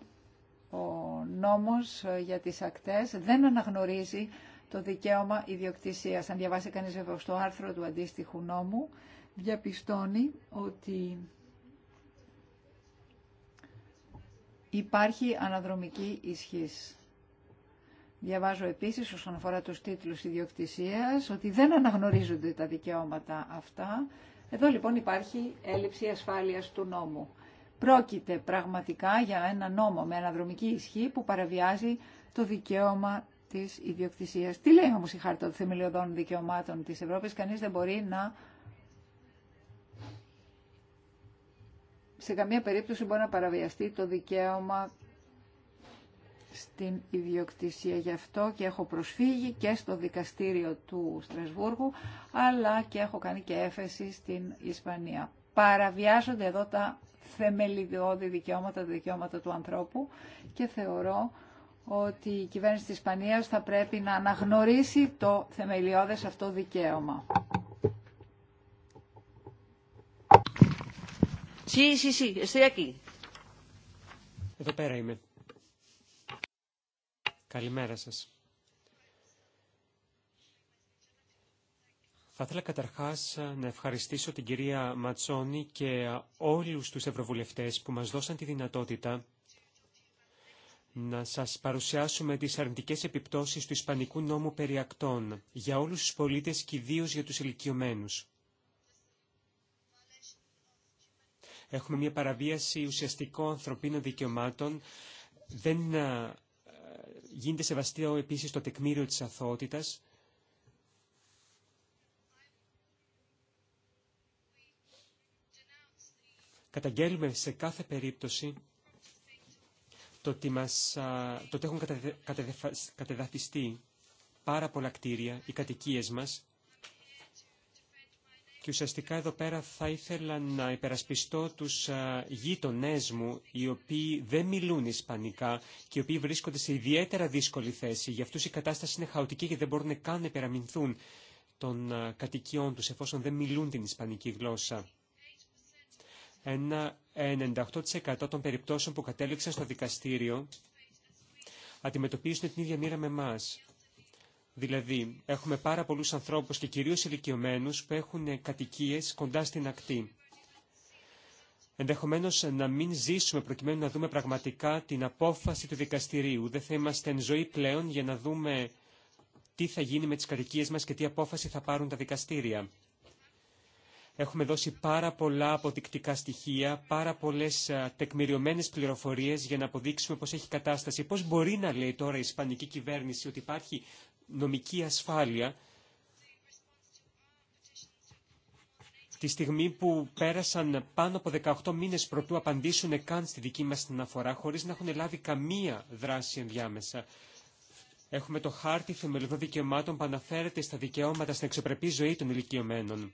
ο νόμος ε, για τις ακτές δεν αναγνωρίζει το δικαίωμα ιδιοκτησίας. Αν διαβάσει κανείς βέβαια στο άρθρο του αντίστοιχου νόμου, διαπιστώνει ότι υπάρχει αναδρομική ισχύς. Διαβάζω επίσης όσον αφορά τους τίτλους ιδιοκτησίας ότι δεν αναγνωρίζονται τα δικαιώματα αυτά. Εδώ λοιπόν υπάρχει έλλειψη ασφάλειας του νόμου. Πρόκειται πραγματικά για ένα νόμο με αναδρομική ισχύ που παραβιάζει το δικαίωμα της ιδιοκτησίας. Τι λέει όμως η Χάρτα των Θεμελιωδών Δικαιωμάτων της Ευρώπης, κανείς δεν μπορεί να σε καμία περίπτωση μπορεί να παραβιαστεί το δικαίωμα στην ιδιοκτησία. Γι' αυτό και έχω προσφύγει και στο δικαστήριο του Στρασβούργου, αλλά και έχω κάνει και έφεση στην Ισπανία. Παραβιάζονται εδώ τα θεμελιώδη δικαιώματα, τα δικαιώματα του ανθρώπου και θεωρώ ότι η κυβέρνηση της Ισπανίας θα πρέπει να αναγνωρίσει το θεμελιώδες αυτό δικαίωμα. Sí, sí, sí, estoy aquí. Εδώ πέρα είμαι. Καλημέρα σας. Θα ήθελα καταρχάς να ευχαριστήσω την κυρία Ματσόνη και όλους τους ευρωβουλευτές που μας δώσαν τη δυνατότητα να σας παρουσιάσουμε τις αρνητικές επιπτώσεις του Ισπανικού νόμου περιακτών για όλους τους πολίτες και ιδίω για τους ηλικιωμένους. Έχουμε μια παραβίαση ουσιαστικών ανθρωπίνων δικαιωμάτων. Δεν ε, γίνεται σεβαστείο επίσης το τεκμήριο της αθωότητας. Καταγγέλουμε σε κάθε περίπτωση το ότι, μας, ε, το ότι έχουν κατεδαφιστεί πάρα πολλά κτίρια, οι κατοικίες μας, και ουσιαστικά εδώ πέρα θα ήθελα να υπερασπιστώ τους γείτονέ μου, οι οποίοι δεν μιλούν Ισπανικά και οι οποίοι βρίσκονται σε ιδιαίτερα δύσκολη θέση. Για αυτούς η κατάσταση είναι χαοτική και δεν μπορούν καν να υπεραμεινθούν των κατοικιών τους, εφόσον δεν μιλούν την Ισπανική γλώσσα. Ένα 98% των περιπτώσεων που κατέληξαν στο δικαστήριο αντιμετωπίζουν την ίδια μοίρα με εμάς. Δηλαδή, έχουμε πάρα πολλούς ανθρώπους και κυρίως ηλικιωμένους που έχουν κατοικίες κοντά στην ακτή. Ενδεχομένως να μην ζήσουμε προκειμένου να δούμε πραγματικά την απόφαση του δικαστηρίου. Δεν θα είμαστε εν ζωή πλέον για να δούμε τι θα γίνει με τις κατοικίες μας και τι απόφαση θα πάρουν τα δικαστήρια. Έχουμε δώσει πάρα πολλά αποδεικτικά στοιχεία, πάρα πολλέ τεκμηριωμένε πληροφορίε για να αποδείξουμε πώ έχει κατάσταση. Πώ μπορεί να λέει τώρα η Ισπανική κυβέρνηση ότι υπάρχει νομική ασφάλεια τη στιγμή που πέρασαν πάνω από 18 μήνες προτού απαντήσουν καν στη δική μας την αφορά, χωρίς να έχουν λάβει καμία δράση ενδιάμεσα. Έχουμε το χάρτη θεμελιωδών δικαιωμάτων που αναφέρεται στα δικαιώματα στην εξωπρεπή ζωή των ηλικιωμένων.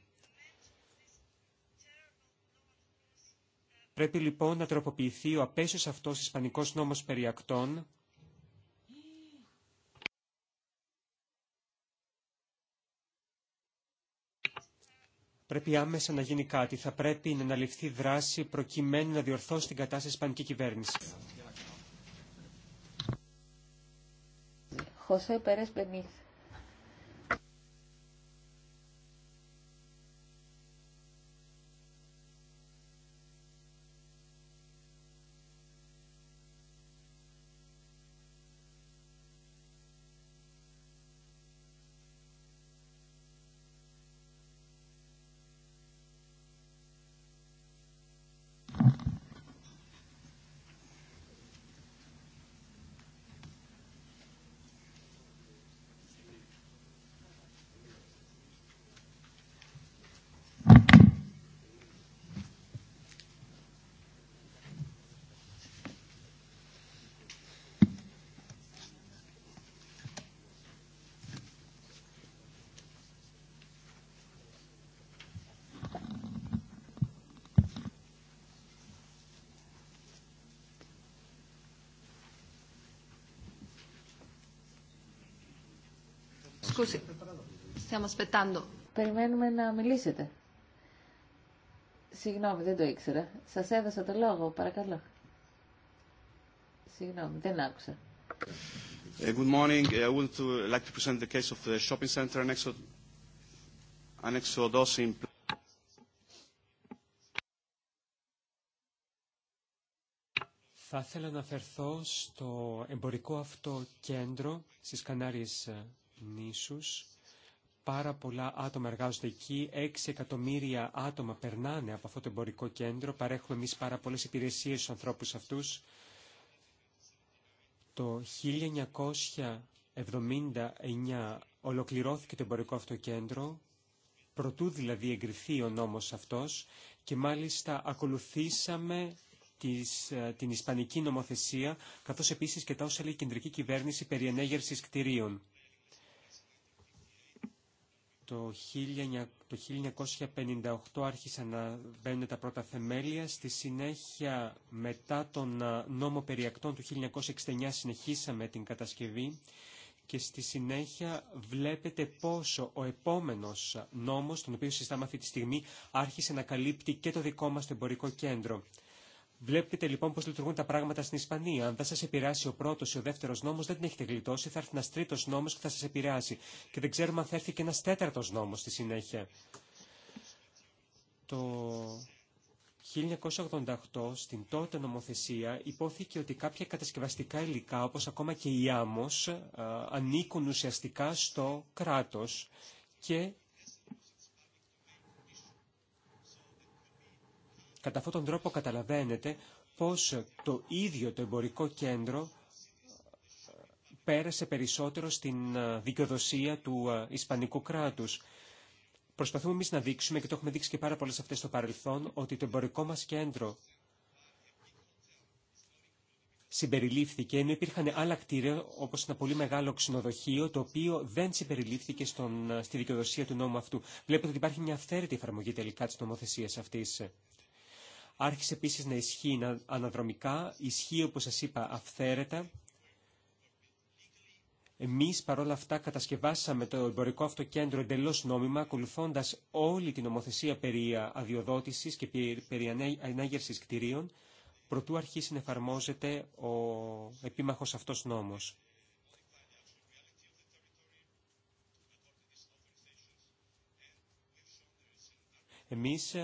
Πρέπει λοιπόν να τροποποιηθεί ο απέσιος αυτός ισπανικός νόμος περιακτών, Πρέπει άμεσα να γίνει κάτι. Θα πρέπει να αναλυφθεί δράση προκειμένου να διορθώσει την κατάσταση της κυβέρνηση. Χωσέ Περές Scusi, stiamo aspettando. Περιμένουμε να μιλήσετε. Συγγνώμη, δεν το ήξερα. Σας έδωσα το λόγο, παρακαλώ. Συγγνώμη, δεν άκουσα. Ε, good morning. Ε, I would like to present the case of the shopping center Anexo, Anexo those in Θα ήθελα να αφαιρθώ στο εμπορικό αυτό κέντρο στις Κανάριες ε, νήσους. Πάρα πολλά άτομα εργάζονται εκεί, 6 εκατομμύρια άτομα περνάνε από αυτό το εμπορικό κέντρο, παρέχουμε εμεί πάρα πολλές υπηρεσίες στους ανθρώπους αυτούς. Το 1979 ολοκληρώθηκε το εμπορικό αυτό κέντρο, προτού δηλαδή εγκριθεί ο νόμος αυτός και μάλιστα ακολουθήσαμε ε, την Ισπανική νομοθεσία, καθώς επίσης και τα όσα λέει η κεντρική κυβέρνηση περί ενέγερσης κτηρίων. Το 1958 άρχισαν να μπαίνουν τα πρώτα θεμέλια. Στη συνέχεια, μετά τον νόμο περιακτών του 1969, συνεχίσαμε την κατασκευή και στη συνέχεια βλέπετε πόσο ο επόμενος νόμος, τον οποίο συστάμε αυτή τη στιγμή, άρχισε να καλύπτει και το δικό μας το εμπορικό κέντρο. Βλέπετε λοιπόν πώ λειτουργούν τα πράγματα στην Ισπανία. Αν δεν σα επηρεάσει ο πρώτο ή ο δεύτερο νόμο, δεν την έχετε γλιτώσει. Θα έρθει ένα τρίτο νόμο και θα σα επηρεάσει. Και δεν ξέρουμε αν θα έρθει και ένα τέταρτο νόμο στη συνέχεια. Το 1988 στην τότε νομοθεσία υπόθηκε ότι κάποια κατασκευαστικά υλικά, όπως ακόμα και η άμμος, ανήκουν ουσιαστικά στο κράτος και Κατά αυτόν τον τρόπο καταλαβαίνετε πώς το ίδιο το εμπορικό κέντρο ε, πέρασε περισσότερο στην ε, δικαιοδοσία του ε, Ισπανικού κράτους. Προσπαθούμε εμεί να δείξουμε, και το έχουμε δείξει και πάρα πολλές αυτές στο παρελθόν, ότι το εμπορικό μας κέντρο συμπεριλήφθηκε, ενώ υπήρχαν άλλα κτίρια, όπως ένα πολύ μεγάλο ξενοδοχείο, το οποίο δεν συμπεριλήφθηκε στον, στη δικαιοδοσία του νόμου αυτού. Βλέπετε ότι υπάρχει μια αυθαίρετη εφαρμογή τελικά της νομοθεσίας αυτής. Άρχισε επίσης να ισχύει αναδρομικά, ισχύει όπως σας είπα αυθαίρετα. Εμείς παρόλα αυτά κατασκευάσαμε το εμπορικό αυτό κέντρο εντελώς νόμιμα, ακολουθώντας όλη την νομοθεσία περί αδειοδότησης και περί ανάγερσης κτηρίων, προτού αρχίσει να εφαρμόζεται ο επίμαχος αυτός νόμος. Εμείς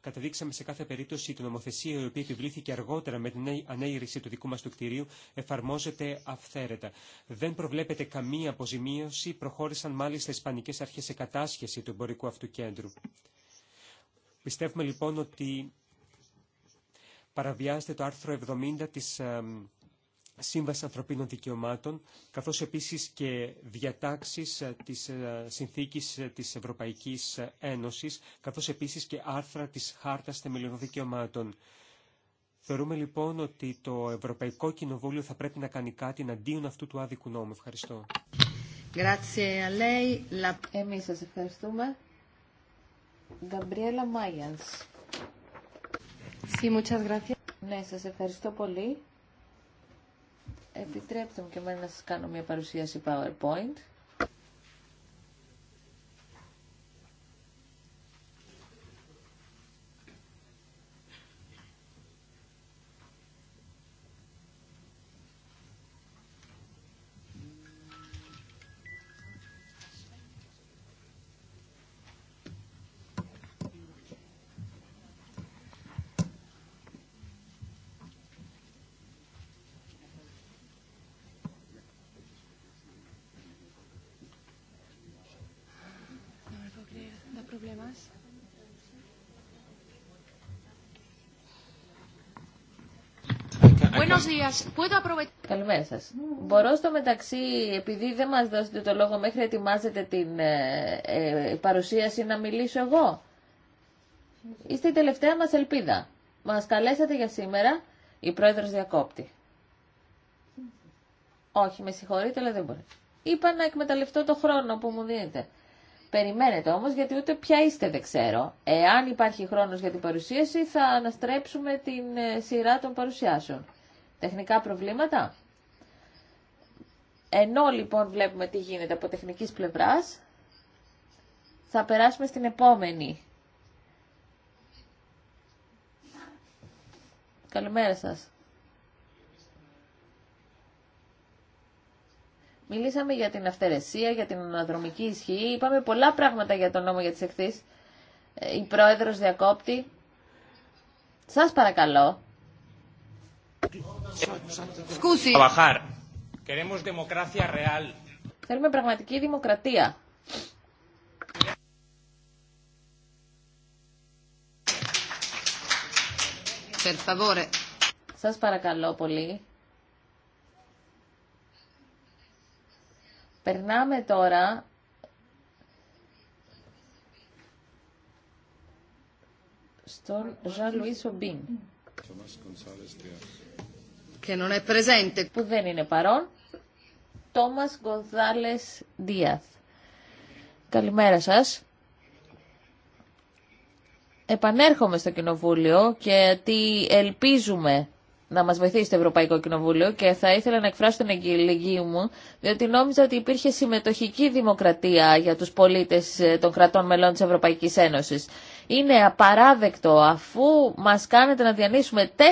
καταδείξαμε σε κάθε περίπτωση ότι η νομοθεσία η οποία επιβλήθηκε αργότερα με την ανέγερση του δικού μας του κτηρίου εφαρμόζεται αυθαίρετα. Δεν προβλέπεται καμία αποζημίωση, προχώρησαν μάλιστα οι Ισπανικές αρχές σε κατάσχεση του εμπορικού αυτού κέντρου. Πιστεύουμε λοιπόν ότι παραβιάζεται το άρθρο 70 της Σύμβαση Ανθρωπίνων Δικαιωμάτων, καθώς επίσης και διατάξεις ε, της ε, Συνθήκης ε, της Ευρωπαϊκής Ένωσης, καθώς επίσης και άρθρα της Χάρτας Θεμελιωδών Δικαιωμάτων. Θεωρούμε λοιπόν ότι το Ευρωπαϊκό Κοινοβούλιο θα πρέπει να κάνει κάτι εναντίον αυτού του άδικου νόμου. Ευχαριστώ. Εμείς σας ευχαριστούμε. Ναι, σας ευχαριστώ πολύ. Επιτρέψτε μου και εμένα να σας κάνω μια παρουσίαση PowerPoint. Καλημέρα σα. Μπορώ στο μεταξύ, επειδή δεν μα δώσετε το λόγο μέχρι ετοιμάζετε την ε, ε, παρουσίαση, να μιλήσω εγώ. Είστε η τελευταία μας ελπίδα. Μα καλέσατε για σήμερα, η πρόεδρο διακόπτη. Όχι, με συγχωρείτε, αλλά δεν μπορεί. Είπα να εκμεταλλευτώ το χρόνο που μου δίνετε. Περιμένετε όμως, γιατί ούτε πια είστε δεν ξέρω. Εάν υπάρχει χρόνος για την παρουσίαση, θα αναστρέψουμε την ε, σειρά των παρουσιάσεων. Τεχνικά προβλήματα. Ενώ λοιπόν βλέπουμε τι γίνεται από τεχνικής πλευράς, θα περάσουμε στην επόμενη. Καλημέρα σας. Μιλήσαμε για την αυτερεσία, για την αναδρομική ισχύ, είπαμε πολλά πράγματα για τον νόμο για τις εχθείς. Ε, η πρόεδρος διακόπτη. Σας παρακαλώ. Θέλουμε πραγματική δημοκρατία. Σας παρακαλώ πολύ. Περνάμε τώρα στον Ζαν Λουίσο Μπίν che non Που δεν είναι παρόν. Τόμας Γκονθάλες Δίαθ. Καλημέρα σας. Επανέρχομαι στο Κοινοβούλιο και τι ελπίζουμε να μας βοηθήσει το Ευρωπαϊκό Κοινοβούλιο και θα ήθελα να εκφράσω την εγγυλική μου, διότι νόμιζα ότι υπήρχε συμμετοχική δημοκρατία για τους πολίτες των κρατών μελών της Ευρωπαϊκής Ένωσης. Είναι απαράδεκτο αφού μας κάνετε να διανύσουμε 4.000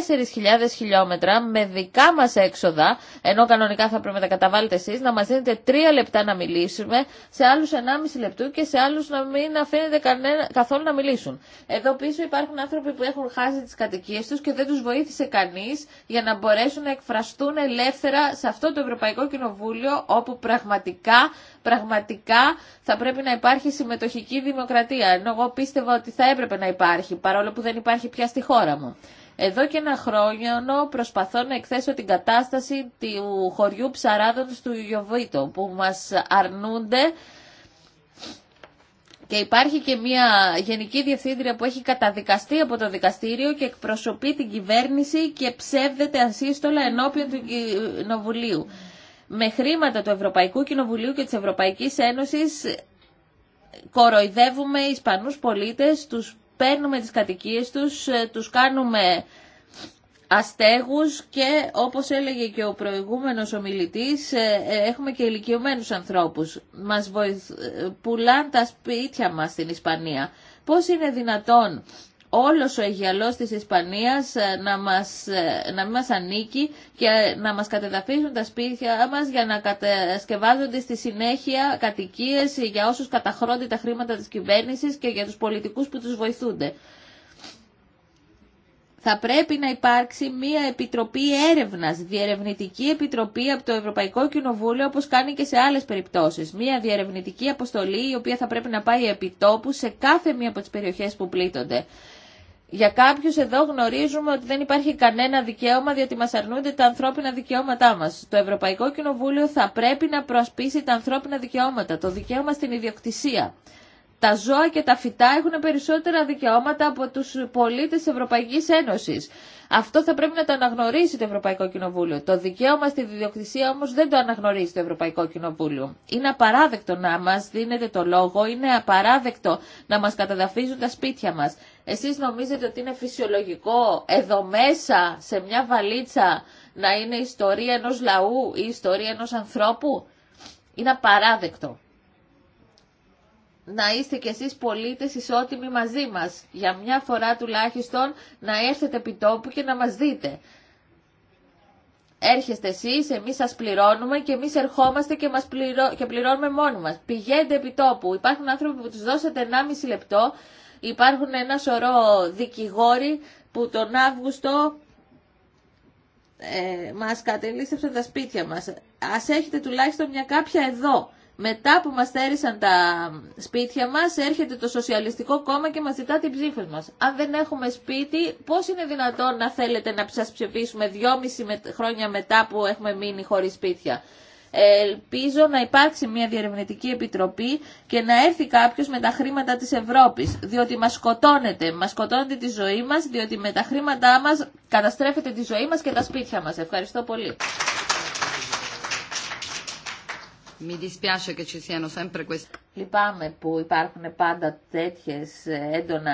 χιλιόμετρα με δικά μας έξοδα, ενώ κανονικά θα πρέπει να τα καταβάλλετε εσείς, να μας δίνετε 3 λεπτά να μιλήσουμε, σε άλλους 1,5 λεπτού και σε άλλους να μην αφήνετε κανένα, καθόλου να μιλήσουν. Εδώ πίσω υπάρχουν άνθρωποι που έχουν χάσει τις κατοικίες τους και δεν τους βοήθησε κανείς για να μπορέσουν να εκφραστούν ελεύθερα σε αυτό το Ευρωπαϊκό Κοινοβούλιο όπου πραγματικά πραγματικά θα πρέπει να υπάρχει συμμετοχική δημοκρατία. Ενώ εγώ πίστευα ότι θα έπρεπε να υπάρχει, παρόλο που δεν υπάρχει πια στη χώρα μου. Εδώ και ένα χρόνο προσπαθώ να εκθέσω την κατάσταση του χωριού ψαράδων του Ιωβήτου που μας αρνούνται και υπάρχει και μια γενική διευθύντρια που έχει καταδικαστεί από το δικαστήριο και εκπροσωπεί την κυβέρνηση και ψεύδεται ασύστολα ενώπιον του Κοινοβουλίου με χρήματα του Ευρωπαϊκού Κοινοβουλίου και της Ευρωπαϊκής Ένωσης κοροϊδεύουμε Ισπανούς πολίτες, τους παίρνουμε τις κατοικίες τους, ε, τους κάνουμε αστέγους και όπως έλεγε και ο προηγούμενος ομιλητής ε, ε, έχουμε και ηλικιωμένου ανθρώπους. Μας βοηθ... πουλάν τα σπίτια μας στην Ισπανία. Πώς είναι δυνατόν όλος ο αιγιαλός της Ισπανίας ε, να, μας, ε, να μην μας ανήκει και να μας κατεδαφίσουν τα σπίτια μας για να κατασκευάζονται στη συνέχεια κατοικίες για όσους καταχρώνται τα χρήματα της κυβέρνησης και για τους πολιτικούς που τους βοηθούνται. Θα πρέπει να υπάρξει μια επιτροπή έρευνας, διερευνητική επιτροπή από το Ευρωπαϊκό Κοινοβούλιο, όπως κάνει και σε άλλες περιπτώσεις. Μια διερευνητική αποστολή η οποία θα πρέπει να πάει επιτόπου σε κάθε μία από τις περιοχές που πλήττονται. Για κάποιους εδώ γνωρίζουμε ότι δεν υπάρχει κανένα δικαίωμα διότι μας αρνούνται τα ανθρώπινα δικαιώματά μας. Το Ευρωπαϊκό Κοινοβούλιο θα πρέπει να προσπίσει τα ανθρώπινα δικαιώματα, το δικαίωμα στην ιδιοκτησία τα ζώα και τα φυτά έχουν περισσότερα δικαιώματα από του πολίτε της Ευρωπαϊκής Ένωσης. Αυτό θα πρέπει να το αναγνωρίσει το Ευρωπαϊκό Κοινοβούλιο. Το δικαίωμα στη διδιοκτησία όμω δεν το αναγνωρίζει το Ευρωπαϊκό Κοινοβούλιο. Είναι απαράδεκτο να μα δίνετε το λόγο, είναι απαράδεκτο να μα καταδαφίζουν τα σπίτια μα. Εσεί νομίζετε ότι είναι φυσιολογικό εδώ μέσα σε μια βαλίτσα να είναι ιστορία ενό λαού ή η ιστορια ενό ανθρώπου. Είναι απαράδεκτο να είστε κι εσείς πολίτες ισότιμοι μαζί μας. Για μια φορά τουλάχιστον να έρθετε επί τόπου και να μας δείτε. Έρχεστε εσείς, εμείς σας πληρώνουμε και εμείς ερχόμαστε και, μας πληρώ... και πληρώνουμε μόνοι μας. Πηγαίνετε επί τόπου. Υπάρχουν άνθρωποι που τους δώσατε 1,5 λεπτό. Υπάρχουν ένα σωρό δικηγόροι που τον Αύγουστο ε, μας κατελήστευσαν τα σπίτια μας. Ας έχετε τουλάχιστον μια κάποια εδώ μετά που μας θέρισαν τα σπίτια μας, έρχεται το Σοσιαλιστικό Κόμμα και μας ζητά την ψήφα μας. Αν δεν έχουμε σπίτι, πώς είναι δυνατόν να θέλετε να σας ψηφίσουμε δυόμιση χρόνια μετά που έχουμε μείνει χωρίς σπίτια. Ελπίζω να υπάρξει μια διερευνητική επιτροπή και να έρθει κάποιο με τα χρήματα τη Ευρώπη. Διότι μα σκοτώνεται. Μα σκοτώνετε τη ζωή μα, διότι με τα χρήματά μα καταστρέφεται τη ζωή μα και τα σπίτια μα. Ευχαριστώ πολύ. Mi dispiace che ci siano sempre queste. Λυπάμαι που υπάρχουν πάντα τέτοιες ε, έντονα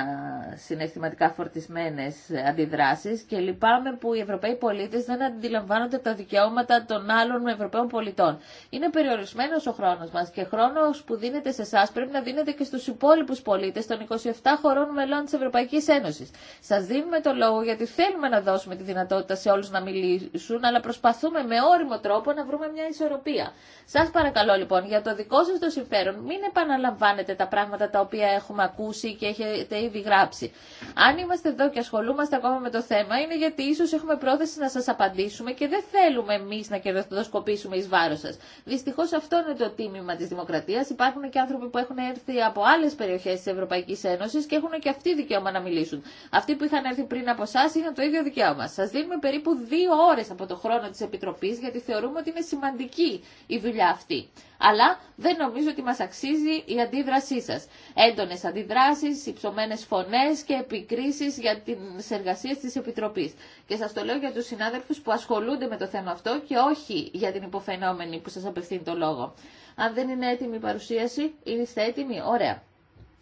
συναισθηματικά φορτισμένες αντιδράσεις και λυπάμαι που οι Ευρωπαίοι πολίτες δεν αντιλαμβάνονται τα δικαιώματα των άλλων Ευρωπαίων πολιτών. Είναι περιορισμένος ο χρόνος μας και χρόνος που δίνεται σε εσά πρέπει να δίνεται και στους υπόλοιπους πολίτες των 27 χωρών μελών της Ευρωπαϊκής Ένωσης. Σας δίνουμε το λόγο γιατί θέλουμε να δώσουμε τη δυνατότητα σε όλους να μιλήσουν αλλά προσπαθούμε με όριμο τρόπο να βρούμε μια ισορροπία. Σας παρακαλώ λοιπόν για το δικό σας το συμφέρον μην επαναλαμβάνετε τα πράγματα τα οποία έχουμε ακούσει και έχετε ήδη γράψει. Αν είμαστε εδώ και ασχολούμαστε ακόμα με το θέμα, είναι γιατί ίσω έχουμε πρόθεση να σα απαντήσουμε και δεν θέλουμε εμεί να κερδοσκοπήσουμε ει βάρο σα. Δυστυχώ, αυτό είναι το τίμημα τη δημοκρατία. Υπάρχουν και άνθρωποι που έχουν έρθει από άλλε περιοχέ τη Ευρωπαϊκή Ένωση και έχουν και αυτοί δικαίωμα να μιλήσουν. Αυτοί που είχαν έρθει πριν από εσά είχαν το ίδιο δικαίωμα. Σα δίνουμε περίπου δύο ώρε από το χρόνο τη Επιτροπή γιατί θεωρούμε ότι είναι σημαντική η δουλειά αυτή αλλά δεν νομίζω ότι μας αξίζει η αντίδρασή σας. Έντονες αντιδράσεις, υψωμένες φωνές και επικρίσεις για τις εργασίες της Επιτροπής. Και σας το λέω για τους συνάδελφους που ασχολούνται με το θέμα αυτό και όχι για την υποφαινόμενη που σας απευθύνει το λόγο. Αν δεν είναι έτοιμη η παρουσίαση, είστε έτοιμοι, ωραία.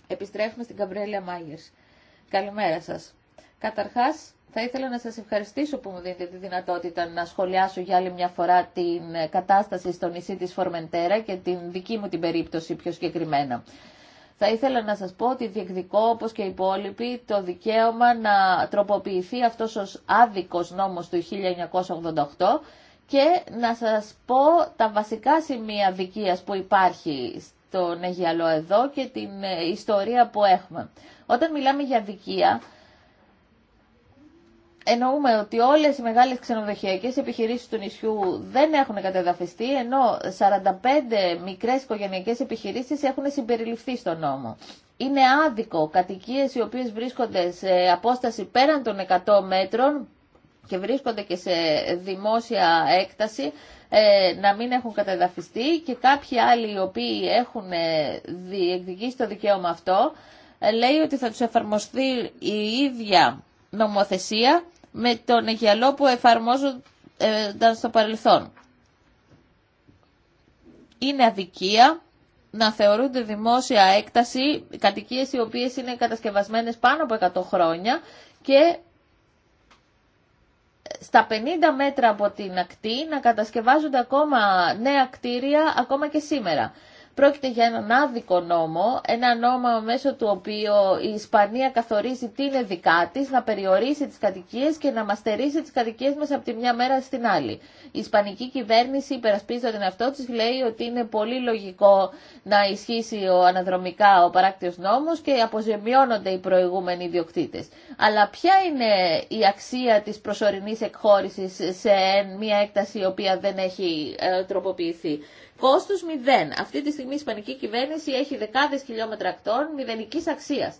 Επιστρέφουμε στην Καμπρέλια Μάγερς. Καλημέρα σας. Καταρχάς, θα ήθελα να σας ευχαριστήσω που μου δίνετε τη δυνατότητα να σχολιάσω για άλλη μια φορά την κατάσταση στο νησί της Φορμεντέρα και την δική μου την περίπτωση πιο συγκεκριμένα. Θα ήθελα να σας πω ότι διεκδικώ, όπως και οι υπόλοιποι, το δικαίωμα να τροποποιηθεί αυτός ο άδικος νόμος του 1988 και να σας πω τα βασικά σημεία δικίας που υπάρχει στον Αιγιαλό εδώ και την ε, ιστορία που έχουμε. Όταν μιλάμε για δικία, εννοούμε ότι όλες οι μεγάλες ξενοδοχειακές επιχειρήσεις του νησιού δεν έχουν κατεδαφιστεί, ενώ 45 μικρές οικογενειακές επιχειρήσεις έχουν συμπεριληφθεί στο νόμο. Είναι άδικο κατοικίες οι οποίες βρίσκονται σε απόσταση πέραν των 100 μέτρων και βρίσκονται και σε δημόσια έκταση ε, να μην έχουν κατεδαφιστεί και κάποιοι άλλοι οι οποίοι έχουν ε, διεκδικήσει το δικαίωμα αυτό ε, λέει ότι θα του εφαρμοστεί η ίδια νομοθεσία με τον γυαλό που εφαρμόζονταν στο παρελθόν. Είναι αδικία να θεωρούνται δημόσια έκταση κατοικίες οι οποίες είναι κατασκευασμένες πάνω από 100 χρόνια και στα 50 μέτρα από την ακτή να κατασκευάζονται ακόμα νέα κτίρια ακόμα και σήμερα. Πρόκειται για έναν άδικο νόμο, ένα νόμο μέσω του οποίου η Ισπανία καθορίζει τι είναι δικά τη, να περιορίσει τι κατοικίε και να μαστερίσει τι κατοικίε μα από τη μια μέρα στην άλλη. Η Ισπανική κυβέρνηση υπερασπίζεται τον εαυτό τη, λέει ότι είναι πολύ λογικό να ισχύσει ο αναδρομικά ο παράκτιο νόμο και αποζημιώνονται οι προηγούμενοι ιδιοκτήτε. Αλλά ποια είναι η αξία τη προσωρινή εκχώρηση σε μια έκταση η οποία δεν έχει ε, τροποποιηθεί. Κόστος μηδέν. Αυτή τη στιγμή η Ισπανική κυβέρνηση έχει δεκάδες χιλιόμετρα ακτών μηδενικής αξίας.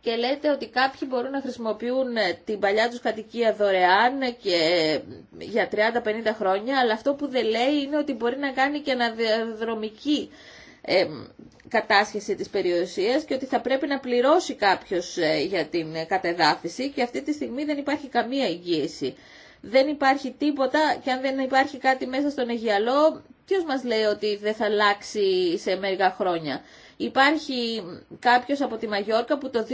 Και λέτε ότι κάποιοι μπορούν να χρησιμοποιούν ε, την παλιά τους κατοικία δωρεάν και ε, για 30-50 χρόνια, αλλά αυτό που δεν λέει είναι ότι μπορεί να κάνει και αναδρομική ε, κατάσχεση της περιουσίας και ότι θα πρέπει να πληρώσει κάποιος ε, για την κατεδάφιση και αυτή τη στιγμή δεν υπάρχει καμία εγγύηση. Δεν υπάρχει τίποτα και αν δεν υπάρχει κάτι μέσα στον Αιγιαλό Ποιος μας λέει ότι δεν θα αλλάξει σε μερικά χρόνια. Υπάρχει κάποιος από τη Μαγιόρκα που το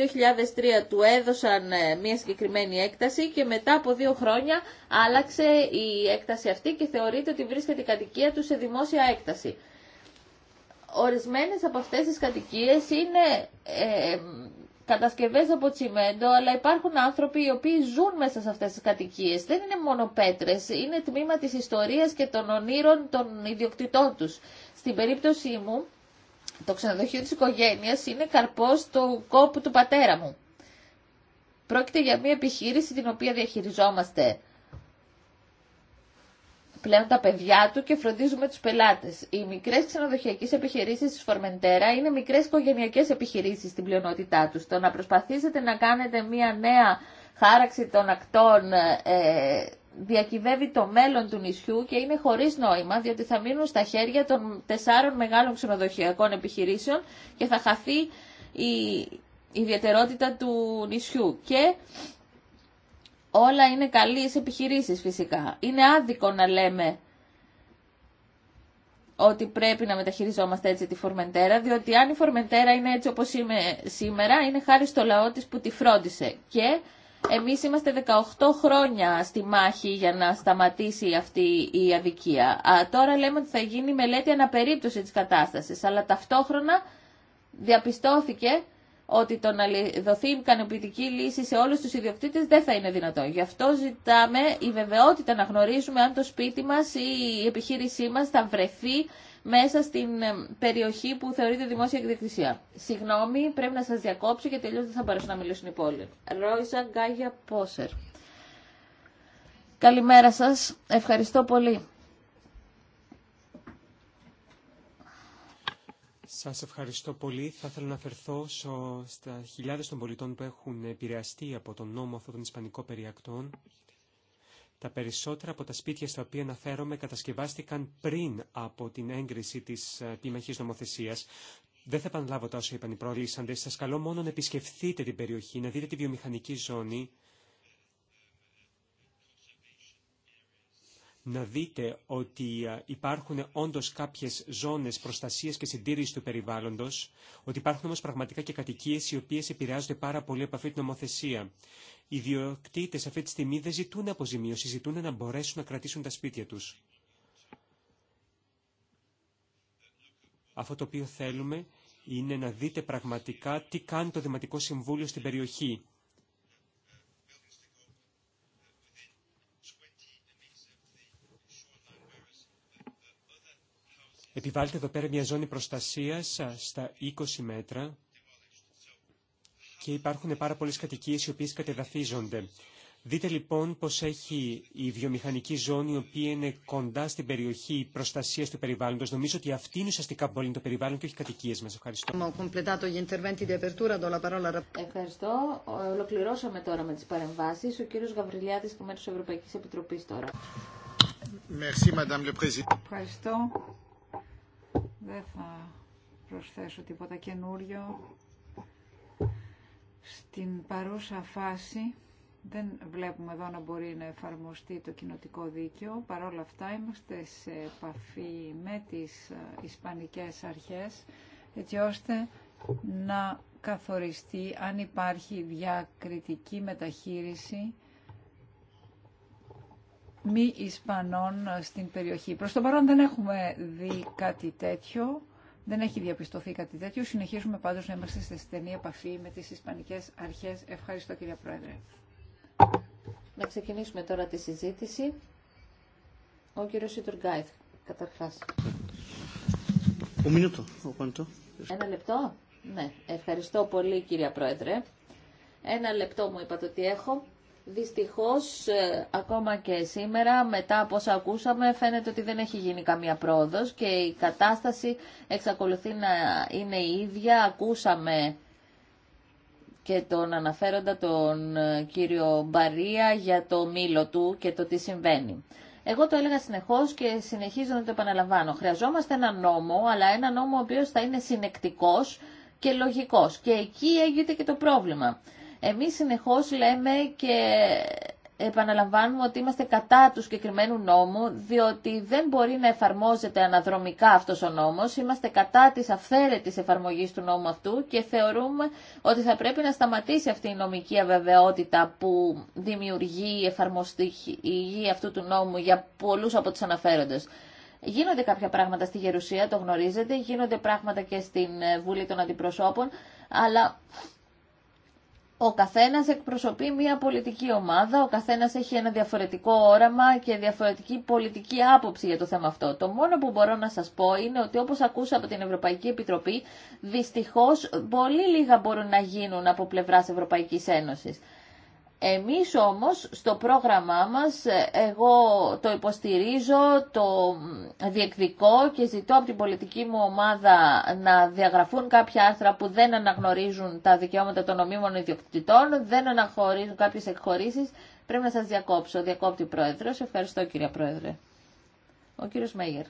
2003 του έδωσαν ε, μια συγκεκριμένη έκταση και μετά από δύο χρόνια άλλαξε η έκταση αυτή και θεωρείται ότι βρίσκεται η κατοικία του σε δημόσια έκταση. Ορισμένες από αυτές τις κατοικίες είναι ε, κατασκευές από τσιμέντο, αλλά υπάρχουν άνθρωποι οι οποίοι ζουν μέσα σε αυτές τις κατοικίε. Δεν είναι μόνο πέτρε, είναι τμήμα τη ιστορίας και των ονείρων των ιδιοκτητών τους. Στην περίπτωσή μου, το ξενοδοχείο της οικογένειας είναι καρπός του κόπου του πατέρα μου. Πρόκειται για μια επιχείρηση την οποία διαχειριζόμαστε πλέον τα παιδιά του και φροντίζουμε τους πελάτες. Οι μικρές ξενοδοχειακές επιχειρήσεις της Φορμεντέρα είναι μικρές οικογενειακές επιχειρήσεις στην πλειονότητά τους. Το να προσπαθήσετε να κάνετε μια νέα χάραξη των ακτών ε, διακυβεύει το μέλλον του νησιού και είναι χωρίς νόημα, διότι θα μείνουν στα χέρια των τεσσάρων μεγάλων ξενοδοχειακών επιχειρήσεων και θα χαθεί η ιδιαιτερότητα του νησιού. Και Όλα είναι σε επιχειρήσεις φυσικά. Είναι άδικο να λέμε ότι πρέπει να μεταχειριζόμαστε έτσι τη Φορμεντέρα, διότι αν η Φορμεντέρα είναι έτσι όπως είμαι σήμερα, είναι χάρη στο λαό της που τη φρόντισε. Και εμείς είμαστε 18 χρόνια στη μάχη για να σταματήσει αυτή η αδικία. Α, τώρα λέμε ότι θα γίνει μελέτη αναπερίπτωση της κατάστασης, αλλά ταυτόχρονα διαπιστώθηκε ότι το να δοθεί ικανοποιητική λύση σε όλους τους ιδιοκτήτες δεν θα είναι δυνατό. Γι' αυτό ζητάμε η βεβαιότητα να γνωρίζουμε αν το σπίτι μας ή η επιχείρησή μας θα βρεθεί μέσα στην ε, περιοχή που θεωρείται δημόσια εκδικησία. Συγγνώμη, πρέπει να σας διακόψω γιατί τελείως δεν θα μπορέσουν να μιλήσουν οι πόλοι. Ρόιζα Γκάγια Πόσερ. Καλημέρα σας. Ευχαριστώ πολύ. Σας ευχαριστώ πολύ. Θα ήθελα να αφαιρθώ στα χιλιάδες των πολιτών που έχουν επηρεαστεί από τον νόμο αυτών των Ισπανικών περιακτών. Τα περισσότερα από τα σπίτια στα οποία αναφέρομαι κατασκευάστηκαν πριν από την έγκριση της ε, επιμαχής νομοθεσίας. Δεν θα επαναλάβω τα όσα είπαν οι Σας καλώ μόνο να επισκεφθείτε την περιοχή, να δείτε τη βιομηχανική ζώνη να δείτε ότι υπάρχουν όντως κάποιες ζώνες προστασίας και συντήρησης του περιβάλλοντος, ότι υπάρχουν όμως πραγματικά και κατοικίες οι οποίες επηρεάζονται πάρα πολύ από αυτή την νομοθεσία. Οι ιδιοκτήτε αυτή τη στιγμή δεν ζητούν αποζημίωση, ζητούν να μπορέσουν να κρατήσουν τα σπίτια τους. Αυτό το οποίο θέλουμε είναι να δείτε πραγματικά τι κάνει το Δηματικό Συμβούλιο στην περιοχή Επιβάλλεται εδώ πέρα μια ζώνη προστασίας στα 20 μέτρα και υπάρχουν πάρα πολλές κατοικίες οι οποίες κατεδαφίζονται. Δείτε λοιπόν πως έχει η βιομηχανική ζώνη, η οποία είναι κοντά στην περιοχή προστασίας του περιβάλλοντος. Νομίζω ότι αυτή είναι ουσιαστικά πολύ το περιβάλλον και όχι κατοικίες μας. Ευχαριστώ. Ευχαριστώ. Ολοκληρώσαμε τώρα με τις παρεμβάσεις. Ο κύριος Γαβριλιάδης, που της Ευρωπαϊκής Επιτροπής τώρα. Ευχαριστώ. Δεν θα προσθέσω τίποτα καινούριο. Στην παρούσα φάση δεν βλέπουμε εδώ να μπορεί να εφαρμοστεί το κοινοτικό δίκαιο. Παρ' όλα αυτά είμαστε σε επαφή με τις ε, ισπανικές αρχές έτσι ώστε να καθοριστεί αν υπάρχει διακριτική μεταχείριση μη Ισπανών στην περιοχή. Προς το παρόν δεν έχουμε δει κάτι τέτοιο, δεν έχει διαπιστωθεί κάτι τέτοιο. Συνεχίζουμε πάντως να είμαστε σε στενή επαφή με τις Ισπανικές αρχές. Ευχαριστώ κύριε Πρόεδρε. Να ξεκινήσουμε τώρα τη συζήτηση. Ο κύριος Ιτουργκάιθ, καταρχάς. Ένα λεπτό. Ναι, ευχαριστώ πολύ κυρία Πρόεδρε. Ένα λεπτό μου είπατε ότι έχω. Δυστυχώς, ε, ακόμα και σήμερα, μετά από όσα ακούσαμε, φαίνεται ότι δεν έχει γίνει καμία πρόοδος και η κατάσταση εξακολουθεί να είναι η ίδια. Ακούσαμε και τον αναφέροντα τον ε, κύριο Μπαρία για το μήλο του και το τι συμβαίνει. Εγώ το έλεγα συνεχώς και συνεχίζω να το επαναλαμβάνω. Χρειαζόμαστε ένα νόμο, αλλά ένα νόμο ο οποίος θα είναι συνεκτικός και λογικός. Και εκεί έγινε και το πρόβλημα. Εμείς συνεχώς λέμε και επαναλαμβάνουμε ότι είμαστε κατά του συγκεκριμένου νόμου, διότι δεν μπορεί να εφαρμόζεται αναδρομικά αυτός ο νόμος. Είμαστε κατά της αυθαίρετης εφαρμογής του νόμου αυτού και θεωρούμε ότι θα πρέπει να σταματήσει αυτή η νομική αβεβαιότητα που δημιουργεί η εφαρμοστική αυτού του νόμου για πολλούς από τους αναφέροντες. Γίνονται κάποια πράγματα στη Γερουσία, το γνωρίζετε, γίνονται πράγματα και στην Βουλή των Αντιπροσώπων, αλλά ο καθένας εκπροσωπεί μια πολιτική ομάδα, ο καθένας έχει ένα διαφορετικό όραμα και διαφορετική πολιτική άποψη για το θέμα αυτό. Το μόνο που μπορώ να σας πω είναι ότι όπως ακούσα από την Ευρωπαϊκή Επιτροπή, δυστυχώς πολύ λίγα μπορούν να γίνουν από πλευράς Ευρωπαϊκής Ένωσης. Εμείς όμως στο πρόγραμμά μας, ε, εγώ το υποστηρίζω, το διεκδικώ και ζητώ από την πολιτική μου ομάδα να διαγραφούν κάποια άρθρα που δεν αναγνωρίζουν τα δικαιώματα των νομίμων ιδιοκτητών, δεν αναχωρίζουν κάποιες εκχωρήσεις. Πρέπει να σας διακόψω. Διακόπτη Πρόεδρος. Ευχαριστώ κύριε Πρόεδρε. Ο κύριος Μέγερ.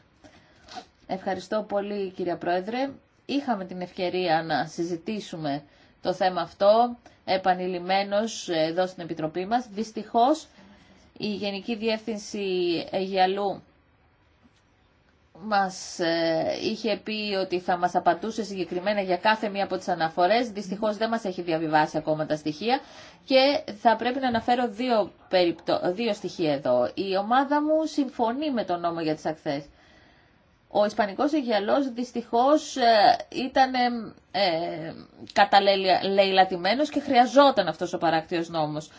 Ευχαριστώ πολύ κύριε Πρόεδρε. Είχαμε την ευκαιρία να συζητήσουμε το θέμα αυτό επανειλημμένος εδώ στην Επιτροπή μας. Δυστυχώς η Γενική Διεύθυνση Αιγιαλού μας ε, είχε πει ότι θα μας απαντούσε συγκεκριμένα για κάθε μία από τις αναφορές. Δυστυχώς δεν μας έχει διαβιβάσει ακόμα τα στοιχεία και θα πρέπει να αναφέρω δύο, περιπτω... δύο στοιχεία εδώ. Η ομάδα μου συμφωνεί με τον νόμο για τις ακθές. Ο Ισπανικός Αιγιαλός δυστυχώς ήταν ε, ε καταλεηλατημένος και χρειαζόταν αυτός ο παράκτιος νόμος.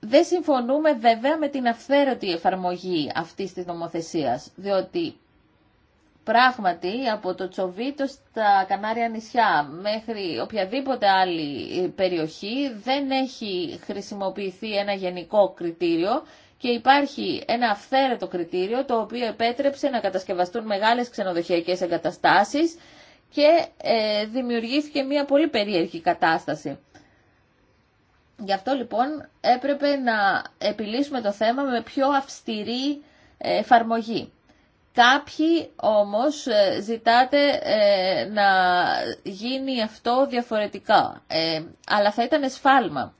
Δεν συμφωνούμε βέβαια με την αυθαίρετη εφαρμογή αυτής της νομοθεσίας, διότι πράγματι από το Τσοβίτο στα Κανάρια νησιά μέχρι οποιαδήποτε άλλη περιοχή δεν έχει χρησιμοποιηθεί ένα γενικό κριτήριο και υπάρχει ένα αυθαίρετο κριτήριο το οποίο επέτρεψε να κατασκευαστούν μεγάλες ξενοδοχειακές εγκαταστάσεις και ε, δημιουργήθηκε μια πολύ περίεργη κατάσταση. Γι' αυτό λοιπόν έπρεπε να επιλύσουμε το θέμα με πιο αυστηρή ε, εφαρμογή. Κάποιοι όμως ε, ζητάτε να γίνει αυτό διαφορετικά, αλλά θα ήταν σφάλμα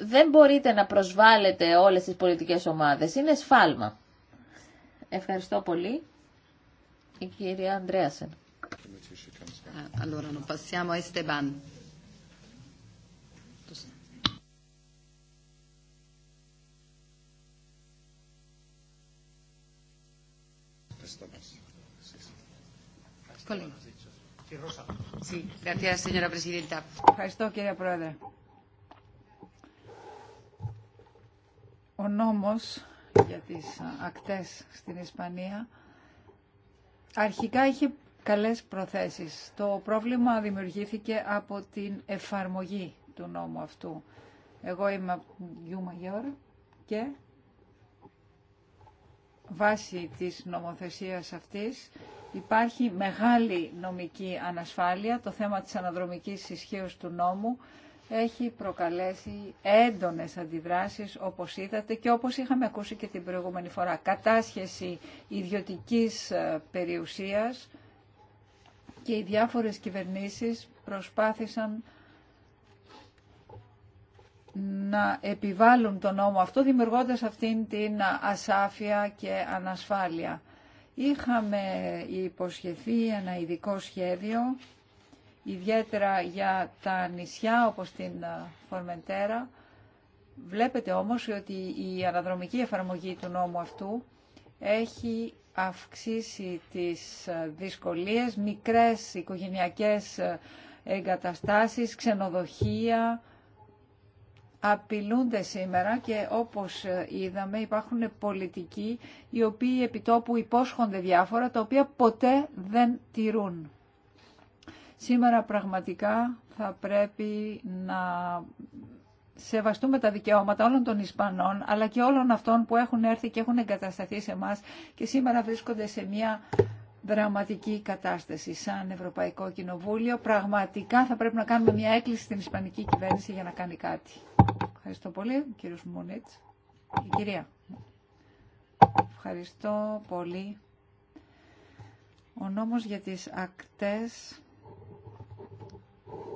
δεν μπορείτε να προσβάλλετε όλες τις πολιτικές ομάδες. Είναι σφάλμα. Ευχαριστώ πολύ. Η κυρία Ανδρέασεν. Ε, Ευχαριστώ κύριε Πρόεδρε. Ο νόμος για τις ακτές στην Ισπανία αρχικά είχε καλές προθέσεις. Το πρόβλημα δημιουργήθηκε από την εφαρμογή του νόμου αυτού. Εγώ είμαι Γιού Μαγιόρ και βάσει της νομοθεσίας αυτής υπάρχει μεγάλη νομική ανασφάλεια. Το θέμα της αναδρομικής ισχύω του νόμου έχει προκαλέσει έντονες αντιδράσεις όπως είδατε και όπως είχαμε ακούσει και την προηγούμενη φορά. Κατάσχεση ιδιωτικής ε, περιουσίας και οι διάφορες κυβερνήσεις προσπάθησαν να επιβάλλουν τον νόμο αυτό δημιουργώντας αυτήν την ασάφεια και ανασφάλεια. Είχαμε υποσχεθεί ένα ειδικό σχέδιο ιδιαίτερα για τα νησιά όπως την ε, Φορμεντέρα. Βλέπετε όμως ότι η αναδρομική εφαρμογή του νόμου αυτού έχει αυξήσει τις ε, δυσκολίες, μικρές οικογενειακές ε, εγκαταστάσεις, ξενοδοχεία, απειλούνται σήμερα και όπως είδαμε υπάρχουν πολιτικοί οι οποίοι επιτόπου υπόσχονται διάφορα τα οποία ποτέ δεν τηρούν. Σήμερα πραγματικά θα πρέπει να σεβαστούμε τα δικαιώματα όλων των Ισπανών, αλλά και όλων αυτών που έχουν έρθει και έχουν εγκατασταθεί σε εμά και σήμερα βρίσκονται σε μια δραματική κατάσταση. Σαν Ευρωπαϊκό Κοινοβούλιο, πραγματικά θα πρέπει να κάνουμε μια έκκληση στην Ισπανική κυβέρνηση για να κάνει κάτι. Ευχαριστώ πολύ, κύριος Μούνιτς. Η κυρία. Ευχαριστώ πολύ. Ο νόμος για τις ακτές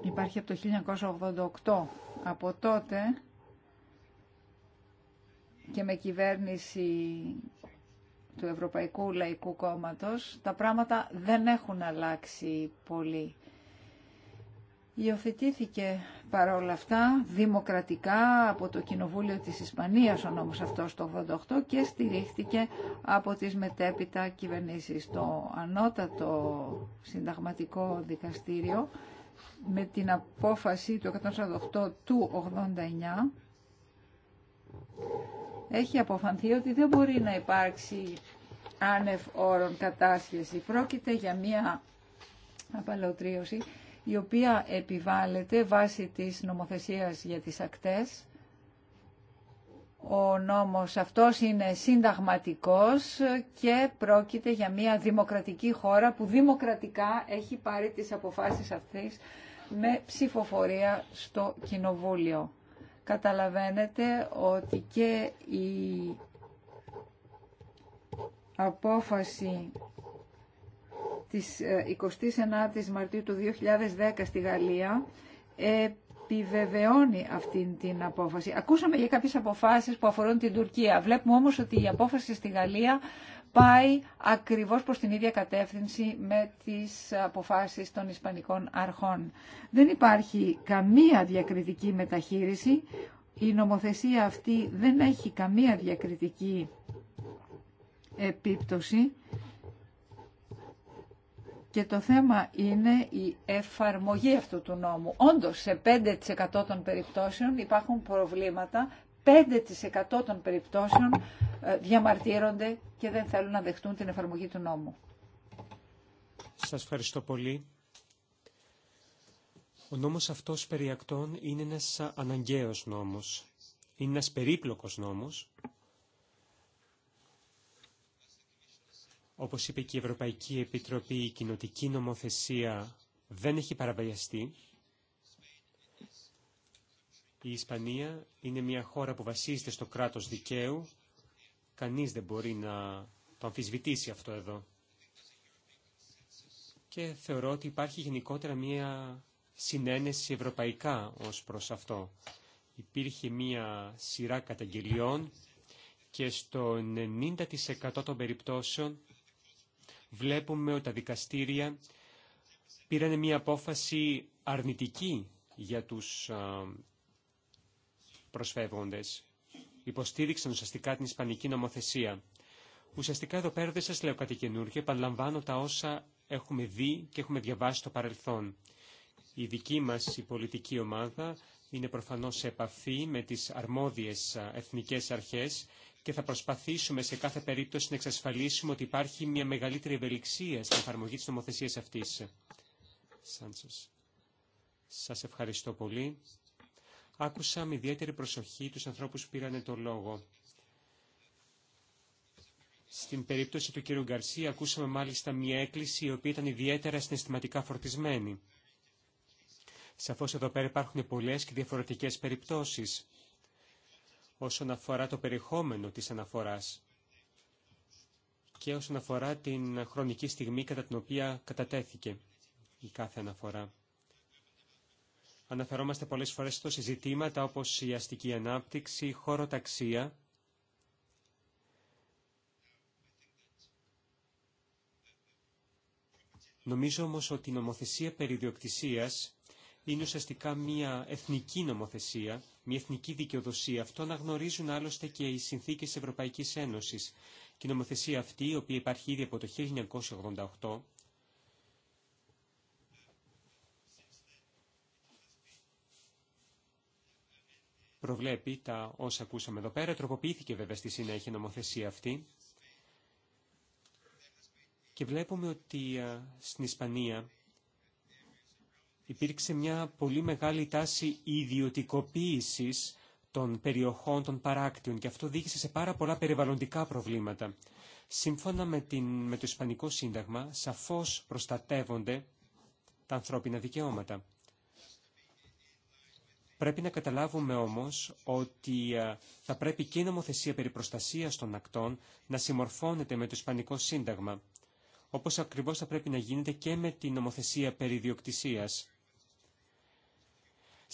Υπάρχει από το 1988. Από τότε και με κυβέρνηση του Ευρωπαϊκού Λαϊκού Κόμματος, τα πράγματα δεν έχουν αλλάξει πολύ. Υιοθετήθηκε παρόλα αυτά δημοκρατικά από το Κοινοβούλιο της Ισπανίας ο νόμος αυτός το 88 και στηρίχθηκε από τις μετέπειτα κυβερνήσεις. Το ανώτατο συνταγματικό δικαστήριο με την απόφαση του 148 του 89 έχει αποφανθεί ότι δεν μπορεί να υπάρξει άνευ όρων κατάσχεση. Πρόκειται για μια απαλωτρίωση η οποία επιβάλλεται βάσει της νομοθεσίας για τις ακτές ο νόμος αυτός είναι συνταγματικός και πρόκειται για μια δημοκρατική χώρα που δημοκρατικά έχει πάρει τις αποφάσεις αυτής με ψηφοφορία στο Κοινοβούλιο. Καταλαβαίνετε ότι και η απόφαση της 29ης ε, Μαρτίου του 2010 στη Γαλλία ε, επιβεβαιώνει αυτή την απόφαση. Ακούσαμε για κάποιες αποφάσεις που αφορούν την Τουρκία. Βλέπουμε όμως ότι η απόφαση στη Γαλλία πάει ακριβώς προς την ίδια κατεύθυνση με τις αποφάσεις των Ισπανικών αρχών. Δεν υπάρχει καμία διακριτική μεταχείριση. Η νομοθεσία αυτή δεν έχει καμία διακριτική επίπτωση και το θέμα είναι η εφαρμογή αυτού του νόμου. Όντως, σε 5% των περιπτώσεων υπάρχουν προβλήματα, 5% των περιπτώσεων ε, διαμαρτύρονται και δεν θέλουν να δεχτούν την εφαρμογή του νόμου. Σας ευχαριστώ πολύ. Ο νόμος αυτός περί είναι ένας αναγκαίος νόμος. Είναι ένας περίπλοκος νόμος Όπως είπε και η Ευρωπαϊκή Επιτροπή, η κοινοτική νομοθεσία δεν έχει παραβιαστεί. Η Ισπανία είναι μια χώρα που βασίζεται στο κράτος δικαίου. Κανείς δεν μπορεί να το αμφισβητήσει αυτό εδώ. Και θεωρώ ότι υπάρχει γενικότερα μια συνένεση ευρωπαϊκά ως προς αυτό. Υπήρχε μια σειρά καταγγελιών και στο 90% των περιπτώσεων βλέπουμε ότι τα δικαστήρια πήραν μια απόφαση αρνητική για τους προσφεύγοντες. Υποστήριξαν ουσιαστικά την Ισπανική νομοθεσία. Ουσιαστικά εδώ πέρα δεν σας λέω κάτι καινούργιο, επαναλαμβάνω τα όσα έχουμε δει και έχουμε διαβάσει στο παρελθόν. Η δική μας η πολιτική ομάδα είναι προφανώς σε επαφή με τις αρμόδιες εθνικές αρχές και θα προσπαθήσουμε σε κάθε περίπτωση να εξασφαλίσουμε ότι υπάρχει μια μεγαλύτερη ευελιξία στην εφαρμογή της νομοθεσίας αυτής. Σας ευχαριστώ πολύ. Άκουσα με ιδιαίτερη προσοχή τους ανθρώπους που πήραν το λόγο. Στην περίπτωση του κύριου Γκαρσία ακούσαμε μάλιστα μια έκκληση η οποία ήταν ιδιαίτερα συναισθηματικά φορτισμένη. Σαφώς εδώ πέρα υπάρχουν πολλές και διαφορετικές περιπτώσεις όσον αφορά το περιεχόμενο της αναφοράς και όσον αφορά την χρονική στιγμή κατά την οποία κατατέθηκε η κάθε αναφορά. Αναφερόμαστε πολλές φορές στο συζητήματα όπως η αστική ανάπτυξη, η χωροταξία, Νομίζω όμως ότι η νομοθεσία περί είναι ουσιαστικά μια εθνική νομοθεσία, μια εθνική δικαιοδοσία. Αυτό γνωρίζουν άλλωστε και οι συνθήκες της Ευρωπαϊκής Ένωσης. Και η νομοθεσία αυτή, η οποία υπάρχει ήδη από το 1988, προβλέπει τα όσα ακούσαμε εδώ πέρα. Τροποποιήθηκε βέβαια στη συνέχεια η νομοθεσία αυτή. Και βλέπουμε ότι στην Ισπανία υπήρξε μια πολύ μεγάλη τάση ιδιωτικοποίησης των περιοχών των παράκτιων και αυτό οδήγησε σε πάρα πολλά περιβαλλοντικά προβλήματα. Σύμφωνα με, την, με το Ισπανικό Σύνταγμα, σαφώς προστατεύονται τα ανθρώπινα δικαιώματα. Πρέπει να καταλάβουμε όμως ότι θα πρέπει και η νομοθεσία περί προστασίας των ακτών να συμμορφώνεται με το Ισπανικό Σύνταγμα, όπως ακριβώς θα πρέπει να γίνεται και με την νομοθεσία περί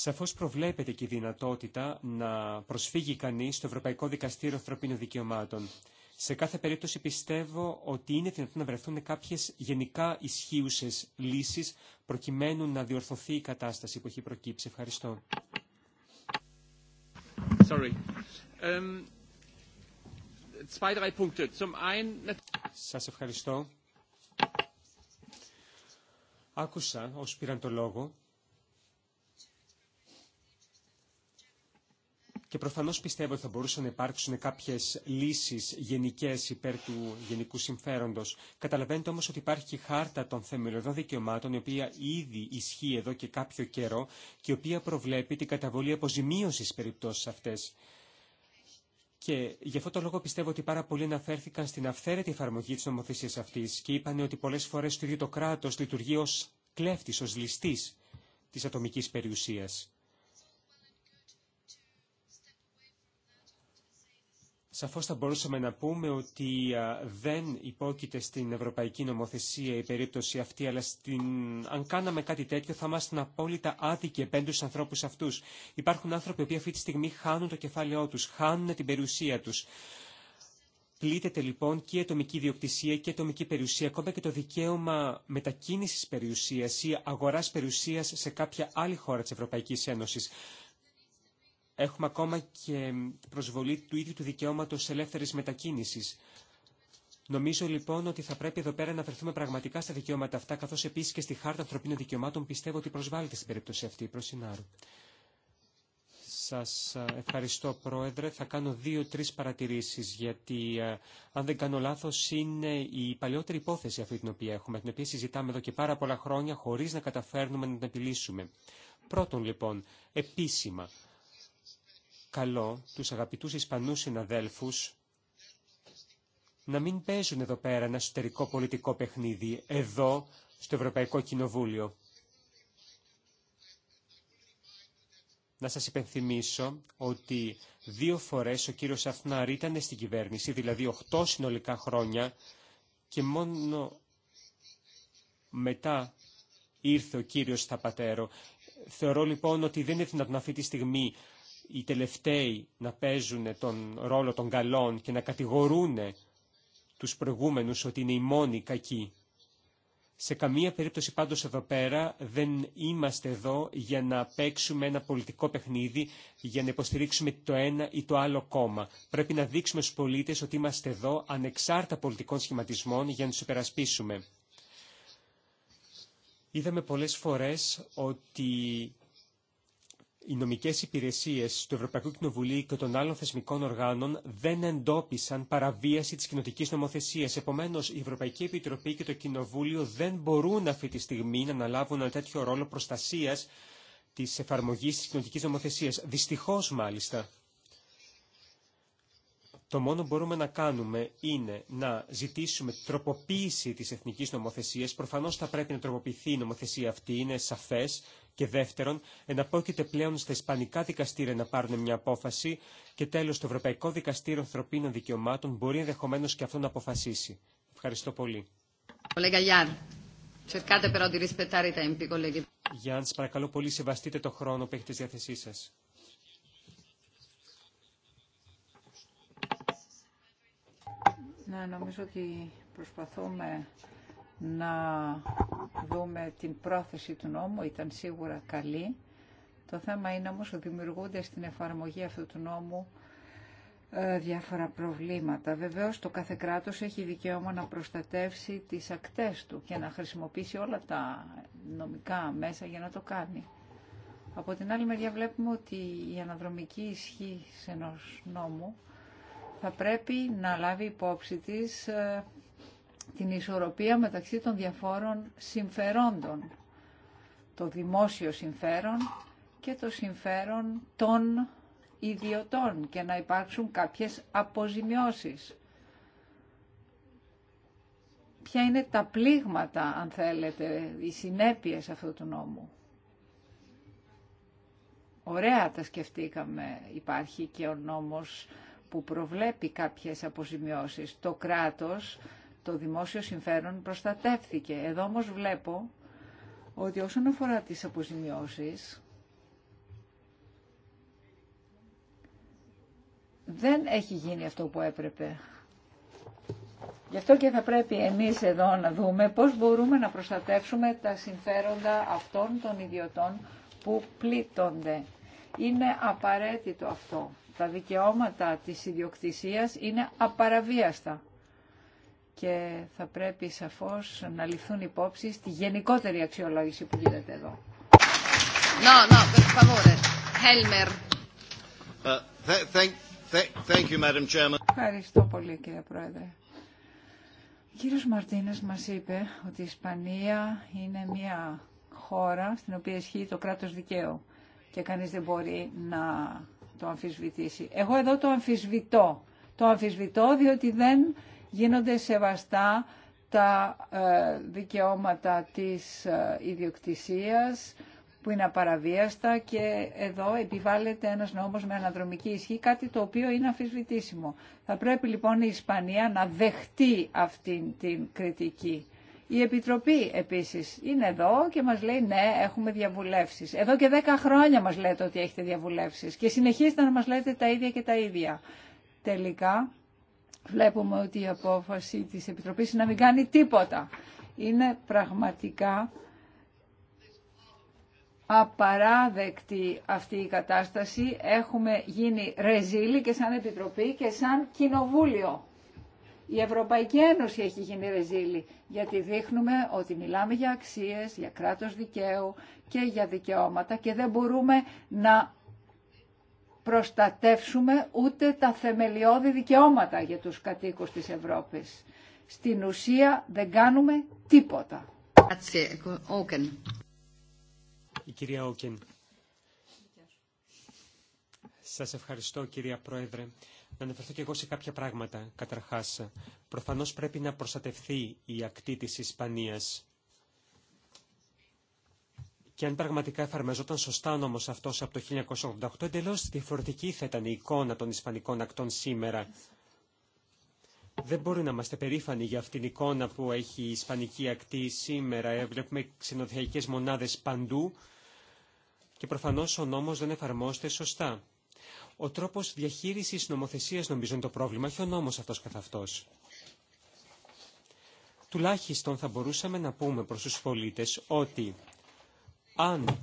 Σαφώς προβλέπεται και η δυνατότητα να προσφύγει κανείς στο Ευρωπαϊκό Δικαστήριο Ανθρωπίνων Δικαιωμάτων. Σε κάθε περίπτωση πιστεύω ότι είναι δυνατόν να βρεθούν κάποιες γενικά ισχύουσες λύσεις προκειμένου να διορθωθεί η κατάσταση που έχει προκύψει. Ευχαριστώ. Sorry. zwei, drei Punkte. Zum Σας ευχαριστώ. Άκουσα όσοι πήραν το λόγο και προφανώ πιστεύω ότι θα μπορούσαν να υπάρξουν κάποιε λύσει γενικέ υπέρ του γενικού συμφέροντο. Καταλαβαίνετε όμω ότι υπάρχει και η χάρτα των θεμελιωδών δικαιωμάτων, η οποία ήδη ισχύει εδώ και κάποιο καιρό και η οποία προβλέπει την καταβολή αποζημίωσης περιπτώσει αυτέ. Και γι' αυτό το λόγο πιστεύω ότι πάρα πολλοί αναφέρθηκαν στην αυθαίρετη εφαρμογή τη νομοθεσία αυτή και είπαν ότι πολλέ φορέ το ίδιο το κράτο λειτουργεί ω κλέφτη, ω ληστή τη ατομική περιουσία. Σαφώς θα μπορούσαμε να πούμε ότι δεν υπόκειται στην ευρωπαϊκή νομοθεσία η περίπτωση αυτή, αλλά στην... αν κάναμε κάτι τέτοιο θα ήμασταν απόλυτα άδικοι επένδου στους ανθρώπους αυτούς. Υπάρχουν άνθρωποι που αυτή τη στιγμή χάνουν το κεφάλαιό τους, χάνουν την περιουσία τους. Πλήττεται λοιπόν και η ατομική ιδιοκτησία και η ατομική περιουσία, ακόμα και το δικαίωμα μετακίνησης περιουσίας ή αγοράς περιουσίας σε κάποια άλλη χώρα της Ευρωπαϊκής Ένωσης. Έχουμε ακόμα και προσβολή του ίδιου του δικαιώματος ελεύθερης μετακίνησης. Νομίζω λοιπόν ότι θα πρέπει εδώ πέρα να βρεθούμε πραγματικά στα δικαιώματα αυτά, καθώς επίσης και στη Χάρτα Ανθρωπίνων Δικαιωμάτων πιστεύω ότι προσβάλλεται στην περίπτωση αυτή η προσυνάρου. Σας ευχαριστώ Πρόεδρε. Θα κάνω δύο-τρεις παρατηρήσεις γιατί αν δεν κάνω λάθος είναι η παλαιότερη υπόθεση αυτή την οποία έχουμε, την οποία συζητάμε εδώ και πάρα πολλά χρόνια χωρίς να καταφέρνουμε να την επιλύσουμε. Πρώτον λοιπόν, επίσημα, καλώ τους αγαπητούς Ισπανούς συναδέλφους να μην παίζουν εδώ πέρα ένα εσωτερικό πολιτικό παιχνίδι, εδώ, στο Ευρωπαϊκό Κοινοβούλιο. Να σας υπενθυμίσω ότι δύο φορές ο κύριος Αφνάρ ήταν στην κυβέρνηση, δηλαδή οχτώ συνολικά χρόνια, και μόνο μετά ήρθε ο κύριος Σταπατέρο. Θεωρώ λοιπόν ότι δεν είναι δυνατόν αυτή τη στιγμή οι τελευταίοι να παίζουν τον ρόλο των καλών και να κατηγορούν τους προηγούμενους ότι είναι οι μόνοι κακοί. Σε καμία περίπτωση πάντως εδώ πέρα δεν είμαστε εδώ για να παίξουμε ένα πολιτικό παιχνίδι, για να υποστηρίξουμε το ένα ή το άλλο κόμμα. Πρέπει να δείξουμε στους πολίτες ότι είμαστε εδώ ανεξάρτητα πολιτικών σχηματισμών για να τους υπερασπίσουμε. Είδαμε πολλές φορές ότι οι νομικές υπηρεσίες του Ευρωπαϊκού Κοινοβουλίου και των άλλων θεσμικών οργάνων δεν εντόπισαν παραβίαση της κοινοτική νομοθεσίας. Επομένως, η Ευρωπαϊκή Επιτροπή και το Κοινοβούλιο δεν μπορούν αυτή τη στιγμή να αναλάβουν ένα τέτοιο ρόλο προστασίας της εφαρμογής της κοινοτική νομοθεσίας. Δυστυχώς, μάλιστα. Το μόνο που μπορούμε να κάνουμε είναι να ζητήσουμε τροποποίηση της εθνικής νομοθεσίας. Προφανώς θα πρέπει να τροποποιηθεί η νομοθεσία αυτή, είναι σαφές. Και δεύτερον, εναπόκειται πλέον στα ισπανικά δικαστήρια να πάρουν μια απόφαση. Και τέλο, το Ευρωπαϊκό Δικαστήριο Ανθρωπίνων Δικαιωμάτων μπορεί ενδεχομένω και αυτό να αποφασίσει. Ευχαριστώ πολύ. Γιάννη, παρακαλώ πολύ, σεβαστείτε το χρόνο που έχετε στη διάθεσή σα. Να νομίζω ότι προσπαθούμε να δούμε την πρόθεση του νόμου, ήταν σίγουρα καλή. Το θέμα είναι όμως ότι δημιουργούνται στην εφαρμογή αυτού του νόμου ε, διάφορα προβλήματα. Βεβαίως το κάθε κράτος έχει δικαίωμα να προστατεύσει τις ακτές του και να χρησιμοποιήσει όλα τα νομικά μέσα για να το κάνει. Από την άλλη μεριά βλέπουμε ότι η αναδρομική ισχύ ενός νόμου θα πρέπει να λάβει υπόψη της ε, την ισορροπία μεταξύ των διαφόρων συμφερόντων. Το δημόσιο συμφέρον και το συμφέρον των ιδιωτών και να υπάρξουν κάποιες αποζημιώσεις. Ποια είναι τα πλήγματα, αν θέλετε, οι συνέπειες αυτού του νόμου. Ωραία τα σκεφτήκαμε. Υπάρχει και ο νόμος που προβλέπει κάποιες αποζημιώσεις. Το κράτος το δημόσιο συμφέρον προστατεύθηκε. Εδώ όμως βλέπω ότι όσον αφορά τις αποζημιώσεις δεν έχει γίνει αυτό που έπρεπε. Γι' αυτό και θα πρέπει εμείς εδώ να δούμε πώς μπορούμε να προστατεύσουμε τα συμφέροντα αυτών των ιδιωτών που πλήττονται. Είναι απαραίτητο αυτό. Τα δικαιώματα της ιδιοκτησίας είναι απαραβίαστα και θα πρέπει σαφώς να ληφθούν υπόψη στη γενικότερη αξιολόγηση που γίνεται εδώ. No, no, per favore. Helmer. Uh, thank you, Madam Chairman. Ευχαριστώ πολύ, κύριε Πρόεδρε. Ο κύριος Μαρτίνες μας είπε ότι η Ισπανία είναι μια χώρα στην οποία ισχύει το κράτος δικαίου και κανείς δεν μπορεί να το αμφισβητήσει. Εγώ εδώ το αμφισβητώ. Το αμφισβητώ διότι δεν γίνονται σεβαστά τα ε, δικαιώματα της ε, ιδιοκτησίας που είναι απαραβίαστα και εδώ επιβάλλεται ένας νόμος με αναδρομική ισχύ, κάτι το οποίο είναι αφισβητήσιμο. Θα πρέπει λοιπόν η Ισπανία να δεχτεί αυτήν την κριτική. Η Επιτροπή επίσης είναι εδώ και μας λέει ναι έχουμε διαβουλεύσεις. Εδώ και 10 χρόνια μας λέτε ότι έχετε διαβουλεύσεις και συνεχίζετε να μας λέτε τα ίδια και τα ίδια. Τελικά βλέπουμε ότι η απόφαση της Επιτροπής να μην κάνει τίποτα. Είναι πραγματικά απαράδεκτη αυτή η κατάσταση. Έχουμε γίνει ρεζίλη και σαν Επιτροπή και σαν Κοινοβούλιο. Η Ευρωπαϊκή Ένωση έχει γίνει ρεζίλη, γιατί δείχνουμε ότι μιλάμε για αξίες, για κράτος δικαίου και για δικαιώματα και δεν μπορούμε να προστατεύσουμε ούτε τα θεμελιώδη δικαιώματα για τους κατοίκους της Ευρώπης. Στην ουσία δεν κάνουμε τίποτα. Η κυρία Όκεν. Σας ευχαριστώ κυρία Πρόεδρε. Να αναφερθώ και εγώ σε κάποια πράγματα. Καταρχάς, προφανώς πρέπει να προστατευθεί η ακτή της Ισπανίας. Και αν πραγματικά εφαρμεζόταν σωστά νόμος αυτός από το 1988, εντελώς διαφορετική θα ήταν η εικόνα των Ισπανικών ακτών σήμερα. Δεν μπορεί να είμαστε περήφανοι για αυτήν την εικόνα που έχει η Ισπανική ακτή σήμερα. Βλέπουμε ξενοδοχειακές μονάδες παντού και προφανώς ο νόμος δεν εφαρμόζεται σωστά. Ο τρόπος διαχείρισης νομοθεσίας νομίζω είναι το πρόβλημα, όχι ο νόμος αυτός καθ' αυτός. Τουλάχιστον θα μπορούσαμε να πούμε προς τους πολίτες ότι αν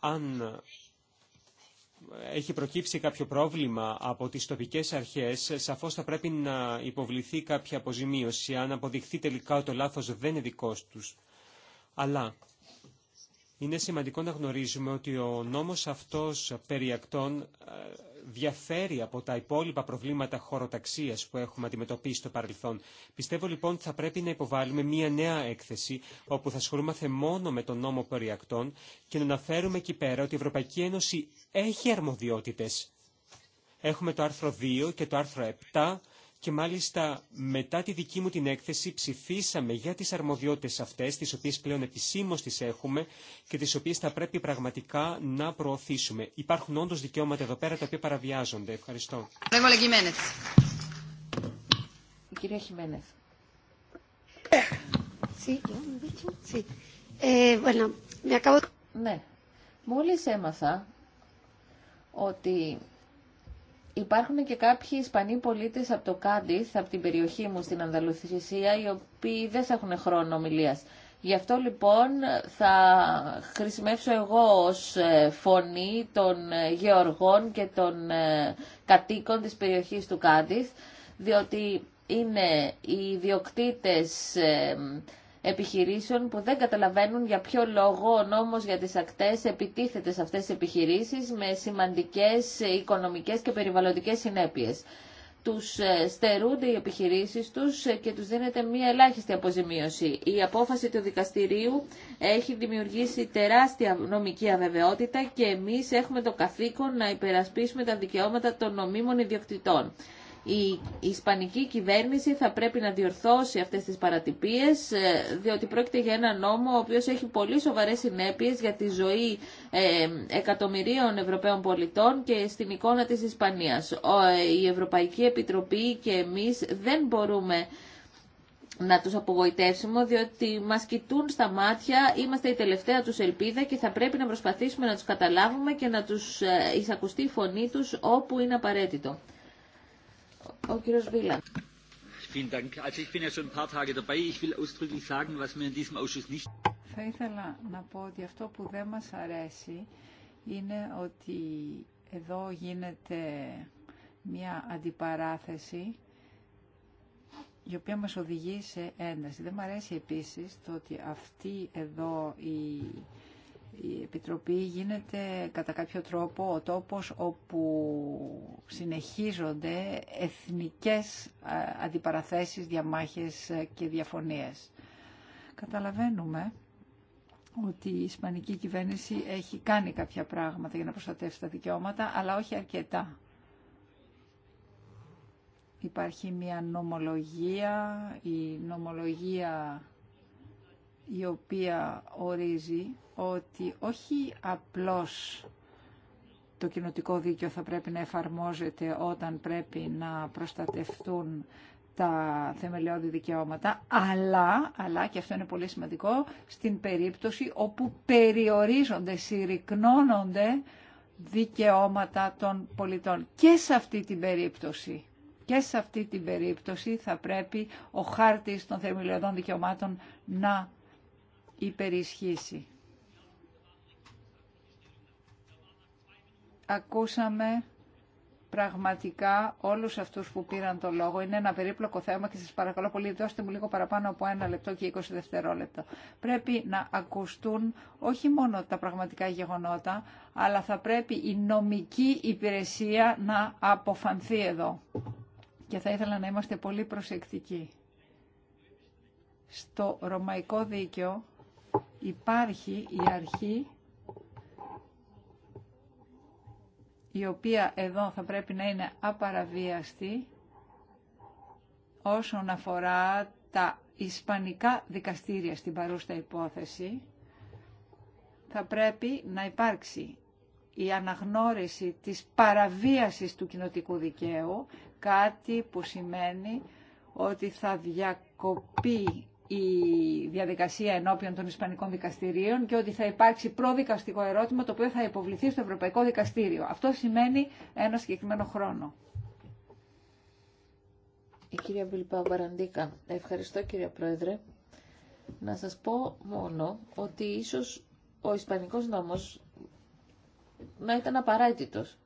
αν έχει προκύψει κάποιο πρόβλημα από τις τοπικές αρχές, σαφώς θα πρέπει να υποβληθεί κάποια αποζημίωση, αν αποδειχθεί τελικά ότι το λάθος δεν είναι δικός τους. Αλλά είναι σημαντικό να γνωρίζουμε ότι ο νόμος αυτός περιακτών διαφέρει από τα υπόλοιπα προβλήματα χωροταξίας που έχουμε αντιμετωπίσει στο παρελθόν. Πιστεύω λοιπόν ότι θα πρέπει να υποβάλουμε μία νέα έκθεση όπου θα ασχολούμαστε μόνο με τον νόμο περιακτών και να αναφέρουμε εκεί πέρα ότι η Ευρωπαϊκή Ένωση έχει αρμοδιότητες. Έχουμε το άρθρο 2 και το άρθρο 7 και μάλιστα μετά τη δική μου την έκθεση ψηφίσαμε για τις αρμοδιότητες αυτές, τις οποίες πλέον επισήμως τις έχουμε και τις οποίες θα πρέπει πραγματικά να προωθήσουμε. Υπάρχουν όντως δικαιώματα εδώ πέρα τα οποία παραβιάζονται. Ευχαριστώ. Κυρία Χιμένες. Ε, ναι. μόλις έμαθα ότι υπάρχουν και κάποιοι Ισπανοί πολίτες από το Κάντιθ, από την περιοχή μου στην Ανδαλουθισία, οι οποίοι δεν θα έχουν χρόνο ομιλία. Γι' αυτό λοιπόν θα χρησιμεύσω εγώ ως ε, φωνή των ε, γεωργών και των ε, κατοίκων της περιοχής του Κάντιθ, διότι είναι οι ιδιοκτήτες επιχειρήσεων που δεν καταλαβαίνουν για ποιο λόγο ο νόμος για τις ακτές επιτίθεται σε αυτές τις επιχειρήσεις με σημαντικές οικονομικές και περιβαλλοντικές συνέπειες. Τους ε, στερούνται οι επιχειρήσεις τους ε, και τους δίνεται μία ελάχιστη αποζημίωση. Η απόφαση του δικαστηρίου έχει δημιουργήσει τεράστια νομική αβεβαιότητα και εμείς έχουμε το καθήκον να υπερασπίσουμε τα δικαιώματα των νομίμων ιδιοκτητών. Η Ισπανική κυβέρνηση θα πρέπει να διορθώσει αυτές τις παρατυπίες, ε, διότι πρόκειται για ένα νόμο ο οποίος έχει πολύ σοβαρές συνέπειες για τη ζωή ε, εκατομμυρίων Ευρωπαίων πολιτών και στην εικόνα της Ισπανίας. Ε, η Ευρωπαϊκή Επιτροπή και εμείς δεν μπορούμε να τους απογοητεύσουμε, διότι μας κοιτούν στα μάτια, είμαστε η τελευταία τους ελπίδα και θα πρέπει να προσπαθήσουμε να τους καταλάβουμε και να τους εισακουστεί η φωνή τους όπου είναι απαραίτητο. Θα ήθελα να πω ότι αυτό που δεν μας αρέσει είναι ότι εδώ γίνεται μια αντιπαράθεση η οποία μας οδηγεί σε ένταση. Δεν μου αρέσει επίσης το ότι αυτή εδώ η η Επιτροπή γίνεται κατά κάποιο τρόπο ο τόπος όπου συνεχίζονται εθνικές αντιπαραθέσεις, διαμάχες και διαφωνίες. Καταλαβαίνουμε ότι η Ισπανική κυβέρνηση έχει κάνει κάποια πράγματα για να προστατεύσει τα δικαιώματα, αλλά όχι αρκετά. Υπάρχει μια νομολογία, η νομολογία η οποία ορίζει ότι όχι απλώς το κοινοτικό δίκαιο θα πρέπει να εφαρμόζεται όταν πρέπει να προστατευτούν τα θεμελιώδη δικαιώματα, αλλά, αλλά, και αυτό είναι πολύ σημαντικό, στην περίπτωση όπου περιορίζονται, συρρυκνώνονται δικαιώματα των πολιτών. Και σε αυτή την περίπτωση, και σε αυτή την περίπτωση θα πρέπει ο χάρτης των θεμελιωδών δικαιωμάτων να υπερισχύσει. Ακούσαμε πραγματικά όλους αυτούς που πήραν το λόγο. Είναι ένα περίπλοκο θέμα και σας παρακαλώ πολύ δώστε μου λίγο παραπάνω από ένα λεπτό και 20 δευτερόλεπτα. Πρέπει να ακουστούν όχι μόνο τα πραγματικά γεγονότα, αλλά θα πρέπει η νομική υπηρεσία να αποφανθεί εδώ. Και θα ήθελα να είμαστε πολύ προσεκτικοί. Στο ρωμαϊκό δίκαιο υπάρχει η αρχή η οποία εδώ θα πρέπει να είναι απαραβίαστη όσον αφορά τα ισπανικά δικαστήρια στην παρούστα υπόθεση, θα πρέπει να υπάρξει η αναγνώριση της παραβίασης του κοινοτικού δικαίου, κάτι που σημαίνει ότι θα διακοπεί η διαδικασία ενώπιον των Ισπανικών δικαστηρίων και ότι θα υπάρξει προδικαστικό ερώτημα το οποίο θα υποβληθεί στο Ευρωπαϊκό Δικαστήριο. Αυτό σημαίνει ένα συγκεκριμένο χρόνο. Η κυρία Μπιλπά Μπαραντίκα. Ευχαριστώ κύριε Πρόεδρε. Να σας πω μόνο ότι ίσως ο Ισπανικός νόμος να ήταν απαραίτητος.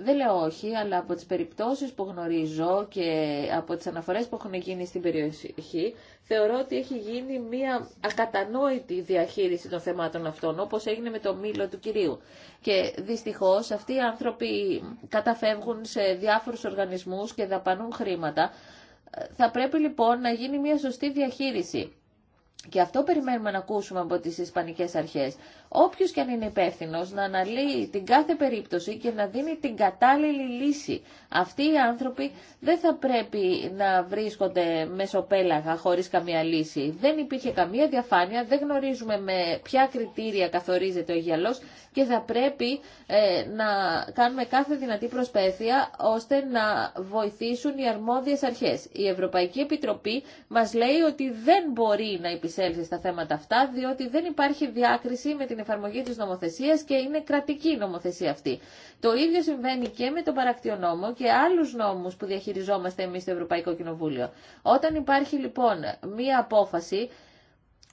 Δεν λέω όχι, αλλά από τις περιπτώσεις που γνωρίζω και από τις αναφορές που έχουν γίνει στην περιοχή, θεωρώ ότι έχει γίνει μια ακατανόητη διαχείριση των θεμάτων αυτών, όπως έγινε με το μήλο του κυρίου. Και δυστυχώς αυτοί οι άνθρωποι καταφεύγουν σε διάφορους οργανισμούς και δαπανούν χρήματα. Ε, θα πρέπει λοιπόν να γίνει μια σωστή διαχείριση. Και αυτό περιμένουμε να ακούσουμε από τις Ισπανικές αρχές. Όποιος και αν είναι υπεύθυνο να αναλύει την κάθε περίπτωση και να δίνει την κατάλληλη λύση. Αυτοί οι άνθρωποι δεν θα πρέπει να βρίσκονται μεσοπέλαγα χωρίς καμία λύση. Δεν υπήρχε καμία διαφάνεια, δεν γνωρίζουμε με ποια κριτήρια καθορίζεται ο γυαλός και θα πρέπει ε, να κάνουμε κάθε δυνατή προσπάθεια ώστε να βοηθήσουν οι αρμόδιες αρχές. Η Ευρωπαϊκή Επιτροπή μας λέει ότι δεν μπορεί να Ευρωπαϊκής στα θέματα αυτά, διότι δεν υπάρχει διάκριση με την εφαρμογή της νομοθεσίας και είναι κρατική νομοθεσία αυτή. Το ίδιο συμβαίνει και με τον νόμο και άλλους νόμους που διαχειριζόμαστε εμείς στο Ευρωπαϊκό Κοινοβούλιο. Όταν υπάρχει λοιπόν μία απόφαση,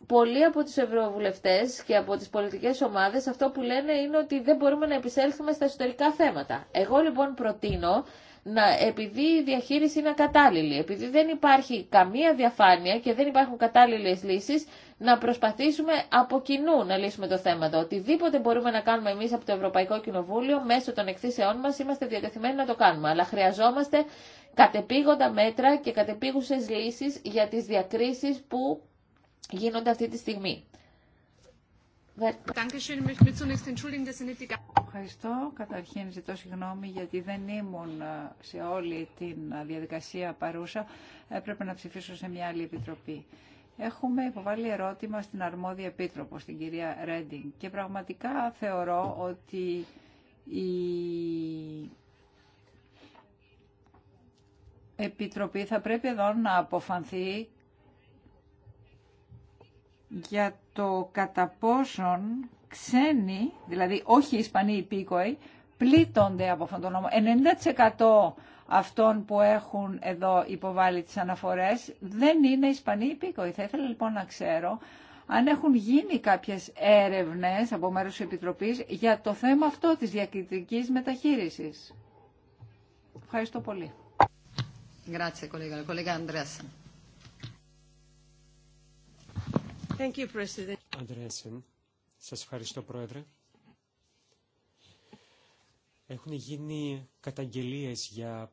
πολλοί από τους ευρωβουλευτές και από τις πολιτικές ομάδες αυτό που λένε είναι ότι δεν μπορούμε να επισέλθουμε στα ιστορικά θέματα. Εγώ λοιπόν προτείνω να, επειδή η διαχείριση είναι ακατάλληλη, επειδή δεν υπάρχει καμία διαφάνεια και δεν υπάρχουν κατάλληλες λύσεις, να προσπαθήσουμε από κοινού να λύσουμε το θέμα το. Οτιδήποτε μπορούμε να κάνουμε εμείς από το Ευρωπαϊκό Κοινοβούλιο μέσω των εκθήσεών μας είμαστε διατεθειμένοι να το κάνουμε. Αλλά χρειαζόμαστε κατεπήγοντα μέτρα και κατεπήγουσες λύσεις για τις διακρίσεις που γίνονται αυτή τη στιγμή. Ευχαριστώ. Καταρχήν ζητώ συγγνώμη γιατί δεν ήμουν ε, σε όλη την ε, διαδικασία παρούσα. Έπρεπε να ψηφίσω σε μια άλλη επιτροπή. Έχουμε υποβάλει ερώτημα στην αρμόδια επίτροπο, στην κυρία Ρέντινγκ. Και πραγματικά θεωρώ ότι η Επιτροπή θα πρέπει εδώ να αποφανθεί για το κατά πόσον ξένοι, δηλαδή όχι οι Ισπανοί υπήκοοι, πλήττονται από αυτόν τον νόμο. 90% αυτών που έχουν εδώ υποβάλει τις αναφορές δεν είναι Ισπανοί υπήκοοι. Θα ήθελα λοιπόν να ξέρω αν έχουν γίνει κάποιες έρευνες από μέρους της Επιτροπής για το θέμα αυτό της διακριτικής μεταχείρισης. Ευχαριστώ πολύ. Thank you, σας ευχαριστώ, Πρόεδρε. Έχουν γίνει καταγγελίες για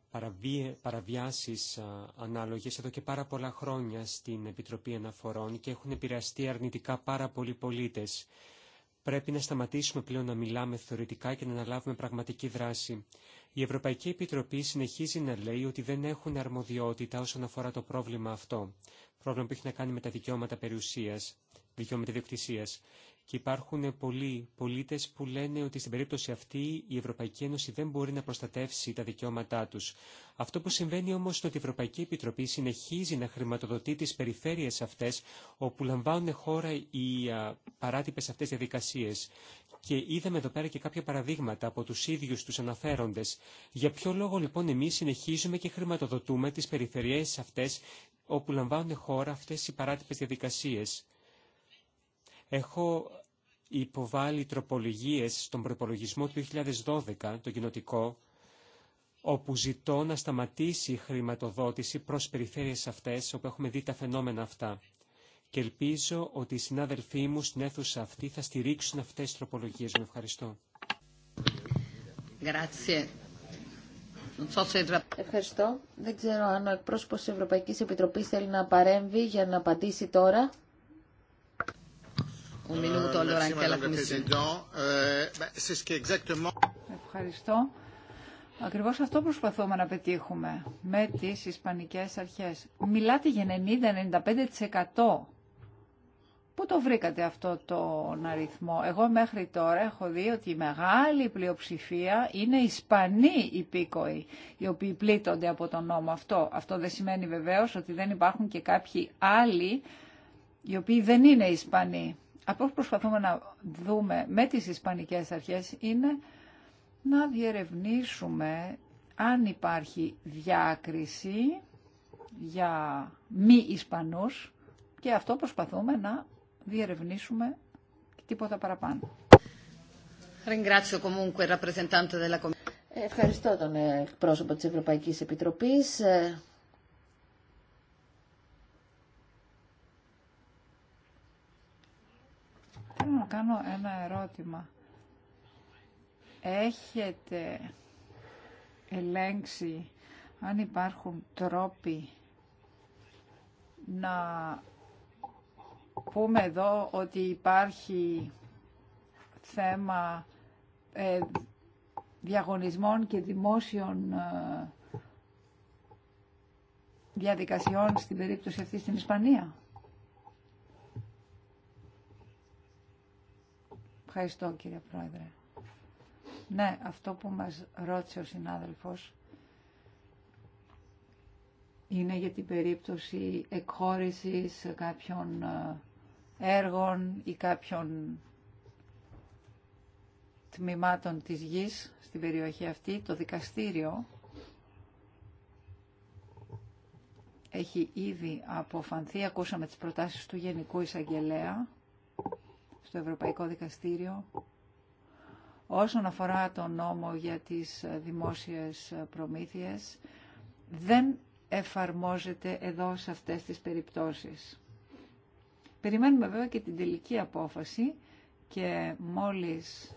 παραβιάσεις ανάλογες εδώ και πάρα πολλά χρόνια στην Επιτροπή Αναφορών και έχουν επηρεαστεί αρνητικά πάρα πολλοί πολίτες. Πρέπει να σταματήσουμε πλέον να μιλάμε θεωρητικά και να αναλάβουμε πραγματική δράση. Η Ευρωπαϊκή Επιτροπή συνεχίζει να λέει ότι δεν έχουν αρμοδιότητα όσον αφορά το πρόβλημα αυτό. Πρόβλημα που έχει να κάνει με τα δικαιώματα περιουσίας, δικαιώματα ιδιοκτησίας. Και υπάρχουν πολλοί πολίτε που λένε ότι στην περίπτωση αυτή η Ευρωπαϊκή Ένωση δεν μπορεί να προστατεύσει τα δικαιώματά του. Αυτό που συμβαίνει όμω είναι ότι η Ευρωπαϊκή Επιτροπή συνεχίζει να χρηματοδοτεί τι περιφέρειες αυτέ όπου λαμβάνουν χώρα οι παράτυπε αυτέ διαδικασίε. Και είδαμε εδώ πέρα και κάποια παραδείγματα από τους ίδιους τους αναφέροντες. Για ποιο λόγο λοιπόν εμείς συνεχίζουμε και χρηματοδοτούμε τις περιφερειές αυτές όπου λαμβάνουν χώρα αυτές οι παράτυπες διαδικασίες. Έχω υποβάλει τροπολογίες στον προπολογισμό του 2012, το κοινοτικό, όπου ζητώ να σταματήσει η χρηματοδότηση προς περιφέρειες αυτές, όπου έχουμε δει τα φαινόμενα αυτά και ελπίζω ότι οι συνάδελφοί μου στην αίθουσα αυτή θα στηρίξουν αυτές τις τροπολογίες Ευχαριστώ. Ευχαριστώ. Δεν ξέρω αν ο εκπρόσωπο τη Ευρωπαϊκή Επιτροπή θέλει να παρέμβει για να απαντήσει τώρα. Ε, ε, Ευχαριστώ. Ακριβώ αυτό προσπαθούμε να πετύχουμε με τι ισπανικέ αρχέ. Μιλάτε για 90-95% Πού το βρήκατε αυτό τον αριθμό. Εγώ μέχρι τώρα έχω δει ότι η μεγάλη πλειοψηφία είναι Ισπανοί υπήκοοι, οι οποίοι πλήττονται από τον νόμο αυτό. Αυτό δεν σημαίνει βεβαίως ότι δεν υπάρχουν και κάποιοι άλλοι, οι οποίοι δεν είναι Ισπανοί. Αυτό που το βρηκατε αυτο τον αριθμο εγω μεχρι τωρα εχω δει οτι η μεγαλη πλειοψηφια ειναι ισπανοι υπηκοοι οι οποιοι πληττονται απο τον νομο αυτο αυτο δεν σημαινει βεβαιως οτι δεν υπαρχουν και καποιοι αλλοι οι οποιοι δεν ειναι ισπανοι Από όσο προσπαθουμε να δούμε με τις Ισπανικές αρχές είναι να διερευνήσουμε αν υπάρχει διάκριση για μη Ισπανούς και αυτό προσπαθούμε να διερευνήσουμε και τίποτα παραπάνω. Ευχαριστώ τον ε, εκπρόσωπο της Ευρωπαϊκής Επιτροπής. Ε. Θέλω να κάνω ένα ερώτημα. Έχετε ελέγξει αν υπάρχουν τρόποι να Πούμε εδώ ότι υπάρχει θέμα ε, διαγωνισμών και δημόσιων ε, διαδικασιών στην περίπτωση αυτή στην Ισπανία. Ευχαριστώ κύριε Πρόεδρε. Ναι, αυτό που μας ρώτησε ο συνάδελφος είναι για την περίπτωση εκχώρησης κάποιων ε, έργων ή κάποιων τμήματων της γης στην περιοχή αυτή, το δικαστήριο έχει ήδη αποφανθεί, ακούσαμε τις προτάσεις του Γενικού Εισαγγελέα στο Ευρωπαϊκό Δικαστήριο όσον αφορά τον νόμο για τις δημόσιες προμήθειες δεν εφαρμόζεται εδώ σε αυτές τις περιπτώσεις. Περιμένουμε βέβαια και την τελική απόφαση και μόλις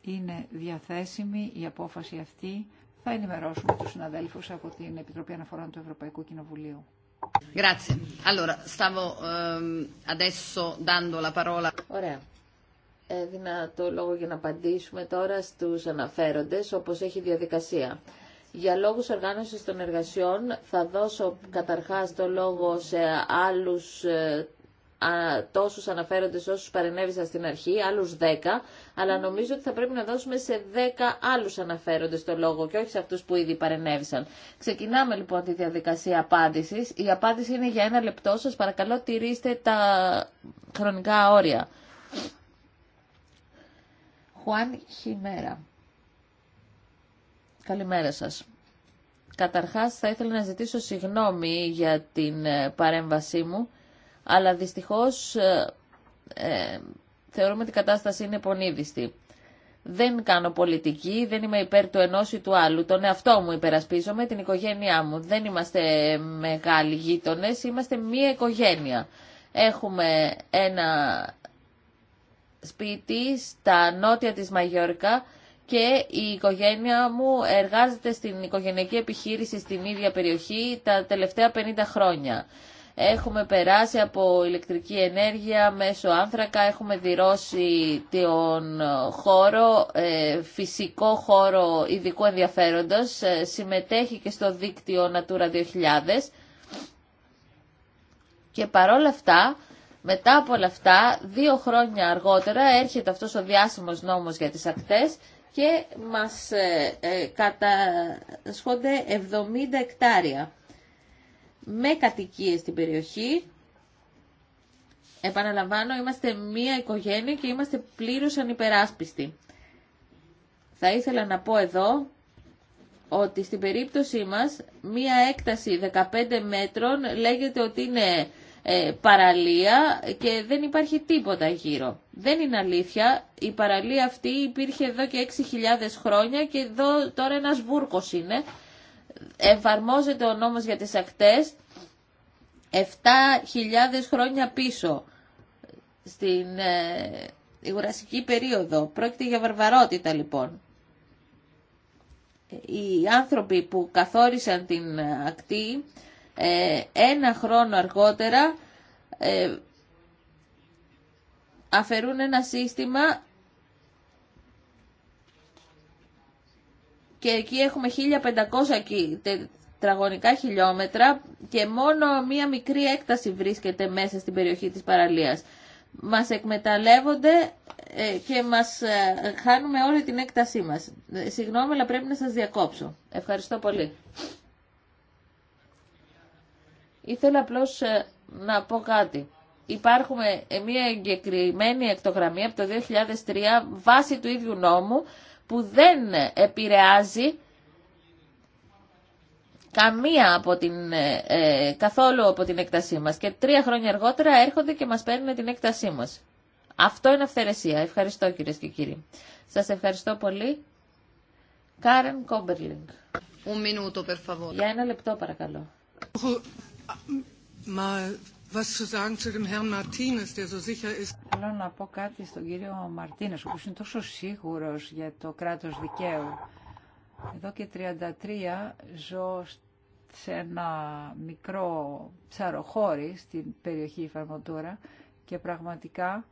είναι διαθέσιμη η απόφαση αυτή θα ενημερώσουμε τους συναδέλφους από την Επιτροπή Αναφορών του Ευρωπαϊκού Κοινοβουλίου. Grazie. Allora, stavo ehm, adesso dando la parola. Ωραία. Έδινα το λόγο για να απαντήσουμε τώρα στους αναφέροντες όπως έχει διαδικασία. Για λόγους οργάνωσης των εργασιών θα δώσω καταρχάς το λόγο σε άλλους ε, τόσους αναφέροντες όσους παρενέβησαν στην αρχή, άλλους δέκα. αλλά νομίζω ότι θα πρέπει να δώσουμε σε δέκα άλλους αναφέροντες το λόγο και όχι σε αυτούς που ήδη παρενέβησαν. Ξεκινάμε λοιπόν τη διαδικασία απάντησης. Η απάντηση είναι για ένα λεπτό. Σας παρακαλώ τηρήστε τα χρονικά όρια. Χουάν Χιμέρα. Καλημέρα σας. Καταρχάς θα ήθελα να ζητήσω συγγνώμη για την ε, παρέμβασή μου, αλλά δυστυχώς ε, ε, θεωρούμε ότι η κατάσταση είναι πονίδιστη. Δεν κάνω πολιτική, δεν είμαι υπέρ του ενός ή του άλλου. Τον εαυτό μου υπερασπίζομαι, την οικογένειά μου. Δεν είμαστε μεγάλοι γείτονε, είμαστε μία οικογένεια. Έχουμε ένα σπίτι στα νότια της Μαγιόρκα και η οικογένεια μου εργάζεται στην οικογενειακή επιχείρηση στην ίδια περιοχή τα τελευταία 50 χρόνια. Έχουμε περάσει από ηλεκτρική ενέργεια μέσω άνθρακα, έχουμε δηρώσει τον χώρο, ε, φυσικό χώρο ειδικού ενδιαφέροντος, ε, συμμετέχει και στο δίκτυο Natura 2000 και παρόλα αυτά, μετά από όλα αυτά, δύο χρόνια αργότερα έρχεται αυτός ο διάσημος νόμος για τις ακτές και μας ε, ε, κατασχόνται 70 εκτάρια με κατοικίες στην περιοχή. Επαναλαμβάνω, είμαστε μία οικογένεια και είμαστε πλήρως ανυπεράσπιστοι. Θα ήθελα να πω εδώ ότι στην περίπτωσή μας μία έκταση 15 μέτρων λέγεται ότι είναι ε, παραλία και δεν υπάρχει τίποτα γύρω. Δεν είναι αλήθεια. Η παραλία αυτή υπήρχε εδώ και 6.000 χρόνια και εδώ τώρα ένας βούρκος είναι. Εφαρμόζεται ο νόμος για τις ακτές 7.000 χρόνια πίσω στην ε, περίοδο. Πρόκειται για βαρβαρότητα λοιπόν. Οι άνθρωποι που καθόρισαν την ακτή ε, ένα χρόνο αργότερα ε, αφαιρούν ένα σύστημα και εκεί έχουμε 1500 τετραγωνικά χιλιόμετρα και μόνο μία μικρή έκταση βρίσκεται μέσα στην περιοχή της παραλίας. Μας εκμεταλλεύονται ε, και μας χάνουμε όλη την έκτασή μας. Συγγνώμη, αλλά πρέπει να σας διακόψω. Ευχαριστώ πολύ. Ήθελα απλώς ε, να πω κάτι. Υπάρχουμε ε, μια εγκεκριμένη εκτογραμμή από το 2003 βάσει του ίδιου νόμου που δεν επηρεάζει καμία από την, ε, καθόλου από την έκτασή μας και τρία χρόνια αργότερα έρχονται και μας παίρνουν την έκτασή μας. Αυτό είναι αυθαιρεσία. Ευχαριστώ κυρίε και κύριοι. Σας ευχαριστώ πολύ. Κάρεν Κόμπερλινγκ. Για ένα λεπτό παρακαλώ. Θέλω να πω κάτι στον κύριο Μαρτίνες, ο είναι τόσο σίγουρος για το κράτος δικαίου. Εδώ και 33 ζω σε ένα μικρό ψαροχώρι στην περιοχή Φαρμοντούρα και πραγματικά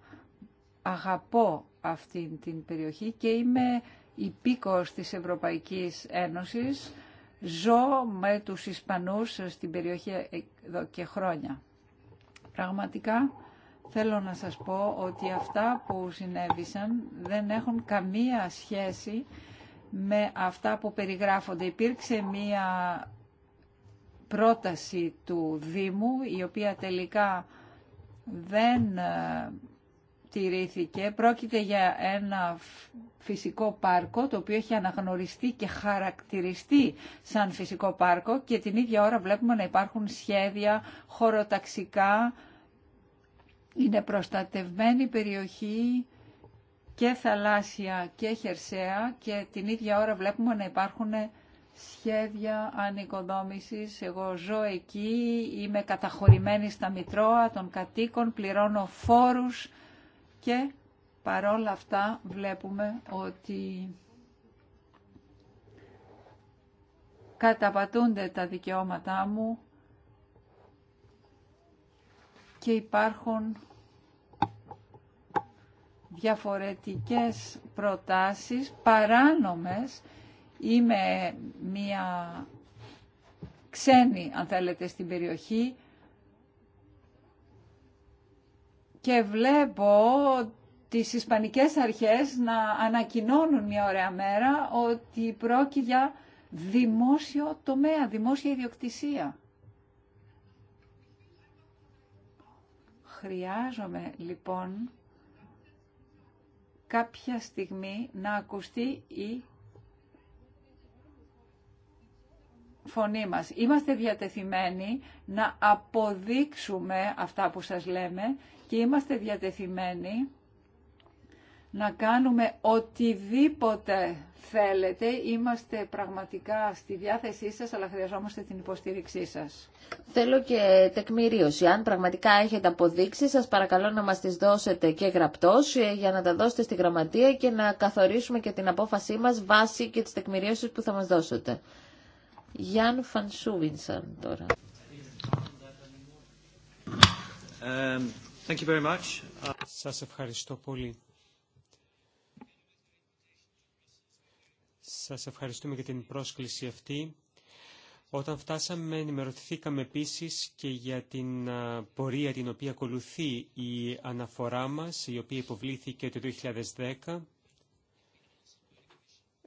αγαπώ αυτήν την περιοχή και είμαι υπήκος της Ευρωπαϊκής Ένωσης Ζω με τους Ισπανούς στην περιοχή εδώ και χρόνια. Πραγματικά θέλω να σας πω ότι αυτά που συνέβησαν δεν έχουν καμία σχέση με αυτά που περιγράφονται. Υπήρξε μία πρόταση του Δήμου η οποία τελικά δεν ε, Πρόκειται για ένα φυσικό πάρκο το οποίο έχει αναγνωριστεί και χαρακτηριστεί σαν φυσικό πάρκο και την ίδια ώρα βλέπουμε να υπάρχουν σχέδια χωροταξικά. Είναι προστατευμένη περιοχή και θαλάσσια και χερσαία και την ίδια ώρα βλέπουμε να υπάρχουν σχέδια ανοικοδόμησης. Εγώ ζω εκεί, είμαι καταχωρημένη στα Μητρώα των κατοίκων, πληρώνω φόρους και παρόλα αυτά βλέπουμε ότι καταπατούνται τα δικαιώματά μου και υπάρχουν διαφορετικές προτάσεις, παράνομες. Είμαι μία ξένη, αν θέλετε, στην περιοχή και βλέπω τις Ισπανικές αρχές να ανακοινώνουν μια ωραία μέρα ότι πρόκειται για δημόσιο τομέα, δημόσια ιδιοκτησία. Χρειάζομαι λοιπόν κάποια στιγμή να ακουστεί η φωνή μας. Είμαστε διατεθειμένοι να αποδείξουμε αυτά που σας λέμε και είμαστε διατεθειμένοι να κάνουμε οτιδήποτε θέλετε. Είμαστε πραγματικά στη διάθεσή σας, αλλά χρειαζόμαστε την υποστήριξή σας. Θέλω και τεκμηρίωση. Αν πραγματικά έχετε αποδείξει, σας παρακαλώ να μας τις δώσετε και γραπτός ε, για να τα δώσετε στη γραμματεία και να καθορίσουμε και την απόφασή μας βάσει και τις τεκμηρίωσεις που θα μας δώσετε. Γιάν Φανσούβινσαν τώρα. Ε, Thank you very much. Σας ευχαριστώ πολύ. Σας ευχαριστούμε για την πρόσκληση αυτή. Όταν φτάσαμε, ενημερωθήκαμε επίσης και για την πορεία την οποία ακολουθεί η αναφορά μας, η οποία υποβλήθηκε το 2010.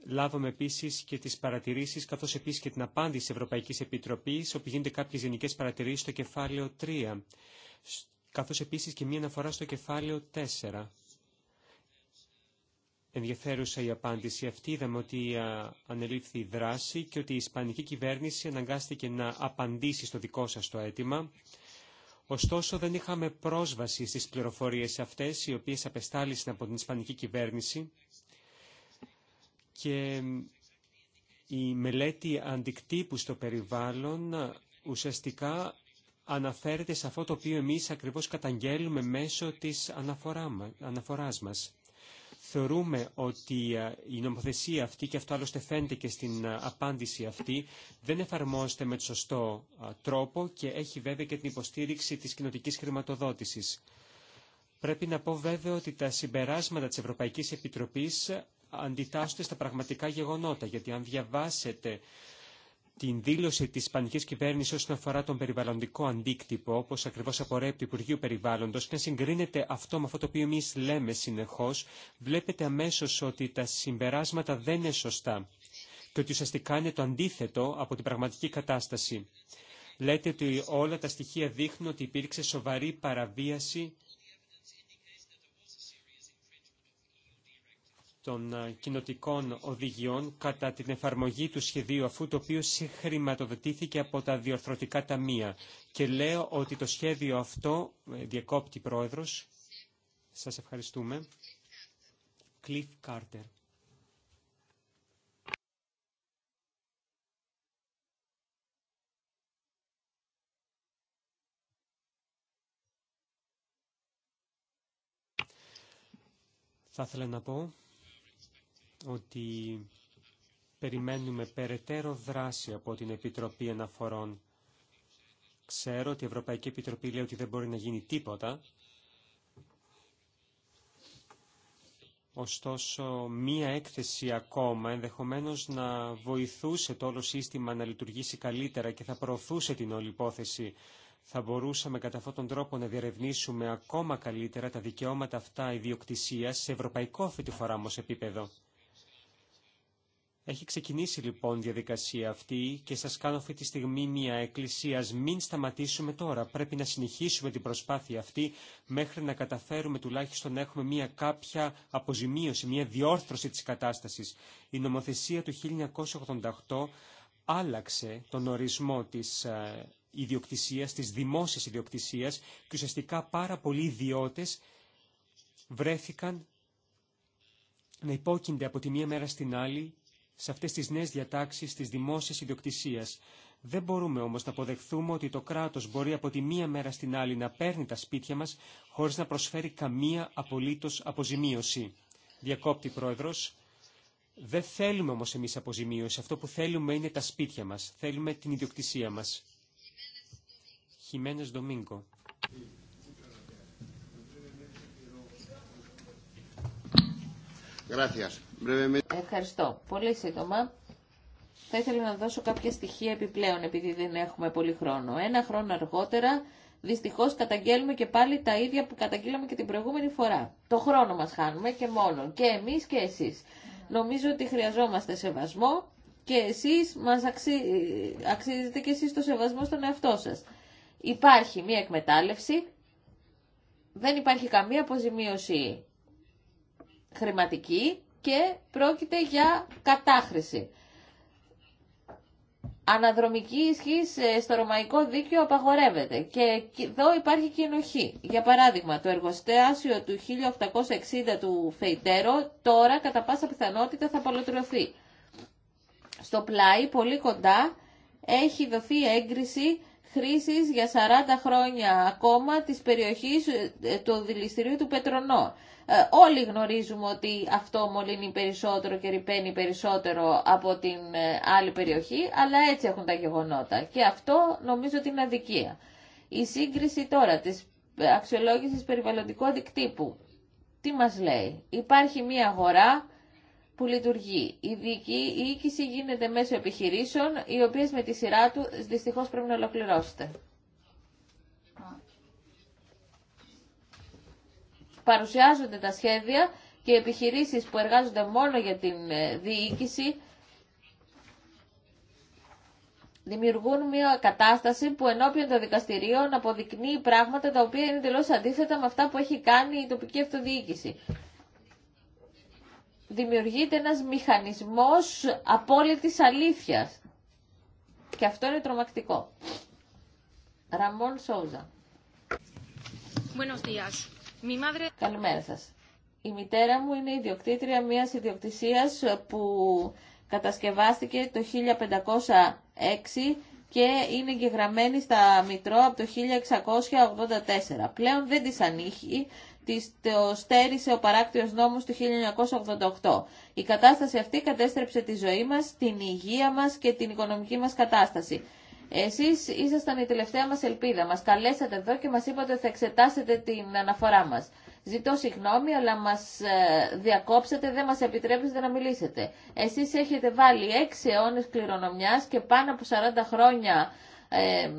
Λάβαμε επίσης και τις παρατηρήσεις, καθώς επίσης και την απάντηση Ευρωπαϊκής Επιτροπής, όπου γίνονται κάποιες γενικές παρατηρήσεις στο κεφάλαιο 3 καθώς επίσης και μία αναφορά στο κεφάλαιο 4. Ενδιαφέρουσα η απάντηση αυτή. Είδαμε ότι ανελήφθη η δράση και ότι η Ισπανική κυβέρνηση αναγκάστηκε να απαντήσει στο δικό σας το αίτημα. Ωστόσο, δεν είχαμε πρόσβαση στις πληροφορίες αυτές, οι οποίες απεστάλησαν από την Ισπανική κυβέρνηση και η μελέτη αντικτύπου στο περιβάλλον ουσιαστικά αναφέρεται σε αυτό το οποίο εμείς ακριβώς καταγγέλουμε μέσω της αναφοράς μας. Θεωρούμε ότι ε, η νομοθεσία αυτή, και αυτό άλλωστε φαίνεται και στην ε, απάντηση αυτή, δεν εφαρμόζεται με το σωστό ε, τρόπο και έχει βέβαια και την υποστήριξη της κοινοτικής χρηματοδότησης. Πρέπει να πω βέβαια ότι τα συμπεράσματα της Ευρωπαϊκής Επιτροπής αντιτάσσονται στα πραγματικά γεγονότα, γιατί αν διαβάσετε την δήλωση της ισπανική κυβέρνησης όσον αφορά τον περιβαλλοντικό αντίκτυπο, όπως ακριβώς απορρέπει του Υπουργείου Περιβάλλοντος, και να συγκρίνεται αυτό με αυτό το οποίο εμεί λέμε συνεχώς, βλέπετε αμέσως ότι τα συμπεράσματα δεν είναι σωστά και ότι ουσιαστικά είναι το αντίθετο από την πραγματική κατάσταση. Λέτε ότι όλα τα στοιχεία δείχνουν ότι υπήρξε σοβαρή παραβίαση των ε, κοινοτικών οδηγιών κατά την εφαρμογή του σχεδίου αφού το οποίο συγχρηματοδοτήθηκε από τα διορθωτικά ταμεία. Και λέω ότι το σχέδιο αυτό ε, διακόπτη πρόεδρος. Σας ευχαριστούμε. Cliff Carter. Θα ήθελα να πω ότι περιμένουμε περαιτέρω δράση από την Επιτροπή Αναφορών. Ξέρω ότι η Ευρωπαϊκή Επιτροπή λέει ότι δεν μπορεί να γίνει τίποτα. Ωστόσο, μία έκθεση ακόμα ενδεχομένως να βοηθούσε το όλο σύστημα να λειτουργήσει καλύτερα και θα προωθούσε την όλη υπόθεση. Θα μπορούσαμε κατά αυτόν τον τρόπο να διερευνήσουμε ακόμα καλύτερα τα δικαιώματα αυτά ιδιοκτησίας σε ευρωπαϊκό αυτή όμως επίπεδο. Έχει ξεκινήσει λοιπόν η διαδικασία αυτή και σας κάνω αυτή τη στιγμή μια εκκλησία. Ας μην σταματήσουμε τώρα. Πρέπει να συνεχίσουμε την προσπάθεια αυτή μέχρι να καταφέρουμε τουλάχιστον να έχουμε μια κάποια αποζημίωση, μια διόρθρωση της κατάστασης. Η νομοθεσία του 1988 άλλαξε τον ορισμό της ε, ιδιοκτησίας, της δημόσιας ιδιοκτησίας και ουσιαστικά πάρα πολλοί ιδιώτες βρέθηκαν να υπόκεινται από τη μία μέρα στην άλλη σε αυτές τις νέες διατάξεις της δημόσιας ιδιοκτησίας. Δεν μπορούμε όμως να αποδεχθούμε ότι το κράτος μπορεί από τη μία μέρα στην άλλη να παίρνει τα σπίτια μας χωρίς να προσφέρει καμία απολύτως αποζημίωση. Διακόπτη πρόεδρος. Δεν θέλουμε όμως εμείς αποζημίωση. Αυτό που θέλουμε είναι τα σπίτια μας. Θέλουμε την ιδιοκτησία μας. Χιμένες Ντομίνκο. Ευχαριστώ. Πολύ σύντομα. Θα ήθελα να δώσω κάποια στοιχεία επιπλέον, επειδή δεν έχουμε πολύ χρόνο. Ένα χρόνο αργότερα, δυστυχώ, καταγγέλνουμε και πάλι τα ίδια που καταγγείλαμε και την προηγούμενη φορά. Το χρόνο μα χάνουμε και μόνο. Και εμεί και εσεί. Νομίζω ότι χρειαζόμαστε σεβασμό και εσείς μας αξίζετε και εσείς το σεβασμό στον εαυτό σας. Υπάρχει μία εκμετάλλευση, δεν υπάρχει καμία αποζημίωση χρηματική και πρόκειται για κατάχρηση. Αναδρομική ισχύ στο ρωμαϊκό δίκαιο απαγορεύεται και εδώ υπάρχει και ενοχή. Για παράδειγμα, το εργοστάσιο του 1860 του Φεϊτέρο τώρα κατά πάσα πιθανότητα θα απολωτρωθεί. Στο πλάι, πολύ κοντά, έχει δοθεί έγκριση χρήσης για 40 χρόνια ακόμα της περιοχής ε, ε, του δηληστηρίου του Πετρονό. Ε, όλοι γνωρίζουμε ότι αυτό μολύνει περισσότερο και ρηπαίνει περισσότερο από την άλλη περιοχή, αλλά έτσι έχουν τα γεγονότα. Και αυτό νομίζω ότι είναι αδικία. Η σύγκριση τώρα της αξιολόγησης περιβαλλοντικού αντικτύπου. Τι μας λέει. Υπάρχει μία αγορά που λειτουργεί. Η διοίκηση γίνεται μέσω επιχειρήσεων, οι οποίες με τη σειρά του δυστυχώ πρέπει να ολοκληρώσετε. Παρουσιάζονται τα σχέδια και οι επιχειρήσεις που εργάζονται μόνο για την ε, διοίκηση δημιουργούν μια κατάσταση που ενώπιον των δικαστηρίων αποδεικνύει πράγματα τα οποία είναι τελώς αντίθετα με αυτά που έχει κάνει η τοπική αυτοδιοίκηση δημιουργείται ένας μηχανισμός απόλυτης αλήθειας. Και αυτό είναι τρομακτικό. Ραμόν Σόουζα. Καλημέρα σας. Η μητέρα μου είναι ιδιοκτήτρια μιας ιδιοκτησίας που κατασκευάστηκε το 1506 και είναι εγγεγραμμένη στα Μητρό από το 1684. Πλέον δεν της ανήχει το στέρισε ο παράκτιος νόμος του 1988. Η κατάσταση αυτή κατέστρεψε τη ζωή μας, την υγεία μας και την οικονομική μας κατάσταση. Εσείς ήσασταν η τελευταία μας ελπίδα. Μας καλέσατε εδώ και μας είπατε ότι θα εξετάσετε την αναφορά μας. Ζητώ συγγνώμη, αλλά μας ε, διακόψατε, δεν μας επιτρέπετε να μιλήσετε. Εσείς έχετε βάλει έξι αιώνες κληρονομιάς και πάνω από 40 χρόνια ε,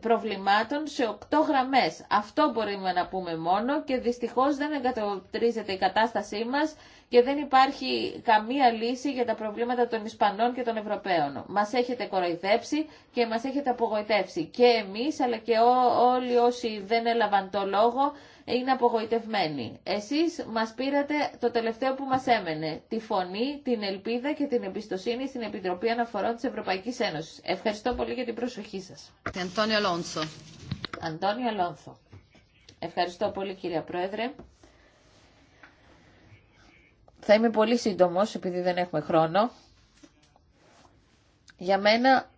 προβλημάτων σε 8 γραμμές. Αυτό μπορούμε να πούμε μόνο και δυστυχώς δεν εγκατοπτρίζεται η κατάστασή μας και δεν υπάρχει καμία λύση για τα προβλήματα των Ισπανών και των Ευρωπαίων. Μας έχετε κοροϊδέψει και μας έχετε απογοητεύσει και εμείς αλλά και όλοι όσοι δεν έλαβαν το λόγο είναι απογοητευμένοι. Εσείς μας πήρατε το τελευταίο που μας έμενε, τη φωνή, την ελπίδα και την εμπιστοσύνη στην Επιτροπή Αναφορών της Ευρωπαϊκής Ένωσης. Ευχαριστώ πολύ για την προσοχή σας. Αντώνιο Λόνθο. Αντώνιο Λόνθο. Ευχαριστώ πολύ κυρία Πρόεδρε. Θα είμαι πολύ σύντομος επειδή δεν έχουμε χρόνο. Για μένα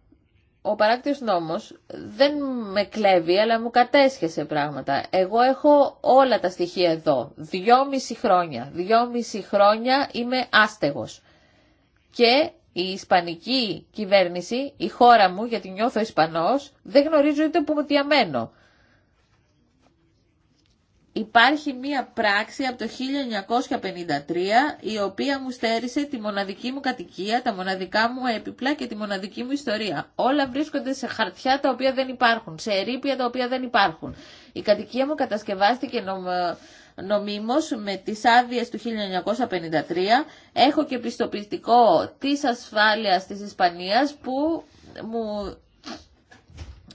ο παράκτιος νόμος δεν με κλέβει, αλλά μου κατέσχεσε πράγματα. Εγώ έχω όλα τα στοιχεία εδώ. Δυόμιση χρόνια. Δυόμιση χρόνια είμαι άστεγος. Και η ισπανική κυβέρνηση, η χώρα μου, γιατί νιώθω ισπανός, δεν γνωρίζω ούτε που μου διαμένω. Υπάρχει μία πράξη από το 1953 η οποία μου στέρισε τη μοναδική μου κατοικία, τα μοναδικά μου επιπλά και τη μοναδική μου ιστορία. Όλα βρίσκονται σε χαρτιά τα οποία δεν υπάρχουν, σε ερήπια τα οποία δεν υπάρχουν. Η κατοικία μου κατασκευάστηκε νομ, νομίμως με τις άδειες του 1953. Έχω και πιστοποιητικό της ασφάλειας της Ισπανίας που μου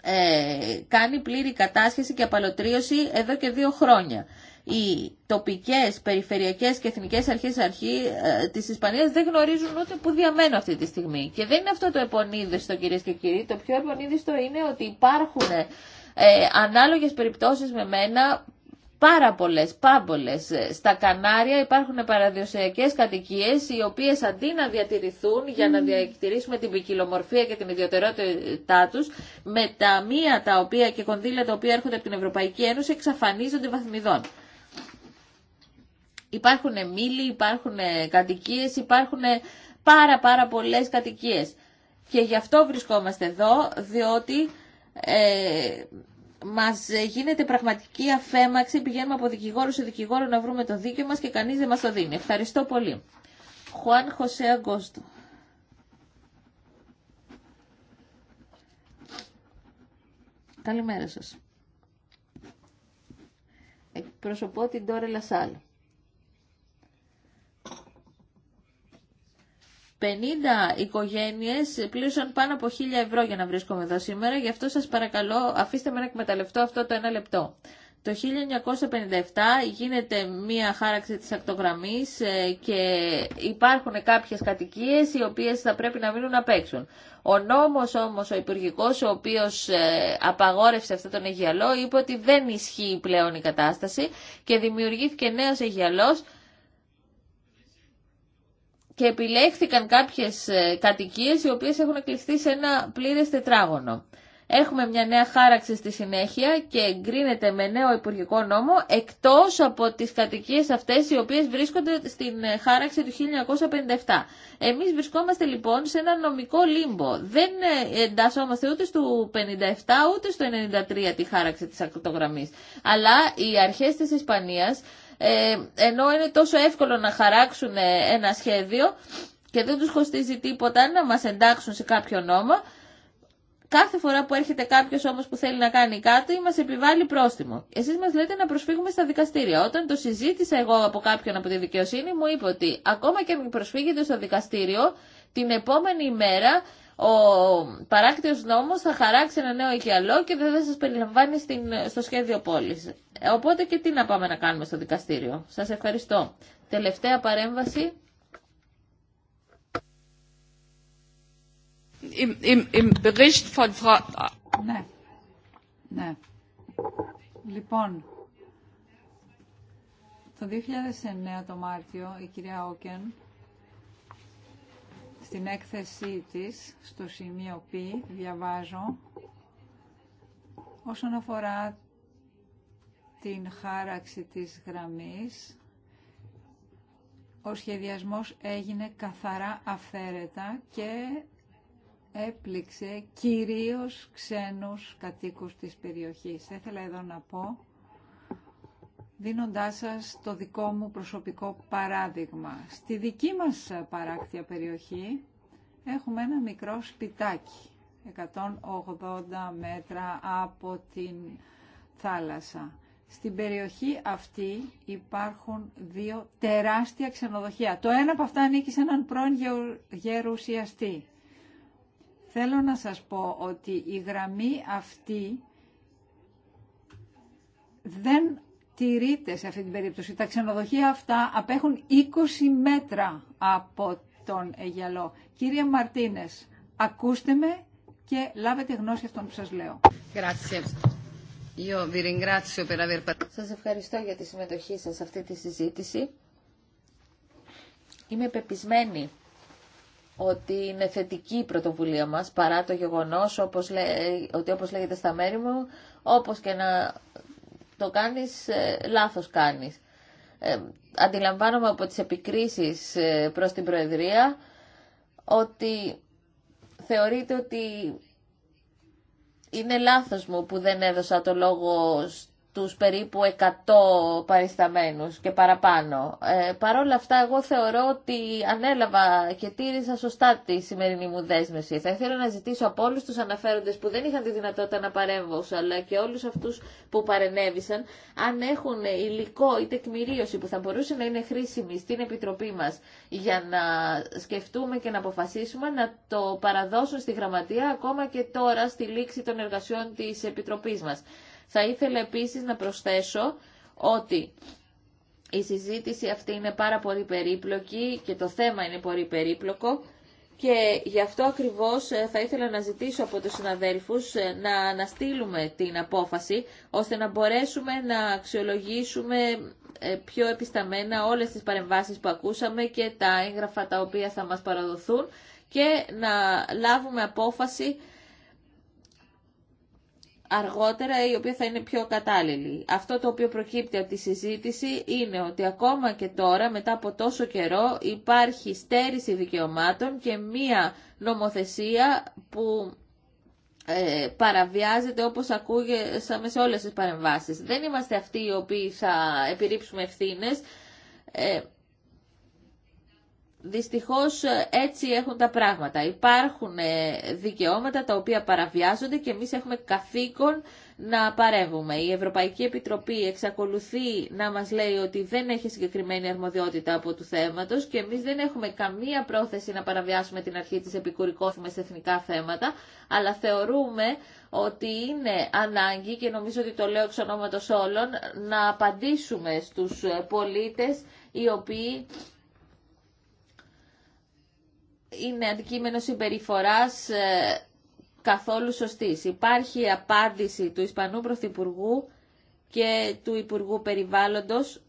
ε, κάνει πλήρη κατάσχεση και απαλωτρίωση εδώ και δύο χρόνια. Οι τοπικές, περιφερειακές και εθνικές αρχές αρχή, ε, της Ισπανίας δεν γνωρίζουν ούτε που διαμένω αυτή τη στιγμή. Και δεν είναι αυτό το επωνίδιστο κυρίες και κύριοι. Το πιο επωνίδιστο είναι ότι υπάρχουν ε, ανάλογες περιπτώσεις με μένα πάρα πολλές πάμπολες. Στα Κανάρια υπάρχουν παραδοσιακές κατοικίες οι οποίες αντί να διατηρηθούν για να διατηρήσουμε την ποικιλομορφία και την ιδιωτερότητά τους με τα μία τα οποία και κονδύλια τα οποία έρχονται από την Ευρωπαϊκή Ένωση εξαφανίζονται βαθμιδών. Υπάρχουν μήλοι, υπάρχουν κατοικίες, υπάρχουν πάρα πάρα πολλές κατοικίες. Και γι' αυτό βρισκόμαστε εδώ, διότι ε, μας γίνεται πραγματική αφέμαξη, πηγαίνουμε από δικηγόρο σε δικηγόρο να βρούμε το δίκαιο μας και κανεί δεν μας το δίνει. Ευχαριστώ πολύ. Χουάν Χωσέ Αγκόστο. Καλημέρα σας. Εκπροσωπώ την Τόρε Λασάλ. 50 οικογένειες πλήρωσαν πάνω από 1000 ευρώ για να βρίσκομαι εδώ σήμερα, γι' αυτό σας παρακαλώ αφήστε με να εκμεταλλευτώ αυτό το ένα λεπτό. Το 1957 γίνεται μία χάραξη της ακτογραμμής ε, και υπάρχουν κάποιες κατοικίες οι οποίες θα πρέπει να μείνουν απ' έξω. Ο νόμος όμως ο υπουργικός ο οποίος ε, απαγόρευσε αυτό τον Αιγιαλό είπε ότι δεν ισχύει πλέον η κατάσταση και δημιουργήθηκε νέος Αιγιαλός και επιλέχθηκαν κάποιες ε, κατοικίες οι οποίες έχουν κλειστεί σε ένα πλήρες τετράγωνο. Έχουμε μια νέα χάραξη στη συνέχεια και εγκρίνεται με νέο Υπουργικό Νόμο εκτός από τις κατοικίες αυτές οι οποίες βρίσκονται στην ε, χάραξη του 1957. Εμείς βρισκόμαστε λοιπόν σε ένα νομικό λίμπο. Δεν ε, εντασσόμαστε ούτε στο 57 ούτε στο 93 τη χάραξη της ακτογραμμής. Αλλά οι αρχές της Ισπανίας ε, ενώ είναι τόσο εύκολο να χαράξουν ε, ένα σχέδιο και δεν τους κοστίζει τίποτα να μας εντάξουν σε κάποιο νόμο. Κάθε φορά που έρχεται κάποιος όμως που θέλει να κάνει κάτι, μας επιβάλλει πρόστιμο. Εσείς μας λέτε να προσφύγουμε στα δικαστήρια. Όταν το συζήτησα εγώ από κάποιον από τη δικαιοσύνη, μου είπε ότι ακόμα και αν προσφύγετε στο δικαστήριο, την επόμενη ημέρα ο παράκτιος νόμος θα χαράξει ένα νέο οικιαλό και δεν θα σας περιλαμβάνει στην, στο σχέδιο πόλης. Ε, οπότε και τι να πάμε να κάνουμε στο δικαστήριο. Σας ευχαριστώ. Τελευταία παρέμβαση. Im, im, im von ναι. ναι. Λοιπόν, το 2009 το Μάρτιο η κυρία Όκεν στην έκθεσή της, στο σημείο Π, διαβάζω όσον αφορά την χάραξη της γραμμής, ο σχεδιασμός έγινε καθαρά αφαίρετα και έπληξε κυρίως ξένους κατοίκους της περιοχής. Θα ήθελα εδώ να πω δίνοντάς σας το δικό μου προσωπικό παράδειγμα. Στη δική μας παράκτια περιοχή έχουμε ένα μικρό σπιτάκι, 180 μέτρα από την θάλασσα. Στην περιοχή αυτή υπάρχουν δύο τεράστια ξενοδοχεία. Το ένα από αυτά ανήκει σε έναν πρώην γερουσιαστή. Θέλω να σας πω ότι η γραμμή αυτή δεν τηρείται σε αυτή την περίπτωση. Τα ξενοδοχεία αυτά απέχουν 20 μέτρα από τον Αιγιαλό. Κύριε Μαρτίνες, ακούστε με και λάβετε γνώση αυτών που σας λέω. Σας ευχαριστώ για τη συμμετοχή σας σε αυτή τη συζήτηση. Είμαι πεπισμένη ότι είναι θετική η πρωτοβουλία μας παρά το γεγονός ότι όπως λέγεται στα μέρη μου όπως και να το κάνεις, ε, λάθος κάνεις. Ε, αντιλαμβάνομαι από τις επικρίσεις ε, προς την Προεδρία ότι θεωρείται ότι είναι λάθος μου που δεν έδωσα το λόγο τους περίπου 100 παρισταμένους και παραπάνω. Ε, Παρ' όλα αυτά, εγώ θεωρώ ότι ανέλαβα και τήρησα σωστά τη σημερινή μου δέσμευση. Θα ήθελα να ζητήσω από όλους τους αναφέροντες που δεν είχαν τη δυνατότητα να παρέμβω, αλλά και όλους αυτούς που παρενέβησαν, αν έχουν υλικό ή τεκμηρίωση που θα μπορούσε να είναι χρήσιμη στην Επιτροπή μας για να σκεφτούμε και να αποφασίσουμε, να το παραδώσουν στη Γραμματεία ακόμα και τώρα στη λήξη των εργασιών της Επιτροπής μας. Θα ήθελα επίσης να προσθέσω ότι η συζήτηση αυτή είναι πάρα πολύ περίπλοκη και το θέμα είναι πολύ περίπλοκο και γι' αυτό ακριβώς ε, θα ήθελα να ζητήσω από τους συναδέλφους ε, να αναστείλουμε την απόφαση ώστε να μπορέσουμε να αξιολογήσουμε ε, πιο επισταμένα όλες τις παρεμβάσεις που ακούσαμε και τα έγγραφα τα οποία θα μας παραδοθούν και να λάβουμε απόφαση αργότερα η οποία θα είναι πιο κατάλληλη. Αυτό το οποίο προκύπτει από τη συζήτηση είναι ότι ακόμα και τώρα μετά από τόσο καιρό υπάρχει στέρηση δικαιωμάτων και μία νομοθεσία που ε, παραβιάζεται όπως ακούγεσαμε σε όλες τις παρεμβάσεις. Δεν είμαστε αυτοί οι οποίοι θα επιρρύψουμε ευθύνες. Ε, Δυστυχώς ε, έτσι έχουν τα πράγματα. Υπάρχουν ε, δικαιώματα τα οποία παραβιάζονται και εμείς έχουμε καθήκον να παρεύουμε. Η Ευρωπαϊκή Επιτροπή εξακολουθεί να μας λέει ότι δεν έχει συγκεκριμένη αρμοδιότητα από του θέματος και εμείς δεν έχουμε καμία πρόθεση να παραβιάσουμε την αρχή της επικουρικότητας σε εθνικά θέματα, αλλά θεωρούμε ότι είναι ανάγκη και νομίζω ότι το λέω εξ ονόματος όλων να απαντήσουμε στους ε, πολίτες οι οποίοι είναι αντικείμενο συμπεριφοράς ε, καθόλου σωστής. Υπάρχει απάντηση του Ισπανού Πρωθυπουργού και του Υπουργού Περιβάλλοντος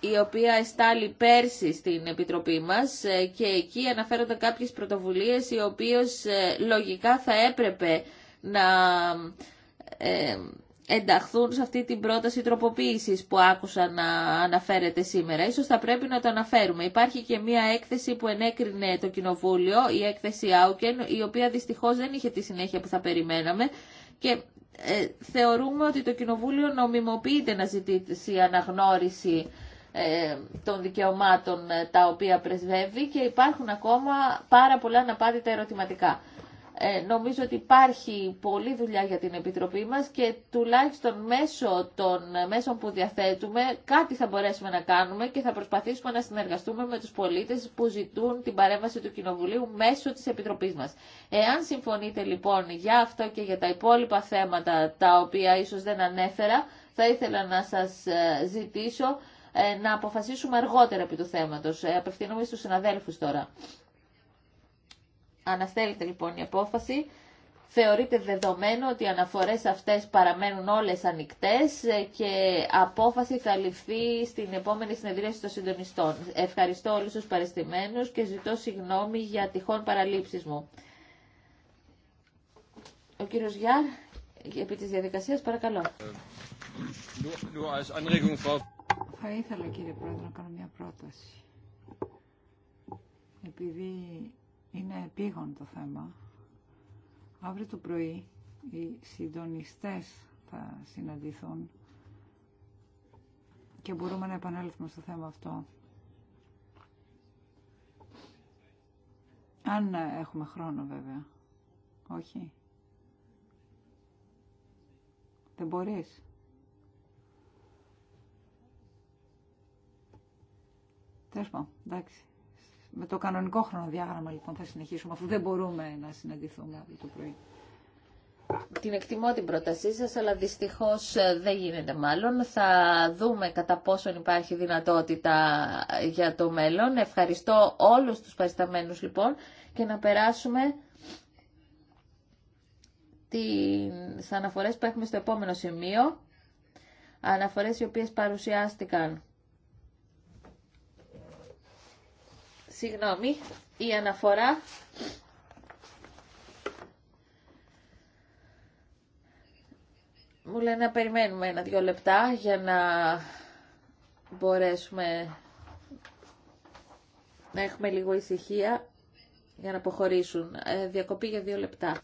η οποία εστάλει πέρσι στην Επιτροπή μας ε, και εκεί αναφέρονται κάποιες πρωτοβουλίες οι οποίες ε, λογικά θα έπρεπε να ενταχθούν σε αυτή την πρόταση τροποποίησης που άκουσα να αναφέρεται σήμερα. Ίσως θα πρέπει να το αναφέρουμε. Υπάρχει και μία έκθεση που ενέκρινε το Κοινοβούλιο, η έκθεση Άουκεν, η οποία δυστυχώς δεν είχε τη συνέχεια που θα περιμέναμε και ε, θεωρούμε ότι το Κοινοβούλιο νομιμοποιείται να ζητήσει αναγνώριση ε, των δικαιωμάτων ε, τα οποία πρεσβεύει και υπάρχουν ακόμα πάρα πολλά αναπάντητα ερωτηματικά. Ε, νομίζω ότι υπάρχει πολλή δουλειά για την Επιτροπή μας και τουλάχιστον μέσω των μέσων που διαθέτουμε κάτι θα μπορέσουμε να κάνουμε και θα προσπαθήσουμε να συνεργαστούμε με τους πολίτες που ζητούν την παρέμβαση του Κοινοβουλίου μέσω της Επιτροπής μας. Εάν συμφωνείτε λοιπόν για αυτό και για τα υπόλοιπα θέματα τα οποία ίσως δεν ανέφερα, θα ήθελα να σας ε, ζητήσω ε, να αποφασίσουμε αργότερα επί του θέματος. Απευθύνομαι στους συναδέλφους τώρα. Αναστέλλεται λοιπόν η απόφαση. Θεωρείται δεδομένο ότι οι αναφορές αυτές παραμένουν όλες ανοιχτές ε, και απόφαση θα ληφθεί στην επόμενη συνεδρίαση των συντονιστών. Ευχαριστώ όλους τους παρεστημένους και ζητώ συγγνώμη για τυχόν παραλήψεις μου. Ο κύριος Γιάρ, επί της διαδικασίας, παρακαλώ. Θα ήθελα κύριε Πρόεδρε να κάνω μια πρόταση. Επειδή είναι επίγον το θέμα. Αύριο το πρωί οι συντονιστές θα συναντηθούν και μπορούμε να επανέλθουμε στο θέμα αυτό. Αν έχουμε χρόνο βέβαια. Όχι. Δεν μπορείς. Τέλος εντάξει. Με το κανονικό χρονοδιάγραμμα λοιπόν θα συνεχίσουμε, αφού δεν μπορούμε να συναντηθούμε αύριο το πρωί. Την εκτιμώ την πρότασή σας, αλλά δυστυχώς ε, δεν γίνεται μάλλον. Θα δούμε κατά πόσον υπάρχει δυνατότητα ε, για το μέλλον. Ευχαριστώ όλους τους παρισταμένους λοιπόν και να περάσουμε τι αναφορές που έχουμε στο επόμενο σημείο. Αναφορές οι οποίες παρουσιάστηκαν Συγγνώμη, η αναφορά μου λένε να περιμένουμε ένα-δυο λεπτά για να μπορέσουμε να έχουμε λίγο ησυχία για να αποχωρήσουν. Ε, διακοπή για δύο λεπτά.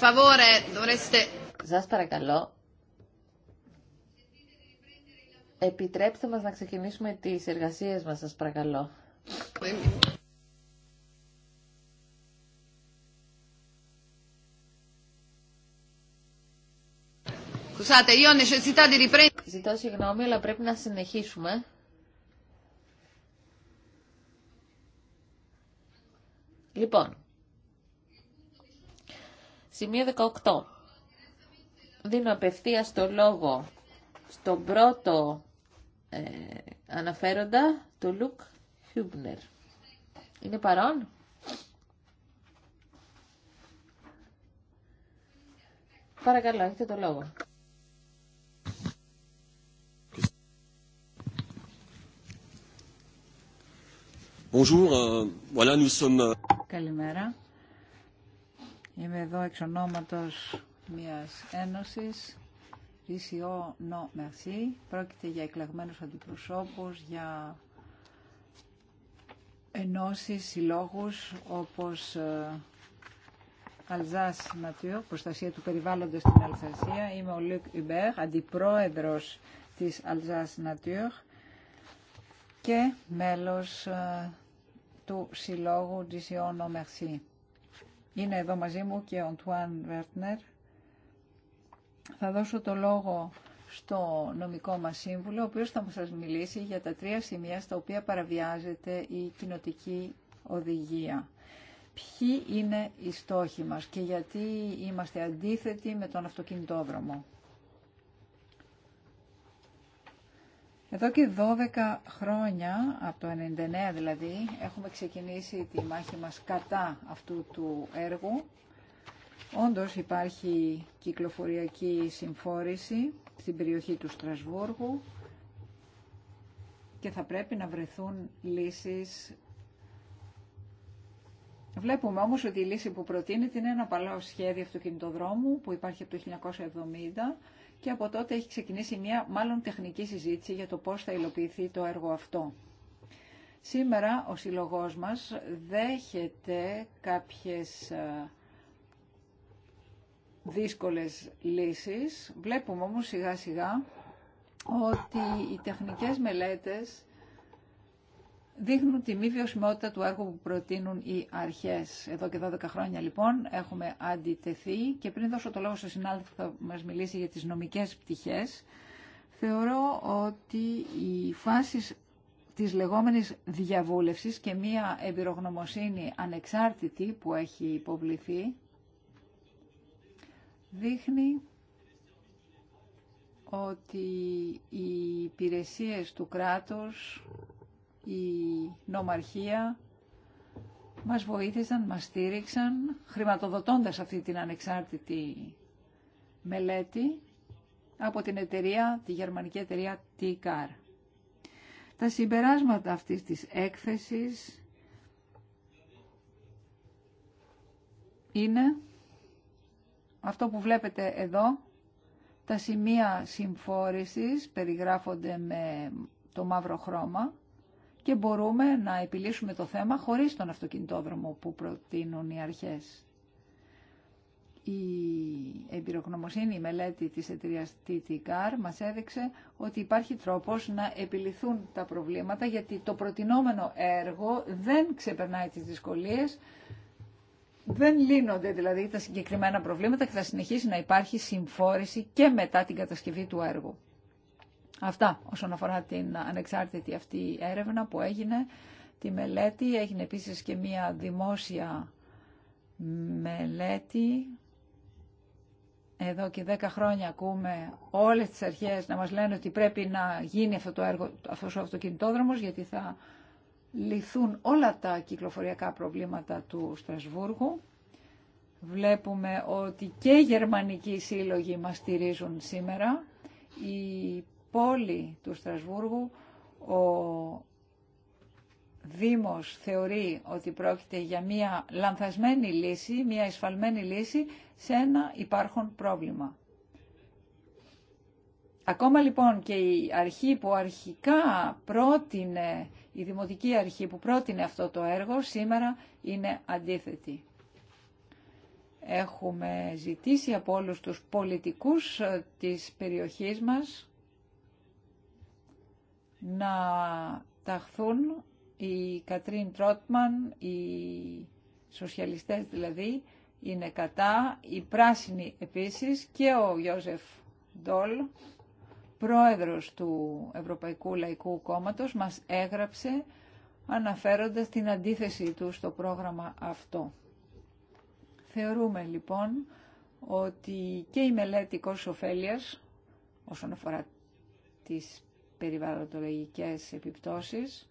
per Σας παρακαλώ, επιτρέψτε μας να ξεκινήσουμε τις εργασίες μας, σας παρακαλώ. Ζητώ συγγνώμη, αλλά πρέπει να συνεχίσουμε. Λοιπόν, Σημείο 18. Δίνω απευθεία το λόγο στον πρώτο ε, αναφέροντα, το Λουκ Χιούμπνερ. Είναι παρόν? Παρακαλώ, έχετε το λόγο. Bonjour, euh, voilà nous sommes... Euh, Καλημέρα. Είμαι εδώ εξ ονόματος μιας ένωσης, DCO No Merci. Πρόκειται για εκλεγμένους αντιπροσώπους, για ενώσεις, συλλόγους, όπως ε, Αλζάς Ματιό, προστασία του περιβάλλοντος στην Αλσασία. Είμαι ο Λουκ Ιμπέρ, αντιπρόεδρος της Αλζάς Νατιούρ και μέλος ε, του Συλλόγου No Merci. Είναι εδώ μαζί μου και ο Ντουάν Βέρτνερ. Θα δώσω το λόγο στο νομικό μας σύμβουλο, ο οποίος θα σας μιλήσει για τα τρία σημεία στα οποία παραβιάζεται η κοινοτική οδηγία. Ποιοι είναι οι στόχοι μας και γιατί είμαστε αντίθετοι με τον αυτοκινητόδρομο. Εδώ και 12 χρόνια, από το 99 δηλαδή, έχουμε ξεκινήσει τη μάχη μας κατά αυτού του έργου. Όντως υπάρχει κυκλοφοριακή συμφόρηση στην περιοχή του Στρασβούργου και θα πρέπει να βρεθούν λύσεις. Βλέπουμε όμως ότι η λύση που προτείνεται είναι ένα παλαιό σχέδιο αυτοκινητοδρόμου που υπάρχει από το 1970 και από τότε έχει ξεκινήσει μια μάλλον τεχνική συζήτηση για το πώς θα υλοποιηθεί το έργο αυτό. Σήμερα ο Σύλλογός μας δέχεται κάποιες ε, δύσκολες λύσεις. Βλέπουμε όμως σιγά σιγά ότι οι τεχνικές μελέτες δείχνουν τη μη βιωσιμότητα του έργου που προτείνουν οι αρχές. Εδώ και 12 χρόνια λοιπόν έχουμε αντιτεθεί και πριν δώσω το λόγο στο συνάδελφο που θα μας μιλήσει για τις νομικές πτυχές, θεωρώ ότι οι φάσει της λεγόμενης διαβούλευσης και μία εμπειρογνωμοσύνη ανεξάρτητη που έχει υποβληθεί δείχνει ότι οι υπηρεσίες του κράτους η νομαρχία μας βοήθησαν, μας στήριξαν, χρηματοδοτώντας αυτή την ανεξάρτητη μελέτη από την εταιρεία, τη γερμανική εταιρεία TICAR. Τα συμπεράσματα αυτής της έκθεσης είναι αυτό που βλέπετε εδώ. Τα σημεία συμφόρησης περιγράφονται με το μαύρο χρώμα και μπορούμε να επιλύσουμε το θέμα χωρίς τον αυτοκινητόδρομο που προτείνουν οι αρχές. Η εμπειρογνωμοσύνη, η μελέτη της εταιρείας TTCAR μας έδειξε ότι υπάρχει τρόπος να επιληθούν τα προβλήματα γιατί το προτινόμενο έργο δεν ξεπερνάει τις δυσκολίες, δεν λύνονται δηλαδή τα συγκεκριμένα προβλήματα και θα συνεχίσει να υπάρχει συμφόρηση και μετά την κατασκευή του έργου. Αυτά όσον αφορά την ανεξάρτητη αυτή έρευνα που έγινε, τη μελέτη. Έγινε επίσης και μία δημόσια μελέτη. Εδώ και 10 χρόνια ακούμε όλες τις αρχές να μας λένε ότι πρέπει να γίνει αυτό το έργο, αυτός ο αυτοκινητόδρομος, γιατί θα λυθούν όλα τα κυκλοφοριακά προβλήματα του Στρασβούργου. Βλέπουμε ότι και οι γερμανικοί σύλλογοι μας στηρίζουν σήμερα. Η πόλη του Στρασβούργου ο Δήμος θεωρεί ότι πρόκειται για μία λανθασμένη λύση, μία εισφαλμένη λύση σε ένα υπάρχον πρόβλημα. Ακόμα λοιπόν και η αρχή που αρχικά πρότεινε, η Δημοτική Αρχή που πρότεινε αυτό το έργο, σήμερα είναι αντίθετη. Έχουμε ζητήσει από όλους τους πολιτικούς ε, της περιοχής μας να ταχθούν η Κατρίν Τρότμαν, οι σοσιαλιστές δηλαδή, είναι κατά, η πράσινοι επίσης και ο Γιώζεφ Ντόλ, πρόεδρος του Ευρωπαϊκού Λαϊκού Κόμματος, μας έγραψε αναφέροντας την αντίθεσή του στο πρόγραμμα αυτό. Θεωρούμε λοιπόν ότι και η μελέτη κόστος ωφέλειας όσον αφορά τις περιβαλλοντολογικές επιπτώσεις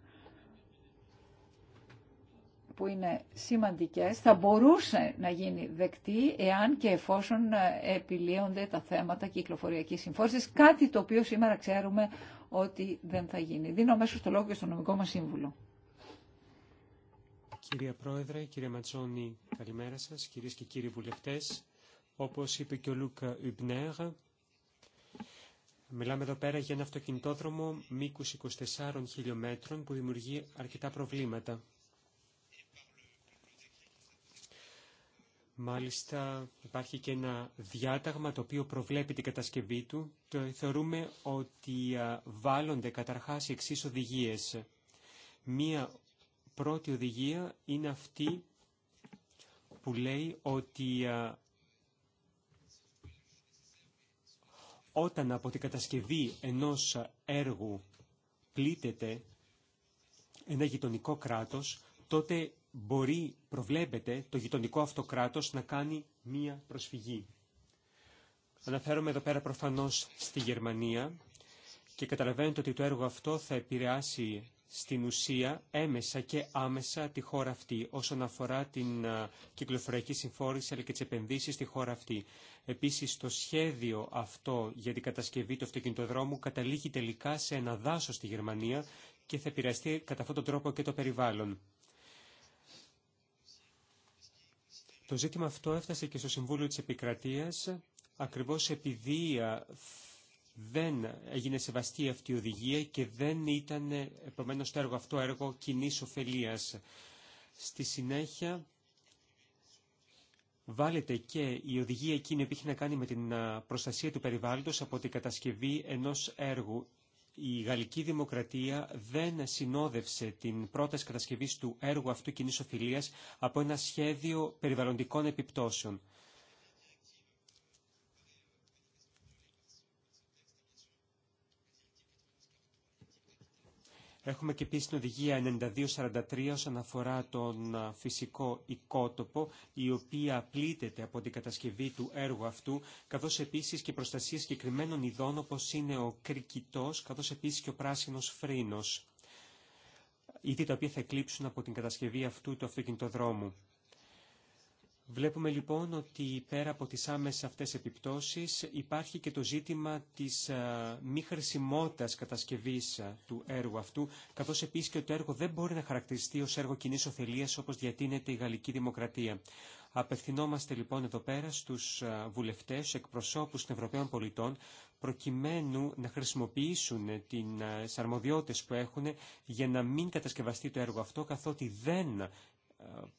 που είναι σημαντικές θα μπορούσε να γίνει δεκτή εάν και εφόσον ε, επιλύονται τα θέματα κυκλοφοριακής συμφόρησης, κάτι το οποίο σήμερα ξέρουμε ότι δεν θα γίνει. Δίνω μέσω στο λόγο και στο νομικό μας σύμβουλο. Κύριε Πρόεδρε, κύριε Ματσόνη, καλημέρα σας, κυρίες και κύριοι βουλευτές. Όπως είπε και ο Λούκα Ιμπνέργα, Μιλάμε εδώ πέρα για ένα αυτοκινητόδρομο μήκους 24 χιλιόμετρων που δημιουργεί αρκετά προβλήματα. Μάλιστα υπάρχει και ένα διάταγμα το οποίο προβλέπει την κατασκευή του. Το θεωρούμε ότι βάλλονται καταρχάς εξή οδηγίες. Μία πρώτη οδηγία είναι αυτή που λέει ότι όταν από την κατασκευή ενός έργου πλήττεται ένα γειτονικό κράτος, τότε μπορεί, προβλέπεται, το γειτονικό αυτό κράτος να κάνει μία προσφυγή. Αναφέρομαι εδώ πέρα προφανώς στη Γερμανία και καταλαβαίνετε ότι το έργο αυτό θα επηρεάσει στην ουσία έμεσα και άμεσα τη χώρα αυτή όσον αφορά την κυκλοφοριακή συμφόρηση αλλά και τις επενδύσεις στη χώρα αυτή. Επίσης το σχέδιο αυτό για την κατασκευή του αυτοκινητοδρόμου καταλήγει τελικά σε ένα δάσος στη Γερμανία και θα επηρεαστεί κατά αυτόν τον τρόπο και το περιβάλλον. Το ζήτημα αυτό έφτασε και στο Συμβούλιο της Επικρατείας ακριβώς επειδή δεν έγινε σεβαστή αυτή η οδηγία και δεν ήταν επομένω το έργο αυτό έργο κοινή ωφελία. Στη συνέχεια βάλετε και η οδηγία εκείνη που να κάνει με την προστασία του περιβάλλοντος από την κατασκευή ενός έργου. Η Γαλλική Δημοκρατία δεν συνόδευσε την πρώτη κατασκευή του έργου αυτού κοινή οφειλίας από ένα σχέδιο περιβαλλοντικών επιπτώσεων. Έχουμε και επίσης την οδηγία 9243 όσον αφορά τον φυσικό οικότοπο, η οποία πλήττεται από την κατασκευή του έργου αυτού, καθώς επίσης και προστασία συγκεκριμένων ειδών όπως είναι ο κρικητός, καθώς επίσης και ο πράσινος φρύνος, ήδη τα οποία θα εκλείψουν από την κατασκευή αυτού του αυτοκινητοδρόμου. Βλέπουμε λοιπόν ότι πέρα από τις άμεσες αυτές επιπτώσεις υπάρχει και το ζήτημα της ε, μη χρησιμότητας κατασκευής ε, του έργου αυτού, καθώς επίσης και το έργο δεν μπορεί να χαρακτηριστεί ως έργο κοινή ωφελίας όπως διατείνεται η Γαλλική Δημοκρατία. Απευθυνόμαστε λοιπόν εδώ πέρα στους ε, βουλευτές, εκπροσώπους των Ευρωπαίων πολιτών, προκειμένου να χρησιμοποιήσουν τις αρμοδιότητες που έχουν για να μην κατασκευαστεί το έργο αυτό, καθότι δεν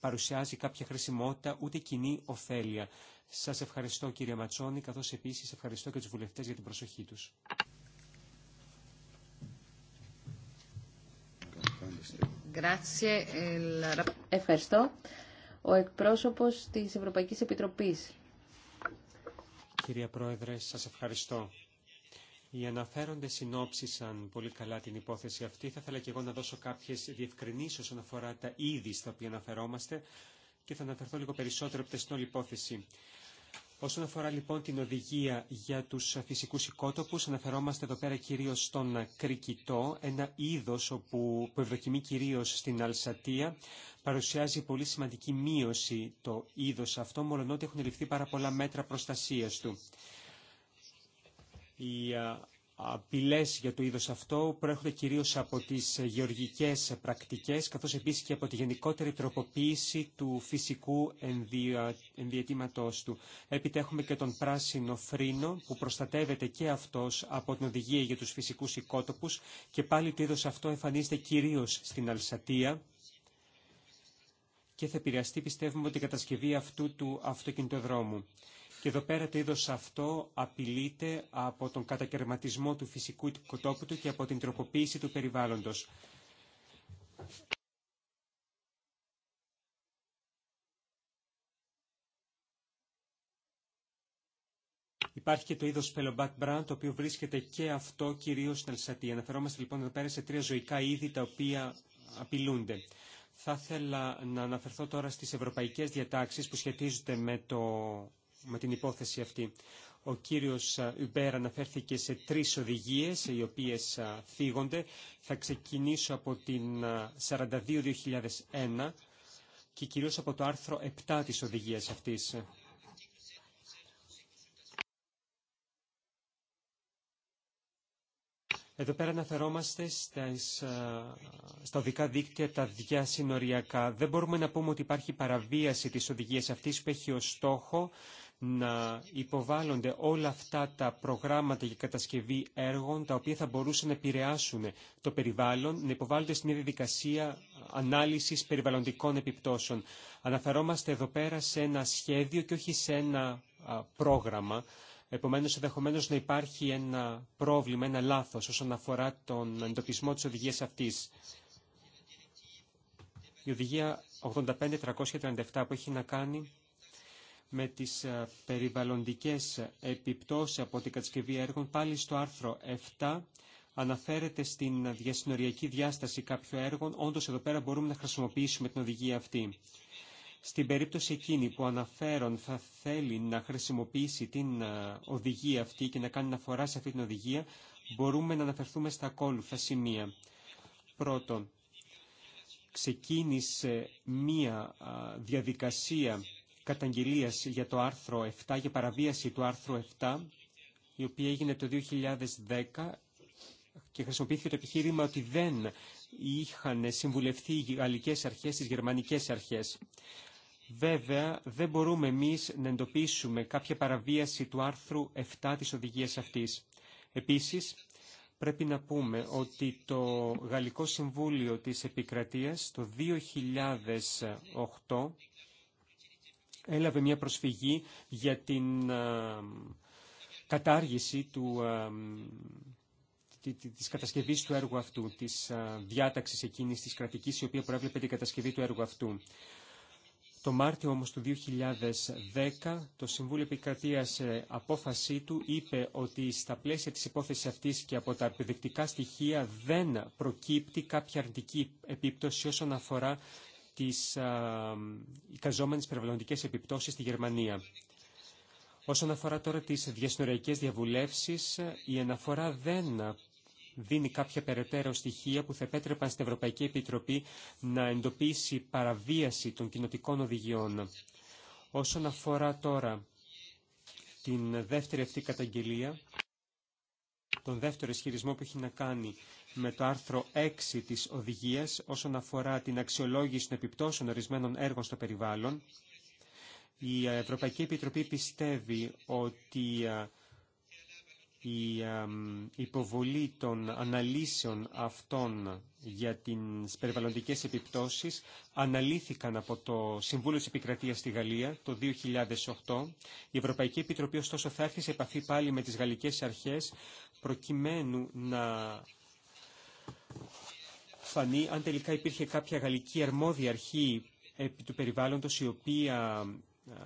παρουσιάζει κάποια χρησιμότητα ούτε κοινή ωφέλεια. Σας ευχαριστώ κύριε Ματσόνη, καθώς επίσης ευχαριστώ και τους βουλευτές για την προσοχή τους. Ε, ευχαριστώ. Ο εκπρόσωπος της Ευρωπαϊκής Επιτροπής. Κυρία Πρόεδρε, σας ευχαριστώ. Οι αναφέροντες συνόψησαν πολύ καλά την υπόθεση αυτή. Θα ήθελα και εγώ να δώσω κάποιες διευκρινήσεις όσον αφορά τα είδη στα οποία αναφερόμαστε και θα αναφερθώ λίγο περισσότερο από την όλη υπόθεση. Όσον αφορά λοιπόν την οδηγία για τους φυσικούς οικότοπους, αναφερόμαστε εδώ πέρα κυρίως στον κρικητό, ένα είδος όπου, που ευδοκιμεί κυρίως στην Αλσατία, παρουσιάζει πολύ σημαντική μείωση το είδος αυτό, μόλον ότι έχουν ληφθεί πάρα πολλά μέτρα προστασίας του. Οι απειλές για το είδος αυτό προέρχονται κυρίως από τις γεωργικές πρακτικές, καθώς επίσης και από τη γενικότερη τροποποίηση του φυσικού ενδιατήματό του. Έπειτα έχουμε και τον πράσινο φρύνο, που προστατεύεται και αυτός από την οδηγία για τους φυσικούς οικότοπους και πάλι το είδος αυτό εμφανίζεται κυρίως στην Αλσατία και θα επηρεαστεί πιστεύουμε την κατασκευή αυτού του αυτοκινητοδρόμου. Και εδώ πέρα το είδος αυτό απειλείται από τον κατακαιρματισμό του φυσικού κοτόπου του και από την τροποποίηση του περιβάλλοντος. Υπάρχει και το είδος Pelobat Brown, το οποίο βρίσκεται και αυτό κυρίως στην Αλσατία. Αναφερόμαστε λοιπόν εδώ πέρα σε τρία ζωικά είδη τα οποία απειλούνται. Θα ήθελα να αναφερθώ τώρα στις ευρωπαϊκές διατάξεις που σχετίζονται με το με την υπόθεση αυτή. Ο κύριος Ιμπέρ ε, αναφέρθηκε σε τρεις οδηγίες οι οποίες φύγονται. Ε, Θα ξεκινήσω από την 42-2001 ε, και κυρίως από το άρθρο 7 της οδηγίας αυτής. Εδώ πέρα αναφερόμαστε στις, στα οδικά δίκτυα τα διασυνοριακά. Δεν μπορούμε να πούμε ότι υπάρχει παραβίαση της οδηγίας αυτής που έχει ως στόχο να υποβάλλονται όλα αυτά τα προγράμματα για κατασκευή έργων τα οποία θα μπορούσαν να επηρεάσουν το περιβάλλον, να υποβάλλονται στην διαδικασία ανάλυσης περιβαλλοντικών επιπτώσεων. Αναφερόμαστε εδώ πέρα σε ένα σχέδιο και όχι σε ένα πρόγραμμα. Επομένως, ενδεχομένω να υπάρχει ένα πρόβλημα, ένα λάθος όσον αφορά τον εντοπισμό της οδηγίας αυτής. Η οδηγία 85337 που έχει να κάνει με τις ε, περιβαλλοντικές επιπτώσεις από την κατασκευή έργων, πάλι στο άρθρο 7 αναφέρεται στην διασυνοριακή διάσταση κάποιων έργων, όντως εδώ πέρα μπορούμε να χρησιμοποιήσουμε την οδηγία αυτή. Στην περίπτωση εκείνη που αναφέρον θα θέλει να χρησιμοποιήσει την ε, οδηγία αυτή και να κάνει αναφορά σε αυτή την οδηγία, μπορούμε να αναφερθούμε στα ακόλουθα σημεία. Πρώτον, ξεκίνησε μία διαδικασία καταγγελίας για το άρθρο 7, για παραβίαση του άρθρου 7, η οποία έγινε το 2010 και χρησιμοποιήθηκε το επιχείρημα ότι δεν είχαν συμβουλευτεί οι γαλλικές αρχές, τις γερμανικές αρχές. Βέβαια, δεν μπορούμε εμείς να εντοπίσουμε κάποια παραβίαση του άρθρου 7 της οδηγίας αυτής. Επίσης, πρέπει να πούμε ότι το Γαλλικό Συμβούλιο της Επικρατείας το 2008 έλαβε μια προσφυγή για την ε, κατάργηση του, ε, της κατασκευής του έργου αυτού, της ε, διάταξης εκείνης της κρατικής η οποία προέβλεπε την κατασκευή του έργου αυτού. Το Μάρτιο όμως του 2010 το Συμβούλιο Επικρατείας απόφασή του είπε ότι στα πλαίσια της υπόθεσης αυτής και από τα επιδεικτικά στοιχεία δεν προκύπτει κάποια αρνητική επίπτωση όσον αφορά τις εικαζόμενες περιβαλλοντικές επιπτώσεις στη Γερμανία. Όσον αφορά τώρα τις διασυνοριακές διαβουλεύσεις, η αναφορά δεν δίνει κάποια περαιτέρω στοιχεία που θα επέτρεπαν στην Ευρωπαϊκή Επιτροπή να εντοπίσει παραβίαση των κοινοτικών οδηγιών. Όσον αφορά τώρα την δεύτερη αυτή καταγγελία, τον δεύτερο ισχυρισμό που έχει να κάνει με το άρθρο 6 της οδηγίας όσον αφορά την αξιολόγηση των επιπτώσεων ορισμένων έργων στο περιβάλλον. Η Ευρωπαϊκή Επιτροπή πιστεύει ότι ε, η ε, υποβολή των αναλύσεων αυτών για τις περιβαλλοντικές επιπτώσεις αναλύθηκαν από το Συμβούλιο της Επικρατείας στη Γαλλία το 2008. Η Ευρωπαϊκή Επιτροπή ωστόσο θα έρθει σε επαφή πάλι με τις γαλλικές αρχές προκειμένου να φανεί αν τελικά υπήρχε κάποια γαλλική αρμόδια αρχή επί του περιβάλλοντος η οποία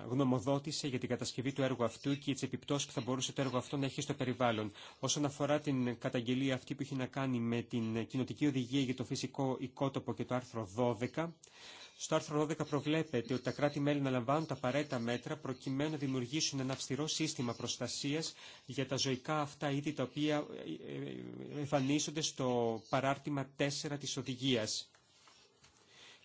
γνωμοδότησε για την κατασκευή του έργου αυτού και τι επιπτώσει που θα μπορούσε το έργο αυτό να έχει στο περιβάλλον. Όσον αφορά την καταγγελία αυτή που έχει να κάνει με την κοινοτική οδηγία για το φυσικό οικότοπο και το άρθρο 12, στο άρθρο 12 προβλέπεται ότι τα κράτη-μέλη να λαμβάνουν τα απαραίτητα μέτρα προκειμένου να δημιουργήσουν ένα αυστηρό σύστημα προστασίας για τα ζωικά αυτά είδη τα οποία ε, ε, εμφανίζονται στο παράρτημα 4 της Οδηγίας.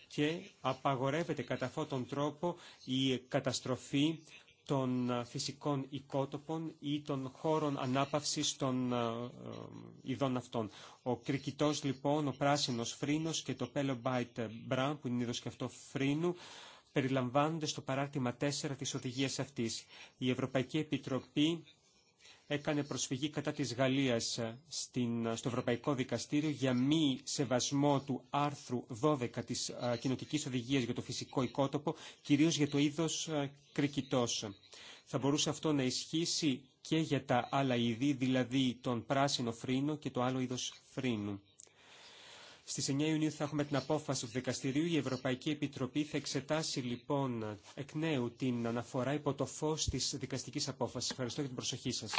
και απαγορεύεται κατά αυτόν τον τρόπο η καταστροφή, των ε, φυσικών οικότοπων ή των χώρων ανάπαυσης των ε, ε, ειδών αυτών. Ο κρικιτός λοιπόν, ο πράσινος φρύνος και το Pelobite μπράν, που είναι είδος και αυτό φρύνου, περιλαμβάνονται στο παράρτημα 4 της οδηγίας αυτής. Η Ευρωπαϊκή Επιτροπή έκανε προσφυγή κατά της Γαλλίας ε, στην, ε, στο Ευρωπαϊκό Δικαστήριο για μη σεβασμό του άρθρου 12 της ε, κοινοτικής οδηγίας για το φυσικό οικότοπο, κυρίως για το είδος κρικητός. Θα μπορούσε αυτό να ισχύσει και για τα άλλα είδη, δηλαδή τον πράσινο φρύνο και το άλλο είδος φρύνου. Στι 9 Ιουνίου θα έχουμε την απόφαση του δικαστηρίου. Η Ευρωπαϊκή Επιτροπή θα εξετάσει λοιπόν εκ νέου την αναφορά υπό το φω της δικαστικής απόφασης. Ευχαριστώ για την προσοχή σας.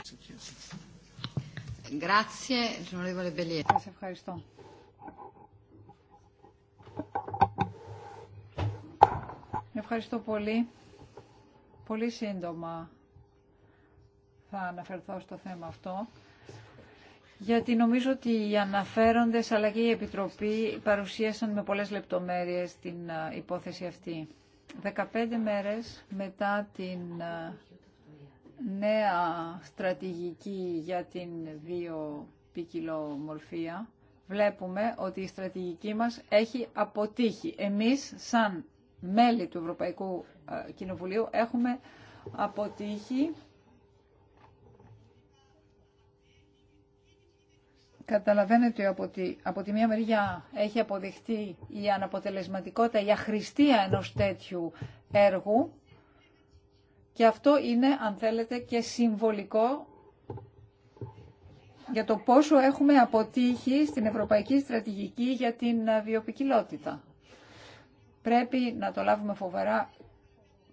ευχαριστώ. Ευχαριστώ πολύ. Πολύ σύντομα θα αναφερθώ στο θέμα αυτό γιατί νομίζω ότι οι αναφέροντες αλλά και η Επιτροπή παρουσίασαν με πολλές λεπτομέρειες την ε, υπόθεση αυτή. 15 μέρες μετά την ε, νέα στρατηγική για την βιοπικιλομορφία, βλέπουμε ότι η στρατηγική μας έχει αποτύχει. Εμείς, σαν μέλη του Ευρωπαϊκού ε, Κοινοβουλίου, έχουμε αποτύχει Καταλαβαίνετε από από τη μία μεριά έχει αποδειχτεί η αναποτελεσματικότητα, η αχρηστία ενός τέτοιου έργου και αυτό είναι, αν θέλετε, και συμβολικό για το πόσο έχουμε αποτύχει στην Ευρωπαϊκή Στρατηγική για την βιοπικιλότητα. Πρέπει να το λάβουμε φοβερά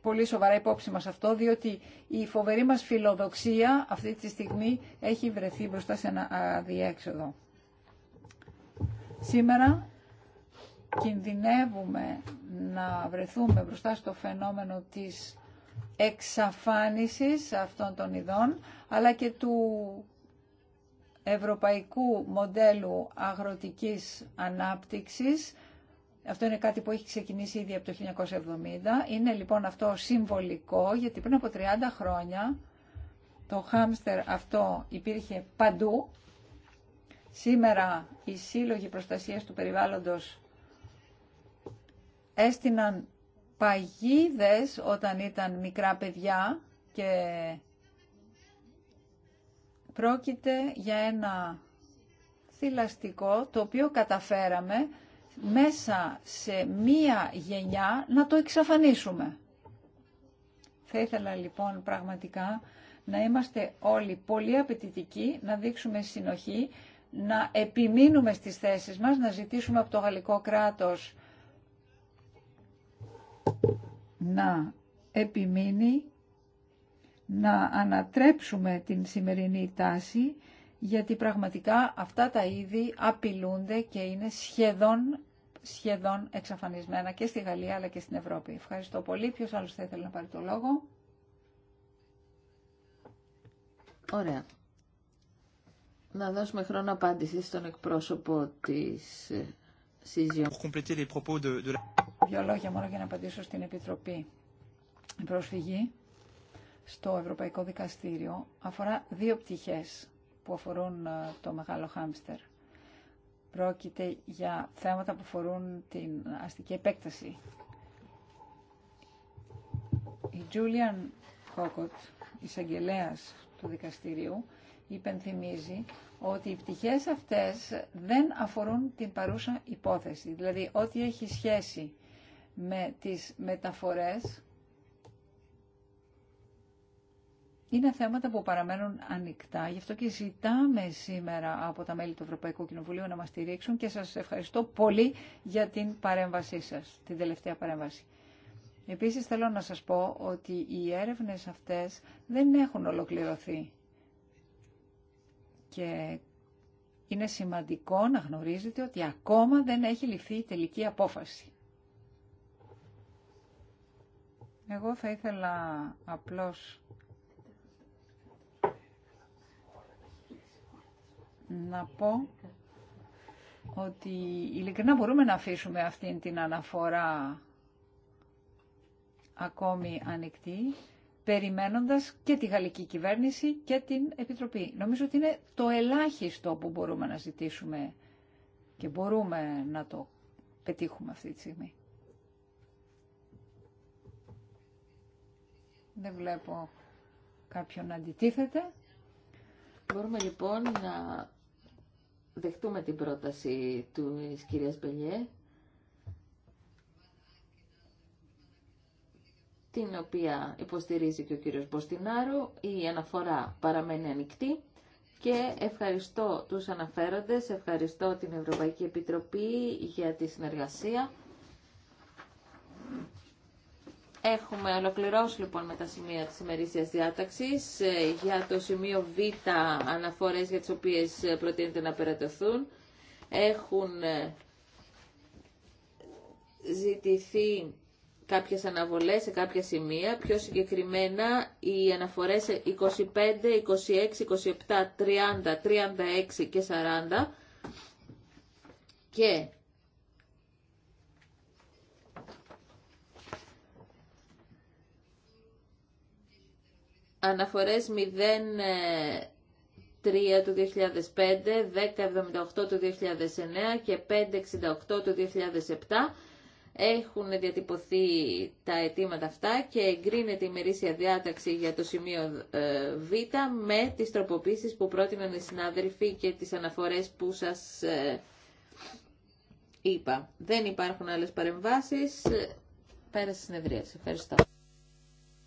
πολύ σοβαρά υπόψη μας αυτό, διότι η φοβερή μας φιλοδοξία αυτή τη στιγμή έχει βρεθεί μπροστά σε ένα αδιέξοδο. Σήμερα κινδυνεύουμε να βρεθούμε μπροστά στο φαινόμενο της εξαφάνισης αυτών των ειδών, αλλά και του ευρωπαϊκού μοντέλου αγροτικής ανάπτυξης, αυτό είναι κάτι που έχει ξεκινήσει ήδη από το 1970. Είναι λοιπόν αυτό συμβολικό γιατί πριν από 30 χρόνια το χάμστερ αυτό υπήρχε παντού. Σήμερα οι σύλλογοι προστασίας του περιβάλλοντος έστειναν παγίδες όταν ήταν μικρά παιδιά και πρόκειται για ένα θηλαστικό το οποίο καταφέραμε μέσα σε μία γενιά να το εξαφανίσουμε. Θα ήθελα λοιπόν πραγματικά να είμαστε όλοι πολύ απαιτητικοί, να δείξουμε συνοχή, να επιμείνουμε στις θέσεις μας, να ζητήσουμε από το γαλλικό κράτος να επιμείνει, να ανατρέψουμε την σημερινή τάση γιατί πραγματικά αυτά τα είδη απειλούνται και είναι σχεδόν, σχεδόν εξαφανισμένα και στη Γαλλία αλλά και στην Ευρώπη. Ευχαριστώ πολύ. Ποιος άλλος θα ήθελε να πάρει το λόγο. Ωραία. Να δώσουμε χρόνο απάντηση στον εκπρόσωπο της ε, ΣΥΖΙΟ. Δύο λόγια μόνο για να απαντήσω στην Επιτροπή. Η προσφυγή στο Ευρωπαϊκό Δικαστήριο αφορά δύο πτυχές που αφορούν ε, το μεγάλο χάμστερ. Πρόκειται για θέματα που αφορούν την αστική επέκταση. Η Τζούλιαν Κόκοτ, εισαγγελέα του δικαστηρίου, υπενθυμίζει ότι οι πτυχές αυτές δεν αφορούν την παρούσα υπόθεση. Δηλαδή, ό,τι έχει σχέση με τις μεταφορές είναι θέματα που παραμένουν ανοιχτά. Γι' αυτό και ζητάμε σήμερα από τα μέλη του Ευρωπαϊκού Κοινοβουλίου να μας στηρίξουν και σας ευχαριστώ πολύ για την παρέμβασή σας, την τελευταία παρέμβαση. Επίσης θέλω να σας πω ότι οι έρευνες αυτές δεν έχουν ολοκληρωθεί και είναι σημαντικό να γνωρίζετε ότι ακόμα δεν έχει ληφθεί η τελική απόφαση. Εγώ θα ήθελα απλώς να πω ότι ειλικρινά μπορούμε να αφήσουμε αυτήν την αναφορά ακόμη ανοιχτή, περιμένοντας και τη γαλλική κυβέρνηση και την Επιτροπή. Νομίζω ότι είναι το ελάχιστο που μπορούμε να ζητήσουμε και μπορούμε να το πετύχουμε αυτή τη στιγμή. Δεν βλέπω κάποιον να αντιτίθεται. Μπορούμε λοιπόν να δεχτούμε την πρόταση του κυρίας Μπελιέ, την οποία υποστηρίζει και ο κύριος Μποστινάρου. Η αναφορά παραμένει ανοιχτή και ευχαριστώ τους αναφέροντες, ευχαριστώ την Ευρωπαϊκή Επιτροπή για τη συνεργασία. Έχουμε ολοκληρώσει λοιπόν με τα σημεία της ημερήσιας διάταξης ε, για το σημείο Β αναφορές για τις οποίες ε, προτείνεται να περατωθούν. Έχουν ε, ζητηθεί κάποιες αναβολές σε κάποια σημεία, πιο συγκεκριμένα οι αναφορές 25, 26, 27, 30, 36 και 40 και αναφορές 03 ε, του 2005, 1078 του 2009 και 568 του 2007 έχουν διατυπωθεί τα αιτήματα αυτά και εγκρίνεται η μερίσια διάταξη για το σημείο ε, Β με τις τροποποίησεις που πρότειναν οι συνάδελφοι και τις αναφορές που σας ε, είπα. Δεν υπάρχουν άλλες παρεμβάσεις. Πέρασε συνεδρία. Ευχαριστώ.